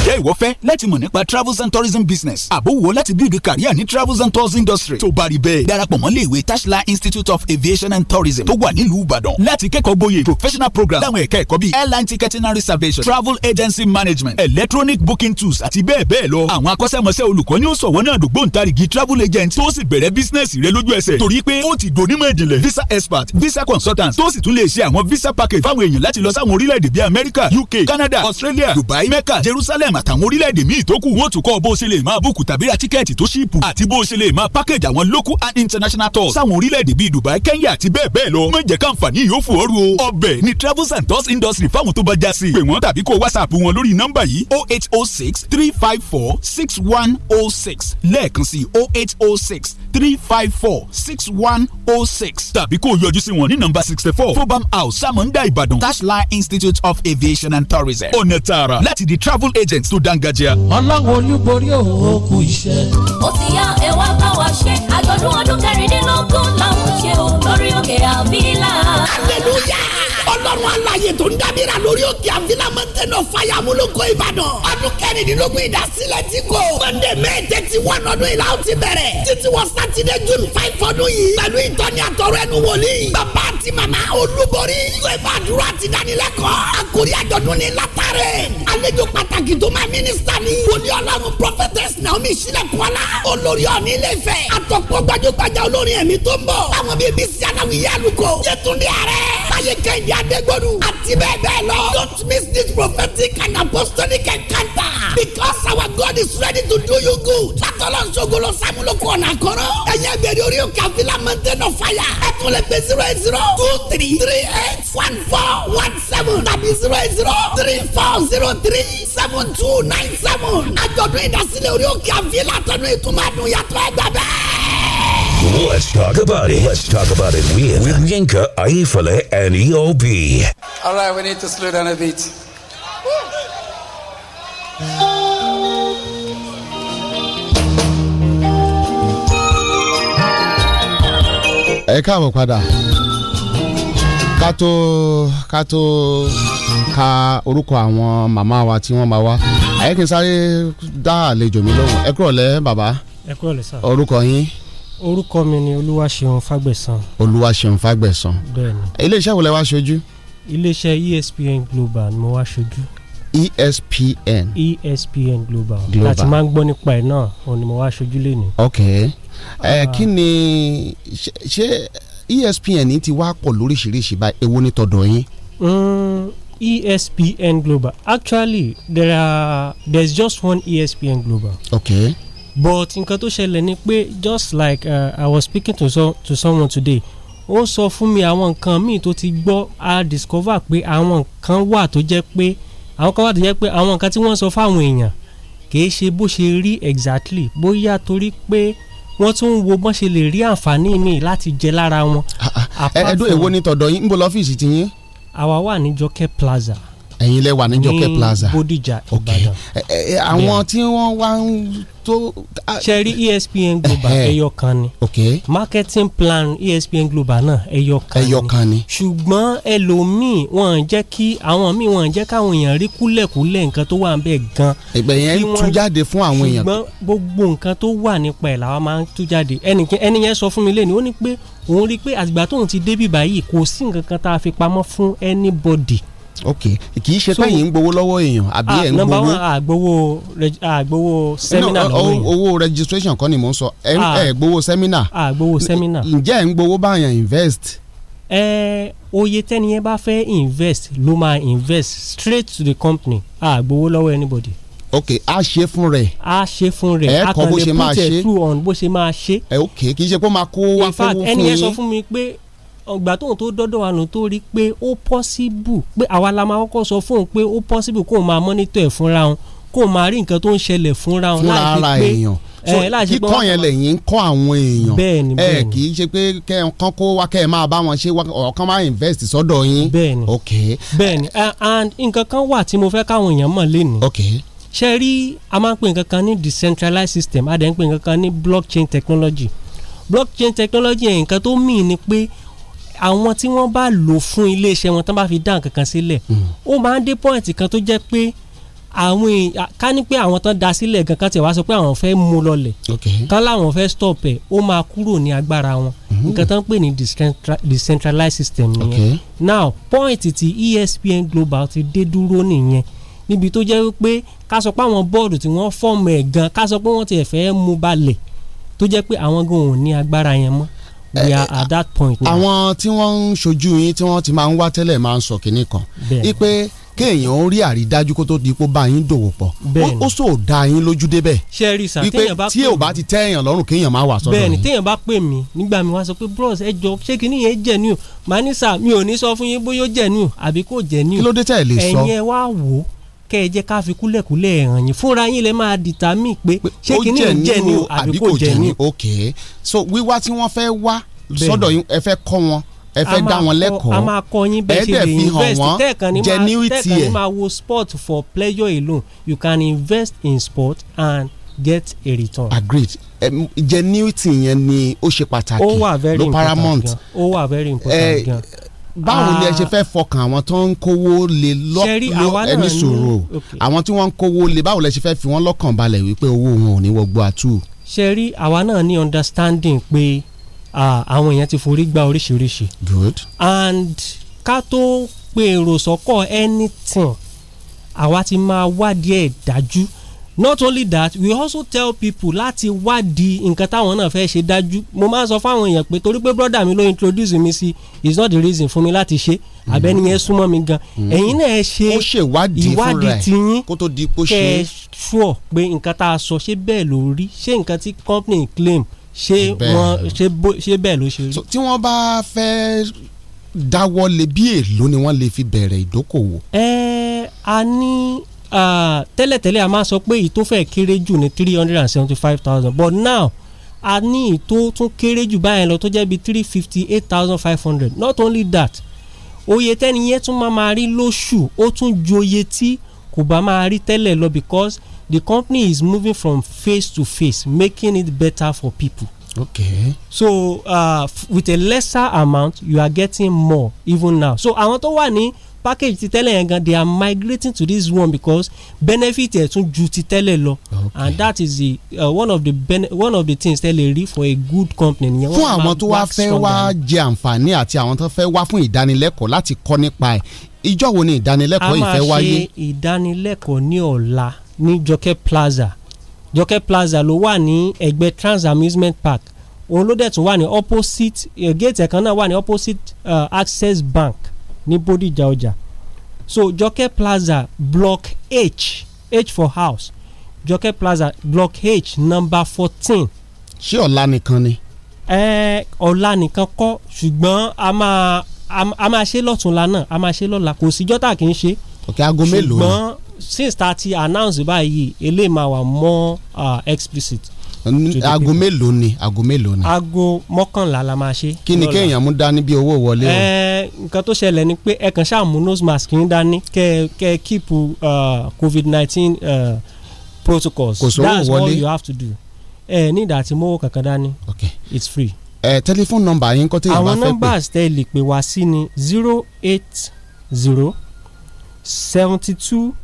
ǹjẹ́ ìwọ fẹ́ láti mọ̀ nípa travels and tourism business àbówò láti build career ní travels and tourism industry tó bá rí bẹ́ẹ̀ darapọ̀ mọ́ iléèwé tashla institute of aviation and tourism tó wà nílùú ìbàdàn láti kẹ́kọ̀ọ́ gboyè professional program láwọn ẹ̀ka ẹ̀kọ́ bíi airline ticketing and reservation travel agency management electronic booking tools àti bẹ́ẹ̀ bẹ́ẹ̀ lọ àwọn akọ́ṣẹ́mọṣẹ́ olùkọ́ ni ó sọ̀wọ́ náà dògbóǹtarìgì travel agent tó sì bẹ̀rẹ̀ business rẹ lójú ẹsẹ̀ torí pé ó ti dònímọ̀ ìjìnlẹ̀ visa expert visa consultant tó sì tún lè ṣe àwọn visa package fáwọn èèyàn láti lọ sáwọn orílẹ̀-èdè bíi America UK Canada Australia Dubai Mecca Jerusalem Japan àtàwọn orílẹ̀-èdè míì tó kù wọ́n tún kọ́ bó ṣe lè máa búùkù tàbí ra tíkẹ́ẹ̀tì tó ṣìpù àti bó ṣe lè máa pákéjì àwọn local and international tours sáwọn orílẹ̀-èdè bíi Dubai Kenya àti bẹ́ẹ̀ bẹ́ẹ̀ lọ má jẹ́ káǹfààní yóò fò ooru o ọbẹ̀ ni Travels and Tours Industry fáwọn tó bá já sí pè wọ́n tàbí kó WhatsApp wọn lórí nọ́mbà yìí 0806 354 6106 lẹ́ẹ̀kan sí 0806 354 6106 tàbí kó yọjú sí wọn ní nọ́mbà 64 Fobam House Samonda Ìbàdàn Tashline Institute of Aviation and Tourism ọ̀nà tààrà láti di travel agent graphics tó dáńgájíá. ọlọ́run olúborí òun ò kú iṣẹ́. ó ti yá ẹ wá bá wa ṣe àjọ̀dún ọdún kẹrìndínlógún làwọn ṣe ò lórí òkè àbílà. hallelujah ọlọ́run alaye tó ń dábìrà lórí òkè àfilámọ́tẹ́nà fàyàmúlòkọ ìbàdàn ọdún kẹrìndínlógún ìdásílẹ̀ ti kò mọ̀ndé mẹ́ẹ̀tẹ́ ti wọ́n ọdún ìlà ó ti bẹ̀rẹ̀ títí wọ sátidé june five ọdún yìí pẹ̀lú ìtọ́ni àtọ̀rọ̀ ẹnu wòlíì bàbá àti màmá olúborí ìwé àdúrà àti ìdánilẹ́kọ̀ọ́ àkórí àjọ̀dún ní látàrẹ̀ àlejò pàtàkì tó máa mínísítà ní wòlíì ọlọ́run prophetess naomi sílẹ̀kùnọ́lá olórí ọ̀ní ilé-ifẹ̀ àtọ̀pọ̀ gbajúgbajà olórin ẹ̀mí tó ń bọ̀ àwọn bíi bíi sí aláwìyé àlùkò yẹtùndí ààrẹ báyìí kẹ́hìndé adé adégbòdu àti bẹ́ẹ̀ bẹ́ẹ̀ lọ. don't miss this prophetic and apostolic encounter because our God is ready to do you good. látọ̀lọ́ nsogolo samuloko ọ̀nà kọ́rọ́. ẹ̀yẹ́ bẹ̀rẹ̀ orí o kàfílà mountain of fire. ẹ tún lè pe zero eight zero two three three eight one four one seven tàbí zero eight zero three four zero three seven two nine seven. àjọ̀dún ìdásílẹ̀ orí o kàfílà tọ́nu ìtumọ̀ àdùn yàtọ̀ ẹgbẹ́ bẹ́ẹ̀. Let's talk about it. Let's talk about it with, with Yinka, Aifale, and EOB. All right, we need to slow down a bit. ẹ káàbọ̀ padà ká tó ká tó ka orúkọ àwọn màmá wa tí wọ́n máa wá ayé kí n sáré dá àlejò mi lóhùn ẹ kúrọ̀lẹ́ bàbá ẹ kúrọ̀lẹ́ sà orúkọ yín orúkọ mi ni olúwaṣeun fágbẹ̀sán. olúwaṣeun fágbẹ̀sán. bẹ́ẹ̀ni. iléeṣẹ́ wo lẹ wá ṣojú. iléeṣẹ́ espn global ni mo wá ṣojú. espn. espn global. global láti máa ń gbọ́ nípa ẹ̀ náà òun ni mo wá ṣojú lẹ́nu. ok ẹ ah. kí ni ṣé espn ti wá pọ̀ lóríṣiríṣi báyìí èwo ni tọ̀dọ̀ yín. Mm, espn global actually there are there's just one espn global. okay but nǹkan tó ṣẹlẹ̀ ni pé just like uh, I was speaking to, so, to someone today ó sọ fún mi àwọn nǹkan míì tó ti gbọ́ I discover pé àwọn nǹkan wà tó jẹ́ pé àwọn kan wà tó jẹ́ pé àwọn nǹkan tí wọ́n sọ fáwọn èèyàn kìí ṣe bó ṣe rí exactly bóyá torí pé wọ́n tún ń wo bọ́n ṣe lè rí àǹfààní míì láti jẹ lára wọn. Ah, ah. ẹ̀ẹ́dùn èwo ni tọ̀dọ̀ yín ń bọ̀ lọ́fíìsì ti yín. àwa wà ní Jọkẹ́ Plaza ẹ̀yin lẹ wà ní Jọkẹ́ Plaza ní Bódìjà Ìbàdàn. àwọn tí wọ́n wá ń tó. ṣe rí ESPN Global ẹyọ kan ni okay. marketing plan ESPN Global náà ẹyọ kan ni ẹyọ kan ni ṣùgbọ́n ẹlòmíì wọ́n jẹ́ kí àwọn míì wọ́n jẹ́ káwọn èèyàn rí kúlẹ̀kúlẹ̀ nǹkan tó wà ń bẹ̀ gan. ìgbà yẹn tú jáde fún àwọn èèyàn. ṣùgbọ́n gbogbo nǹkan tó wà nípa ẹ̀ làwọn máa ń tú jáde ẹni yẹn sọ fún mi lẹ́nu ó ní pé òun rí i pé àtìgbà tóun ti débìbà yìí kò sí nǹkan kan tá a fi pamọ́ fún anybody ok kì í ṣe pé yín ń gbowó lọ́wọ́ èèyàn àbí ah, ẹ̀ ń gbowó. number one àgbowó ah, àgbowó ah, sẹ́mínà lọ́wọ́ èèyàn. owó registration kọ́ ni mò ń sọ ẹ̀ gbowó sẹ́mínà. àgbowó seminar. ǹjẹ́ ẹ̀ ń gbowó báyàn invest. ẹ oye tẹ́ni yẹn bá fẹ́ invest ló máa invest straight to the company àgbowó lọ́wọ́ anybody ok a ṣe fún rẹ. a ṣe fún rẹ a kàn lè put it through on bó ṣe máa ṣe. ok kì í ṣe pé ó máa kó wá fún yín. in fact ẹni yẹn sọ fún mi pé ọgbà tóun tó dọ́dọ̀ wa nù tó rí pé ó pọ́síbù pé àwa la máa kọ́kọ́ sọ fóun pé ó pọ́síbù kóun máa mọ́nítọ̀ ẹ̀ fúnra wọn kóun máa rí nǹkan tó ń ṣẹlẹ̀ fúnra wọn láì fi pé kíkọ́ yẹn lẹ́yìn ń kọ́ àwọn èèyàn ẹ kì í ṣe pé kẹ́ ẹ kó wá kẹ́ máa bá wọn ṣe ọ̀kan máa invest sọ́dọ̀ yín bẹ́ẹ̀ni ok and nǹkan kan wà tí mo fẹ́ káwọn èèyàn mọ̀ lénìí ok ṣe rí a máa ń pè nǹkan kan ní decentralized system a dẹ̀ ń pè nǹkan kan ní blockchain technology blockchain technology yẹn nǹkan tó mìín ni pé àwọn tí wọ́n bá lò fún iléeṣẹ́ wọn tán bá fi dá nǹkan kan sílẹ̀ hmm. ó máa ń dé pọ́ìntì kan tó jẹ́ pé àwọn ká ní pé àwọn tán da sílẹ̀ gan kan tí wàá sọ pé àwọn fẹ́ mú lọlẹ̀ kán láwọn fẹ́ stop ẹ̀ ó máa kúrò ní agbára wọn hmm. nǹkan tán ń pè ní decentralized system nìyẹn now pọ́ìntì tí ESPN Global ti dé dúró nìyẹn níbi tó jẹ́ pé ká sọ pé àwọn bọ́ọ̀dù tí wọ́n fọ́ọ̀mù ẹ̀ gan ká sọ pé wọ́n ti ẹ̀ mú balẹ̀ tó jẹ́ pé àwọn gan ò ní agbára yẹn mọ́ Eh, we are eh, at that point now. àwọn tí wọ́n ń ṣojú yín tí wọ́n ti máa ń wá tẹ́lẹ̀ máa ń sọ kinní kan ipe kéèyàn ó rí àrídájú kó tó di pé bá yín dòwò pọ̀ ó sò dá yín lójú débẹ̀ wípé tí ò bá ti tẹ́yàn lọ́rùn kéèyàn máa wà sọ́dọ̀ yín. bẹ́ẹ̀ni téèyàn bá pè mí nígbà mi wá sọ pé bros ẹ jọ ṣé kí nìyẹn jẹ ní o màá ní sà mi ò ní sọ fún yín bóyá ó jẹ ní àbí kò jẹ ní o. tẹ́ ẹ lè sọ ẹ̀yin ẹ wá wò ó kẹ́ ẹ jẹ́ ká fi kúlẹ̀kúlẹ̀ hàn yín fúnra yín lè máa determine pé ṣé kí ni ò jẹ́ ni o àbí kò jẹ́ ni. ok so wíwá tí wọ́n fẹ́ wá sọ́dọ̀ yín ẹ fẹ́ kọ́ wọn ẹ fẹ́ dá wọn lẹ́kọ̀ọ́ a máa kọ́ yín bẹ́ẹ̀ ṣe lè invest tẹ́ẹ̀kan ní máa tẹ́ẹ̀kan ní máa wo sport for pleasure alone you can invest in sport and get a return. agreed um, genuity yẹn ni ó ṣe pàtàkì ó wà very important ó wà very important gan báwo ni ẹ ah. ṣe fẹ́ fọkàn àwọn tó ń kówó lé lọ́pọ̀ ẹni sọ̀rọ̀ àwọn tí wọ́n ń kówó lé báwo lẹ ṣe fẹ́ fi wọ́n lọ́kàn balẹ̀ wípé owó wọn ò ní wọgbọ́ àtú. ṣe rí àwa náà ní understanding pé àwọn èèyàn ti forí gba oríṣiríṣi. good. and ká tó pèrò sọ́kọ̀ anything àwa ti máa wádìí ẹ̀ dájú. E not only that we also tell people láti wádìí nǹkan táwọn náà fẹ́ ṣe dájú mo máa ń sọ fáwọn èèyàn pé torí pé brother mi ló introduce mi sí is not the reason fún mi láti ṣe àbẹ́ni yẹn súnmọ́ mi gan mm-hmm. ẹ̀yin náà ṣe ìwádìí tiyín kẹ́ ẹ sọ pé nǹkan tá a sọ ṣé bẹ́ẹ̀ ló rí ṣé nǹkan tí company claim ṣé wọ́n ṣé bẹ́ẹ̀ ló ṣe rí. tí wọ́n bá fẹ́ dáwọ́ lé bí èlò ni wọ́n lè fi bẹ̀rẹ̀ ìdókòwò. ẹ a ní tẹ́lẹ̀tẹ́lẹ̀ a máa sọ pé ìtó fẹ́ kéré jù ní three hundred and seventy five thousand but now a ní ìtó tún kéré jù báyẹn lọ tó jẹ́ bí three fifty eight thousand five hundred not only that oye tẹ́ni yẹn tún máa máa rí lóṣù ó tún ju oye tí kò bá máa rí tẹ́lẹ̀ lọ because the company is moving from face to face making it better for people. okay. so uh, with a lesser amount you are getting more even now so àwọn tó wà ní package ti tẹ́lẹ̀ yẹn gan they are migrating to this one because benefit ẹ̀ tún ju ti tẹ́lẹ̀ lọ and that is the uh, one of the one of the things tẹ́lẹ̀ rí for a good company nìyẹn. fún àwọn tó wá fẹ́ wá jẹ àǹfààní àti àwọn tó fẹ́ wá fún ìdánilẹ́kọ̀ọ́ láti kọ́ nípa ẹ̀ ìjọ́ wo ni ìdánilẹ́kọ̀ọ́ ìfẹ́ wáyé. a máa ṣe ìdánilẹ́kọ̀ọ́ ní ọ̀la ní Jọkẹ́ Plaza Jọkẹ́ Plaza ló wà ní ẹgbẹ́ Trans Amusement Park òun ló dẹ̀ tún wà ní opposite uh, gate ẹ̀kan náà wà ní opposite uh, Access Bank ní Bódìjà ọjà so Jọkẹ́ Plaza block H H for house Jọkẹ́ Plaza block H number fourteen. ṣé ọ̀la nìkan ni. ẹ ọ̀la nìkan kọ́ ṣùgbọ́n a máa a máa ṣe lọ́túnla náà a máa ṣe lọ́la kò síjọ́ tá a kì í ṣe. ok aago mélòó ni. ṣùgbọ́n since ta announce báyìí eléyìí máa wà more uh, explicit aago mélòó ni aago mélòó ni. aago mọ́kànlá la máa ṣe. kí ni kéèyàn mú dání bí owó wọlé o. ẹ nǹkan tó ṣẹlẹ̀ ni pé ẹ kàn ṣáà mú nose mask yín dání kẹ kẹ keep uh, covid nineteen uh, protocols. kò sówó wọlé that's all you have to do. ẹ ní ìdá àti mówó kankan dání. ok it's free. ẹ tẹlifóònù nọ́mbà yín kọ́ téèyàn bá fẹ́ pè. àwọn nọ́mbàs tẹ lè pè wá sí ni zero eight zero seventy two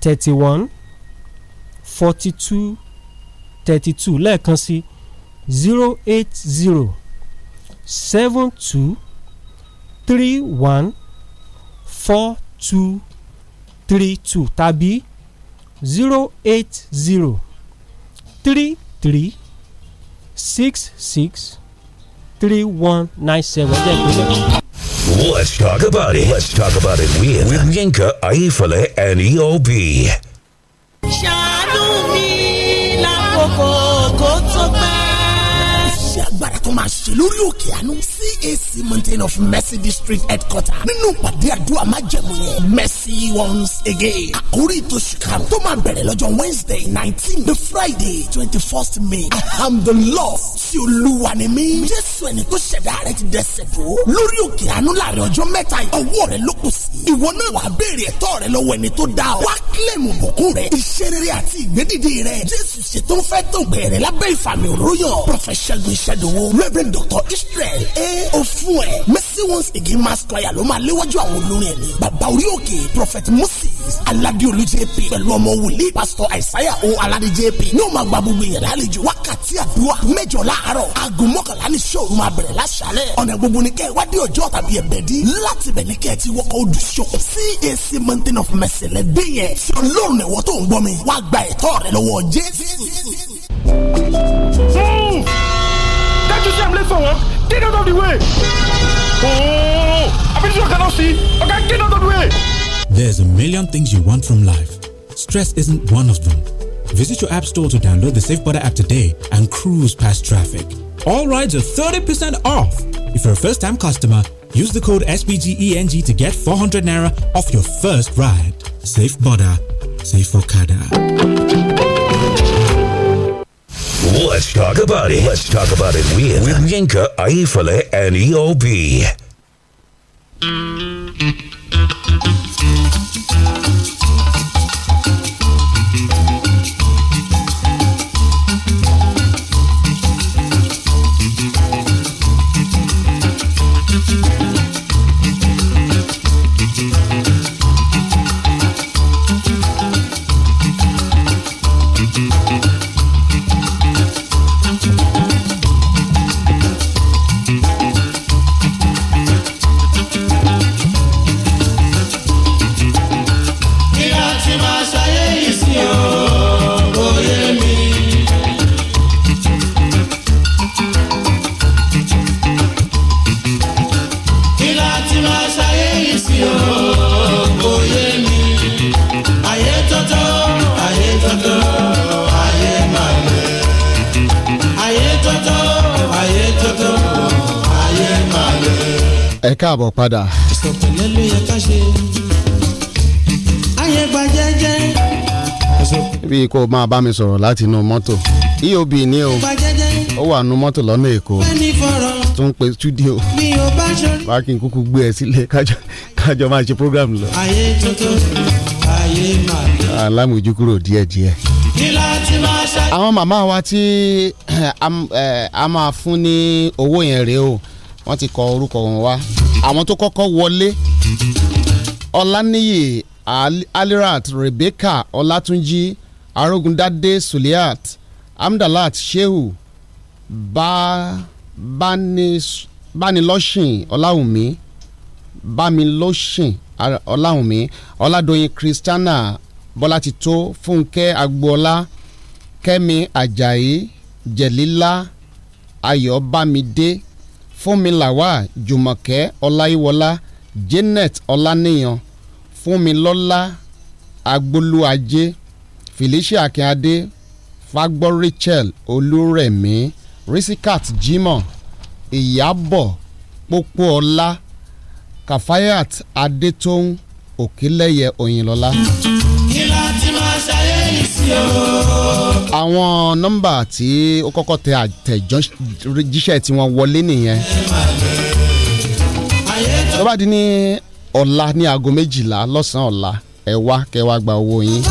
thirty one forty two thirty two lẹ́ẹ̀kan sí zero eight zero seven two three one four two three two tàbí zero eight zero three three six six three one nine seven. Let's talk about it. Let's talk about it with, with Yinka, Aifale, and EOB. Shine. tó máa ṣe lórí òkè àánú CAC mountain of mercy district headquarter nínú pàdé àdúrà májẹ̀mú yẹn mercy once again àkórí ìtòsí karùn-ún tó máa bẹ̀rẹ̀ lọ́jọ́ Wednesday nineteen the Friday twenty first May I am the alhamdulilah sí olúwa ni mí. jésù ẹni tó ṣẹ̀dá rẹ ti dẹsẹ̀ dúró. lórí òkè àánú láàrin ọjọ́ mẹ́ta ọwọ́ rẹ ló kù sí. ìwọ náà wàá béèrè ẹ̀tọ́ rẹ lọ́wọ́ ẹni tó dá ọ. wá kílẹ̀mù bùkún rẹ. iṣẹ́ rere àti ìgbédìde rẹ. jésù ṣètò ń fẹ́ tó gbẹ̀rẹ̀ lábẹ́ ìfàmì òróyàn. prọfẹsẹ̀gun ìṣẹ́dowó rẹ́bẹ̀rẹ̀ dr israel ẹ o fún ẹ. mercy once again mass choir ló máa léwájú àwọn olórin ẹ̀mí. bàbá prophet moses evangelist aládé jp pẹ̀lú ọmọ wòlíì pásítọ̀ àìsáyà o aládé jp ní o máa gba gbogbo èèyàn lálejò wákàtí àdúrà mẹ́jọ láàárọ̀ aago mọ́kànlá ní sọ́ọ̀rù máa bẹ̀rẹ̀ láṣálẹ̀ ọ̀nà gbogbo ni kẹ́ wádìí ọjọ́ tàbí ẹ̀bẹ̀ dí láti bẹ̀ ní kẹ́ ti wọ́kọ̀ olùṣọ́ cac mountain of mercy lẹ́dẹ̀ yẹn tí ọlọ́run ẹ̀wọ́ tó ń gbọ́ mi wá gba ẹ̀tọ́ rẹ lọ́wọ́ jésù. move can't you see i'm get out of the way. Oh, I finish get out of the way. There's a million things you want from life. Stress isn't one of them. Visit your app store to download the Safe Butter app today and cruise past traffic. All rides are 30% off. If you're a first time customer, use the code SBGENG to get 400 Naira off your first ride. Safe Butter, Safe Okada. Let's talk about it. Let's talk about it with, with Yinka, Aifale, and EOB. Thank you. káàbọ̀ padà. ìsọ̀pẹ̀lẹ̀ ló yẹ ká ṣe ayé gba jẹ́jẹ́. ibi kó o máa bá mi sọ̀rọ̀ láti inú mọ́tò eob ni o ó wà nú mọ́tò lọ́nà èkó tó ń pe studio bákin kúkú gbé ẹ sílẹ̀ kájọ máa ṣe program lọ. ayé tuntun ayé màlẹ́. alámùjú kúrò díẹ̀díẹ̀ àwọn màmá wa tí eh, eh, a máa fún ní owó yẹn rèé o wọ́n ti kọ orúkọ wọn wá àwọn tó kọ́kọ́ wọlé ọláníyì alirat rebecca ọlátúnjí arógundádé suliat amdalat shehu banilọ́sìn ọláwùmí bamilọ́sìn ọláwùmí ọládọ̀yìn christiana bọ́látitó fúnkẹ́ agboola kẹ́mi ajayi jẹ̀lílá ayọ̀ bámidé fúnmi lawal jùmọ̀kẹ́ ọláyíwọlá janet ọláníyan fúnmilọ́lá agbolúajé felicia akínadé fagbọ́ rachel olúrẹ̀mí risikat jimoh ìyábọ̀ pópóọlá kafayat adétóun òkèlẹ́yẹ òyìnlọ́lá àwọn nọ́mbà tí ó kọ́kọ́ tẹ àtẹ̀jíṣẹ́ tí wọ́n wọlé nìyẹn tó bá di ní ọ̀la ní aago méjìlá lọ́sàn-án ọ̀la ẹ wá kẹ́ wá gba owó yín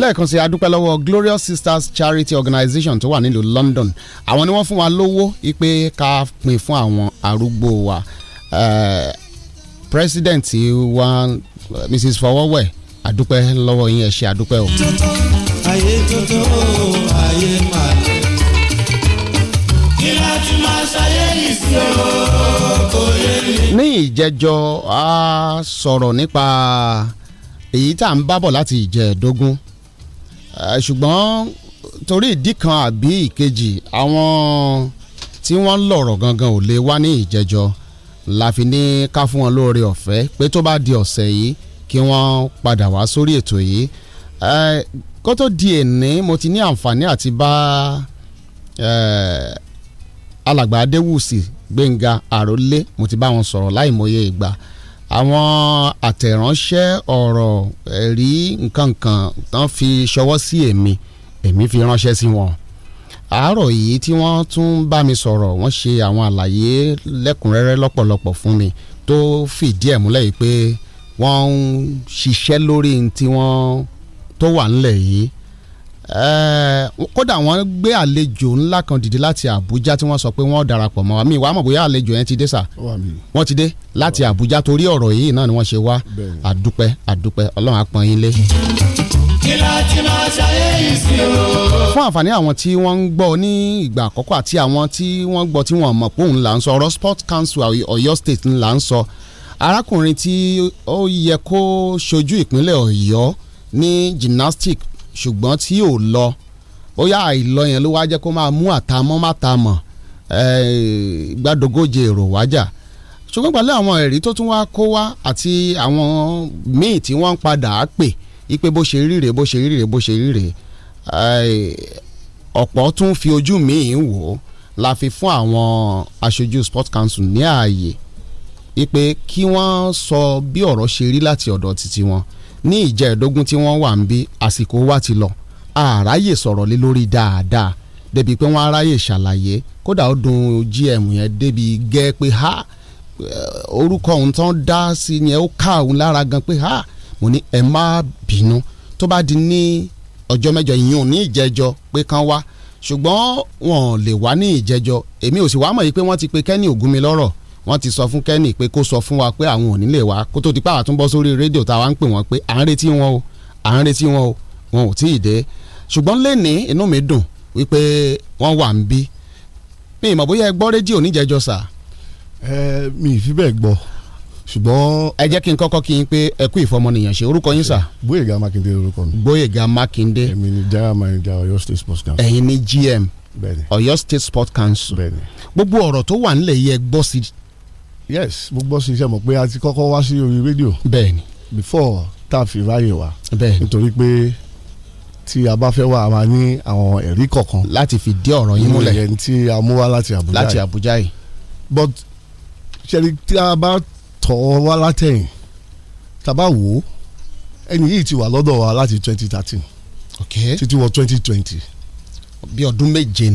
lẹ́ẹ̀kan sí adúpẹ́ lọ́wọ́ Glorious Sisters Charity Organization tó wà nílùú London àwọn ni wọ́n fún wa lówó ipe ká pín fún àwọn arúgbó wa eh, president wa Mrs. Fọwọ́wẹ̀ àdúpẹ́ lọ́wọ́ yín ẹ ṣe àdúpẹ́ o. ayé tótó ayé mà lọ kí láti máa ṣayé yìí sí o kò yé mi. ní ìjẹjọ a sọ̀rọ̀ nípa èyí tá à ń bábọ̀ láti ìjẹ̀ẹ́dógún ṣùgbọ́n torí ìdí kan àbí ìkejì àwọn tí wọ́n ń lọ̀rọ̀ gangan ò lè wá ní ìjẹjọ la ní ká fún wọn lóore ọ̀fẹ́ pé tó bá di ọ̀sẹ̀ yìí kí wọ́n padà wá sórí ètò yìí kó tó di èní mo ti ní àǹfààní àti bá alàgbà adéwùsì gbẹ̀ngà àròlé mo ti bá wọn sọ̀rọ̀ láìmọye ìgbà àwọn àtẹ̀ránṣẹ́ ọ̀rọ̀ ẹ̀rí nǹkankan tán fi ṣọwọ́ sí èmi èmi fi ránṣẹ́ sí wọn àárọ̀ yìí tí wọ́n tún bá mi sọ̀rọ̀ wọ́n ṣe àwọn àlàyé lẹ́kùnrẹ́rẹ́ lọ́pọ̀lọpọ̀ fún mi tó fìdí ẹ̀ múlẹ̀ yìí pé wọ́n ń ṣiṣẹ́ lórí tí wọ́n tó wà ńlẹ̀ yìí kódà wọ́n gbé àlejò ńlá kan dìde láti Àbújá tí wọ́n sọ pé wọ́n darapọ̀ mọ́ mi wàá mọ̀ bóyá àlejò yẹn ti dé sà wọ́n ti dé láti Àbújá torí ọ̀rọ̀ yìí náà ni wọ́n ṣe wá àdúpẹ́ àdúpẹ́ Ọlọ́run á pọ́n yín lé fún àǹfààní àwọn tí wọ́n ń gbọ́ ní ìgbà àkọ́kọ́ àti àwọn tí wọ́n gbọ́ tí wọ́n mọ̀ pé là ń sọ ọ̀rọ̀ Sports Council Ọ̀yọ́ State ń là ń sọ arákùnrin tí ó yẹ kó ṣojú ìpínlẹ̀ ọ̀yọ́ ní gymnastic ṣùgbọ́n tí ò lọ bóyá àìlọ yẹn ló wá jẹ́ kó máa mú àtàmọ́ mátàmọ́ gbàdógóje èrò wájà ṣùgbọ́n pẹ̀lú àwọn ẹ̀rí tó tún wá kó wá àti àwọn míì tí wọ́n ń padà á pè ipe bó ṣe ríre bó ṣe ríre bó ṣe ríre ọ̀pọ̀ tún fi ojú míì wò la fi fún àwọn aṣojú sport council ní ààyè ipe kí wọ́n sọ bí ọ̀rọ̀ ṣe rí láti ọ̀dọ̀ títí wọn ní ìjẹ́ẹ̀dógún tí wọ́n wà ń bí àsìkò wa ti lọ àráyè sọ̀rọ̀ lé lórí dáadáa débi pé wọ́n aráyè ṣàlàyé kódà ó dùn gm yẹn débi gẹ́ pé ha orúkọ òun tán dá sí yẹn ó ká òun lára gan pé ha mo ní ẹ má bínú tó bá di ní ọjọ́ mẹ́jọ ìyẹn ní ìjẹ́jọ́ pé kán wá ṣùgbọ́n wọn lè wá ní ìjẹ́jọ́ èmi ò sì wá mọ̀ yìí pé wọ́n ti pe kẹ́ni ògúnmi lọ́rọ̀ wọ́n ti sọ fún kẹ́nì pé kó sọ fún wa pé àwọn ò nílé wa kó tó ti pé àwa tún bọ́ sórí rédíò táwa ń pè wọ́n pé à ń retí wọn o à ń retí wọn o wọn ò tí ì dé ṣùgbọ́n lẹ́ni inú mi dùn wípé wọ́n wà ń bí mi ìmọ̀ bóyá ẹ gbọ́ rédíò níjẹ̀jọ́ sà. ẹ mi ì fi bẹ́ẹ̀ gbọ́ ṣùgbọ́n. ẹ jẹ́ kí n kọ́kọ́ kí n pé ẹ kú ìfọmọnìyàn ṣe orúkọ yín sà. Gbóyèga Mákindé orúkọ mi. Gbóyèga Mákindé. èmi ni general manager Ọ̀yọ́ state sports council. ẹ̀yin ni GM Ọ̀yọ́ state sports council. gbogbo ọ̀rọ̀ tó wà nílẹ̀ yìí ẹ gbọ́ sí yes mo gbọ́ sí iṣẹ́ mọ̀ pé a ti kọ́kọ́ wá sí orí rédíò. bẹ́ẹ̀ni. before tá a fi ráyè wá. bẹ́ẹ̀ni nítorí pé tí a bá fẹ́ wá a máa ní àwọn ẹ̀rí kọ̀ọ̀kan. láti fi dé ọ̀rọ̀ yín múlẹ̀. ìyẹn tí a mú wá láti Àbújá yìí. láti Àbújá yìí. but ṣẹ́ni tí a bá tọ̀ ọ́ wá látẹ̀yìn tàbá wò ó ẹni yìí ti wà lọ́dọ̀ wa láti twenty thirteen. ok títí wọ twenty twenty. bí ọdún méje ni.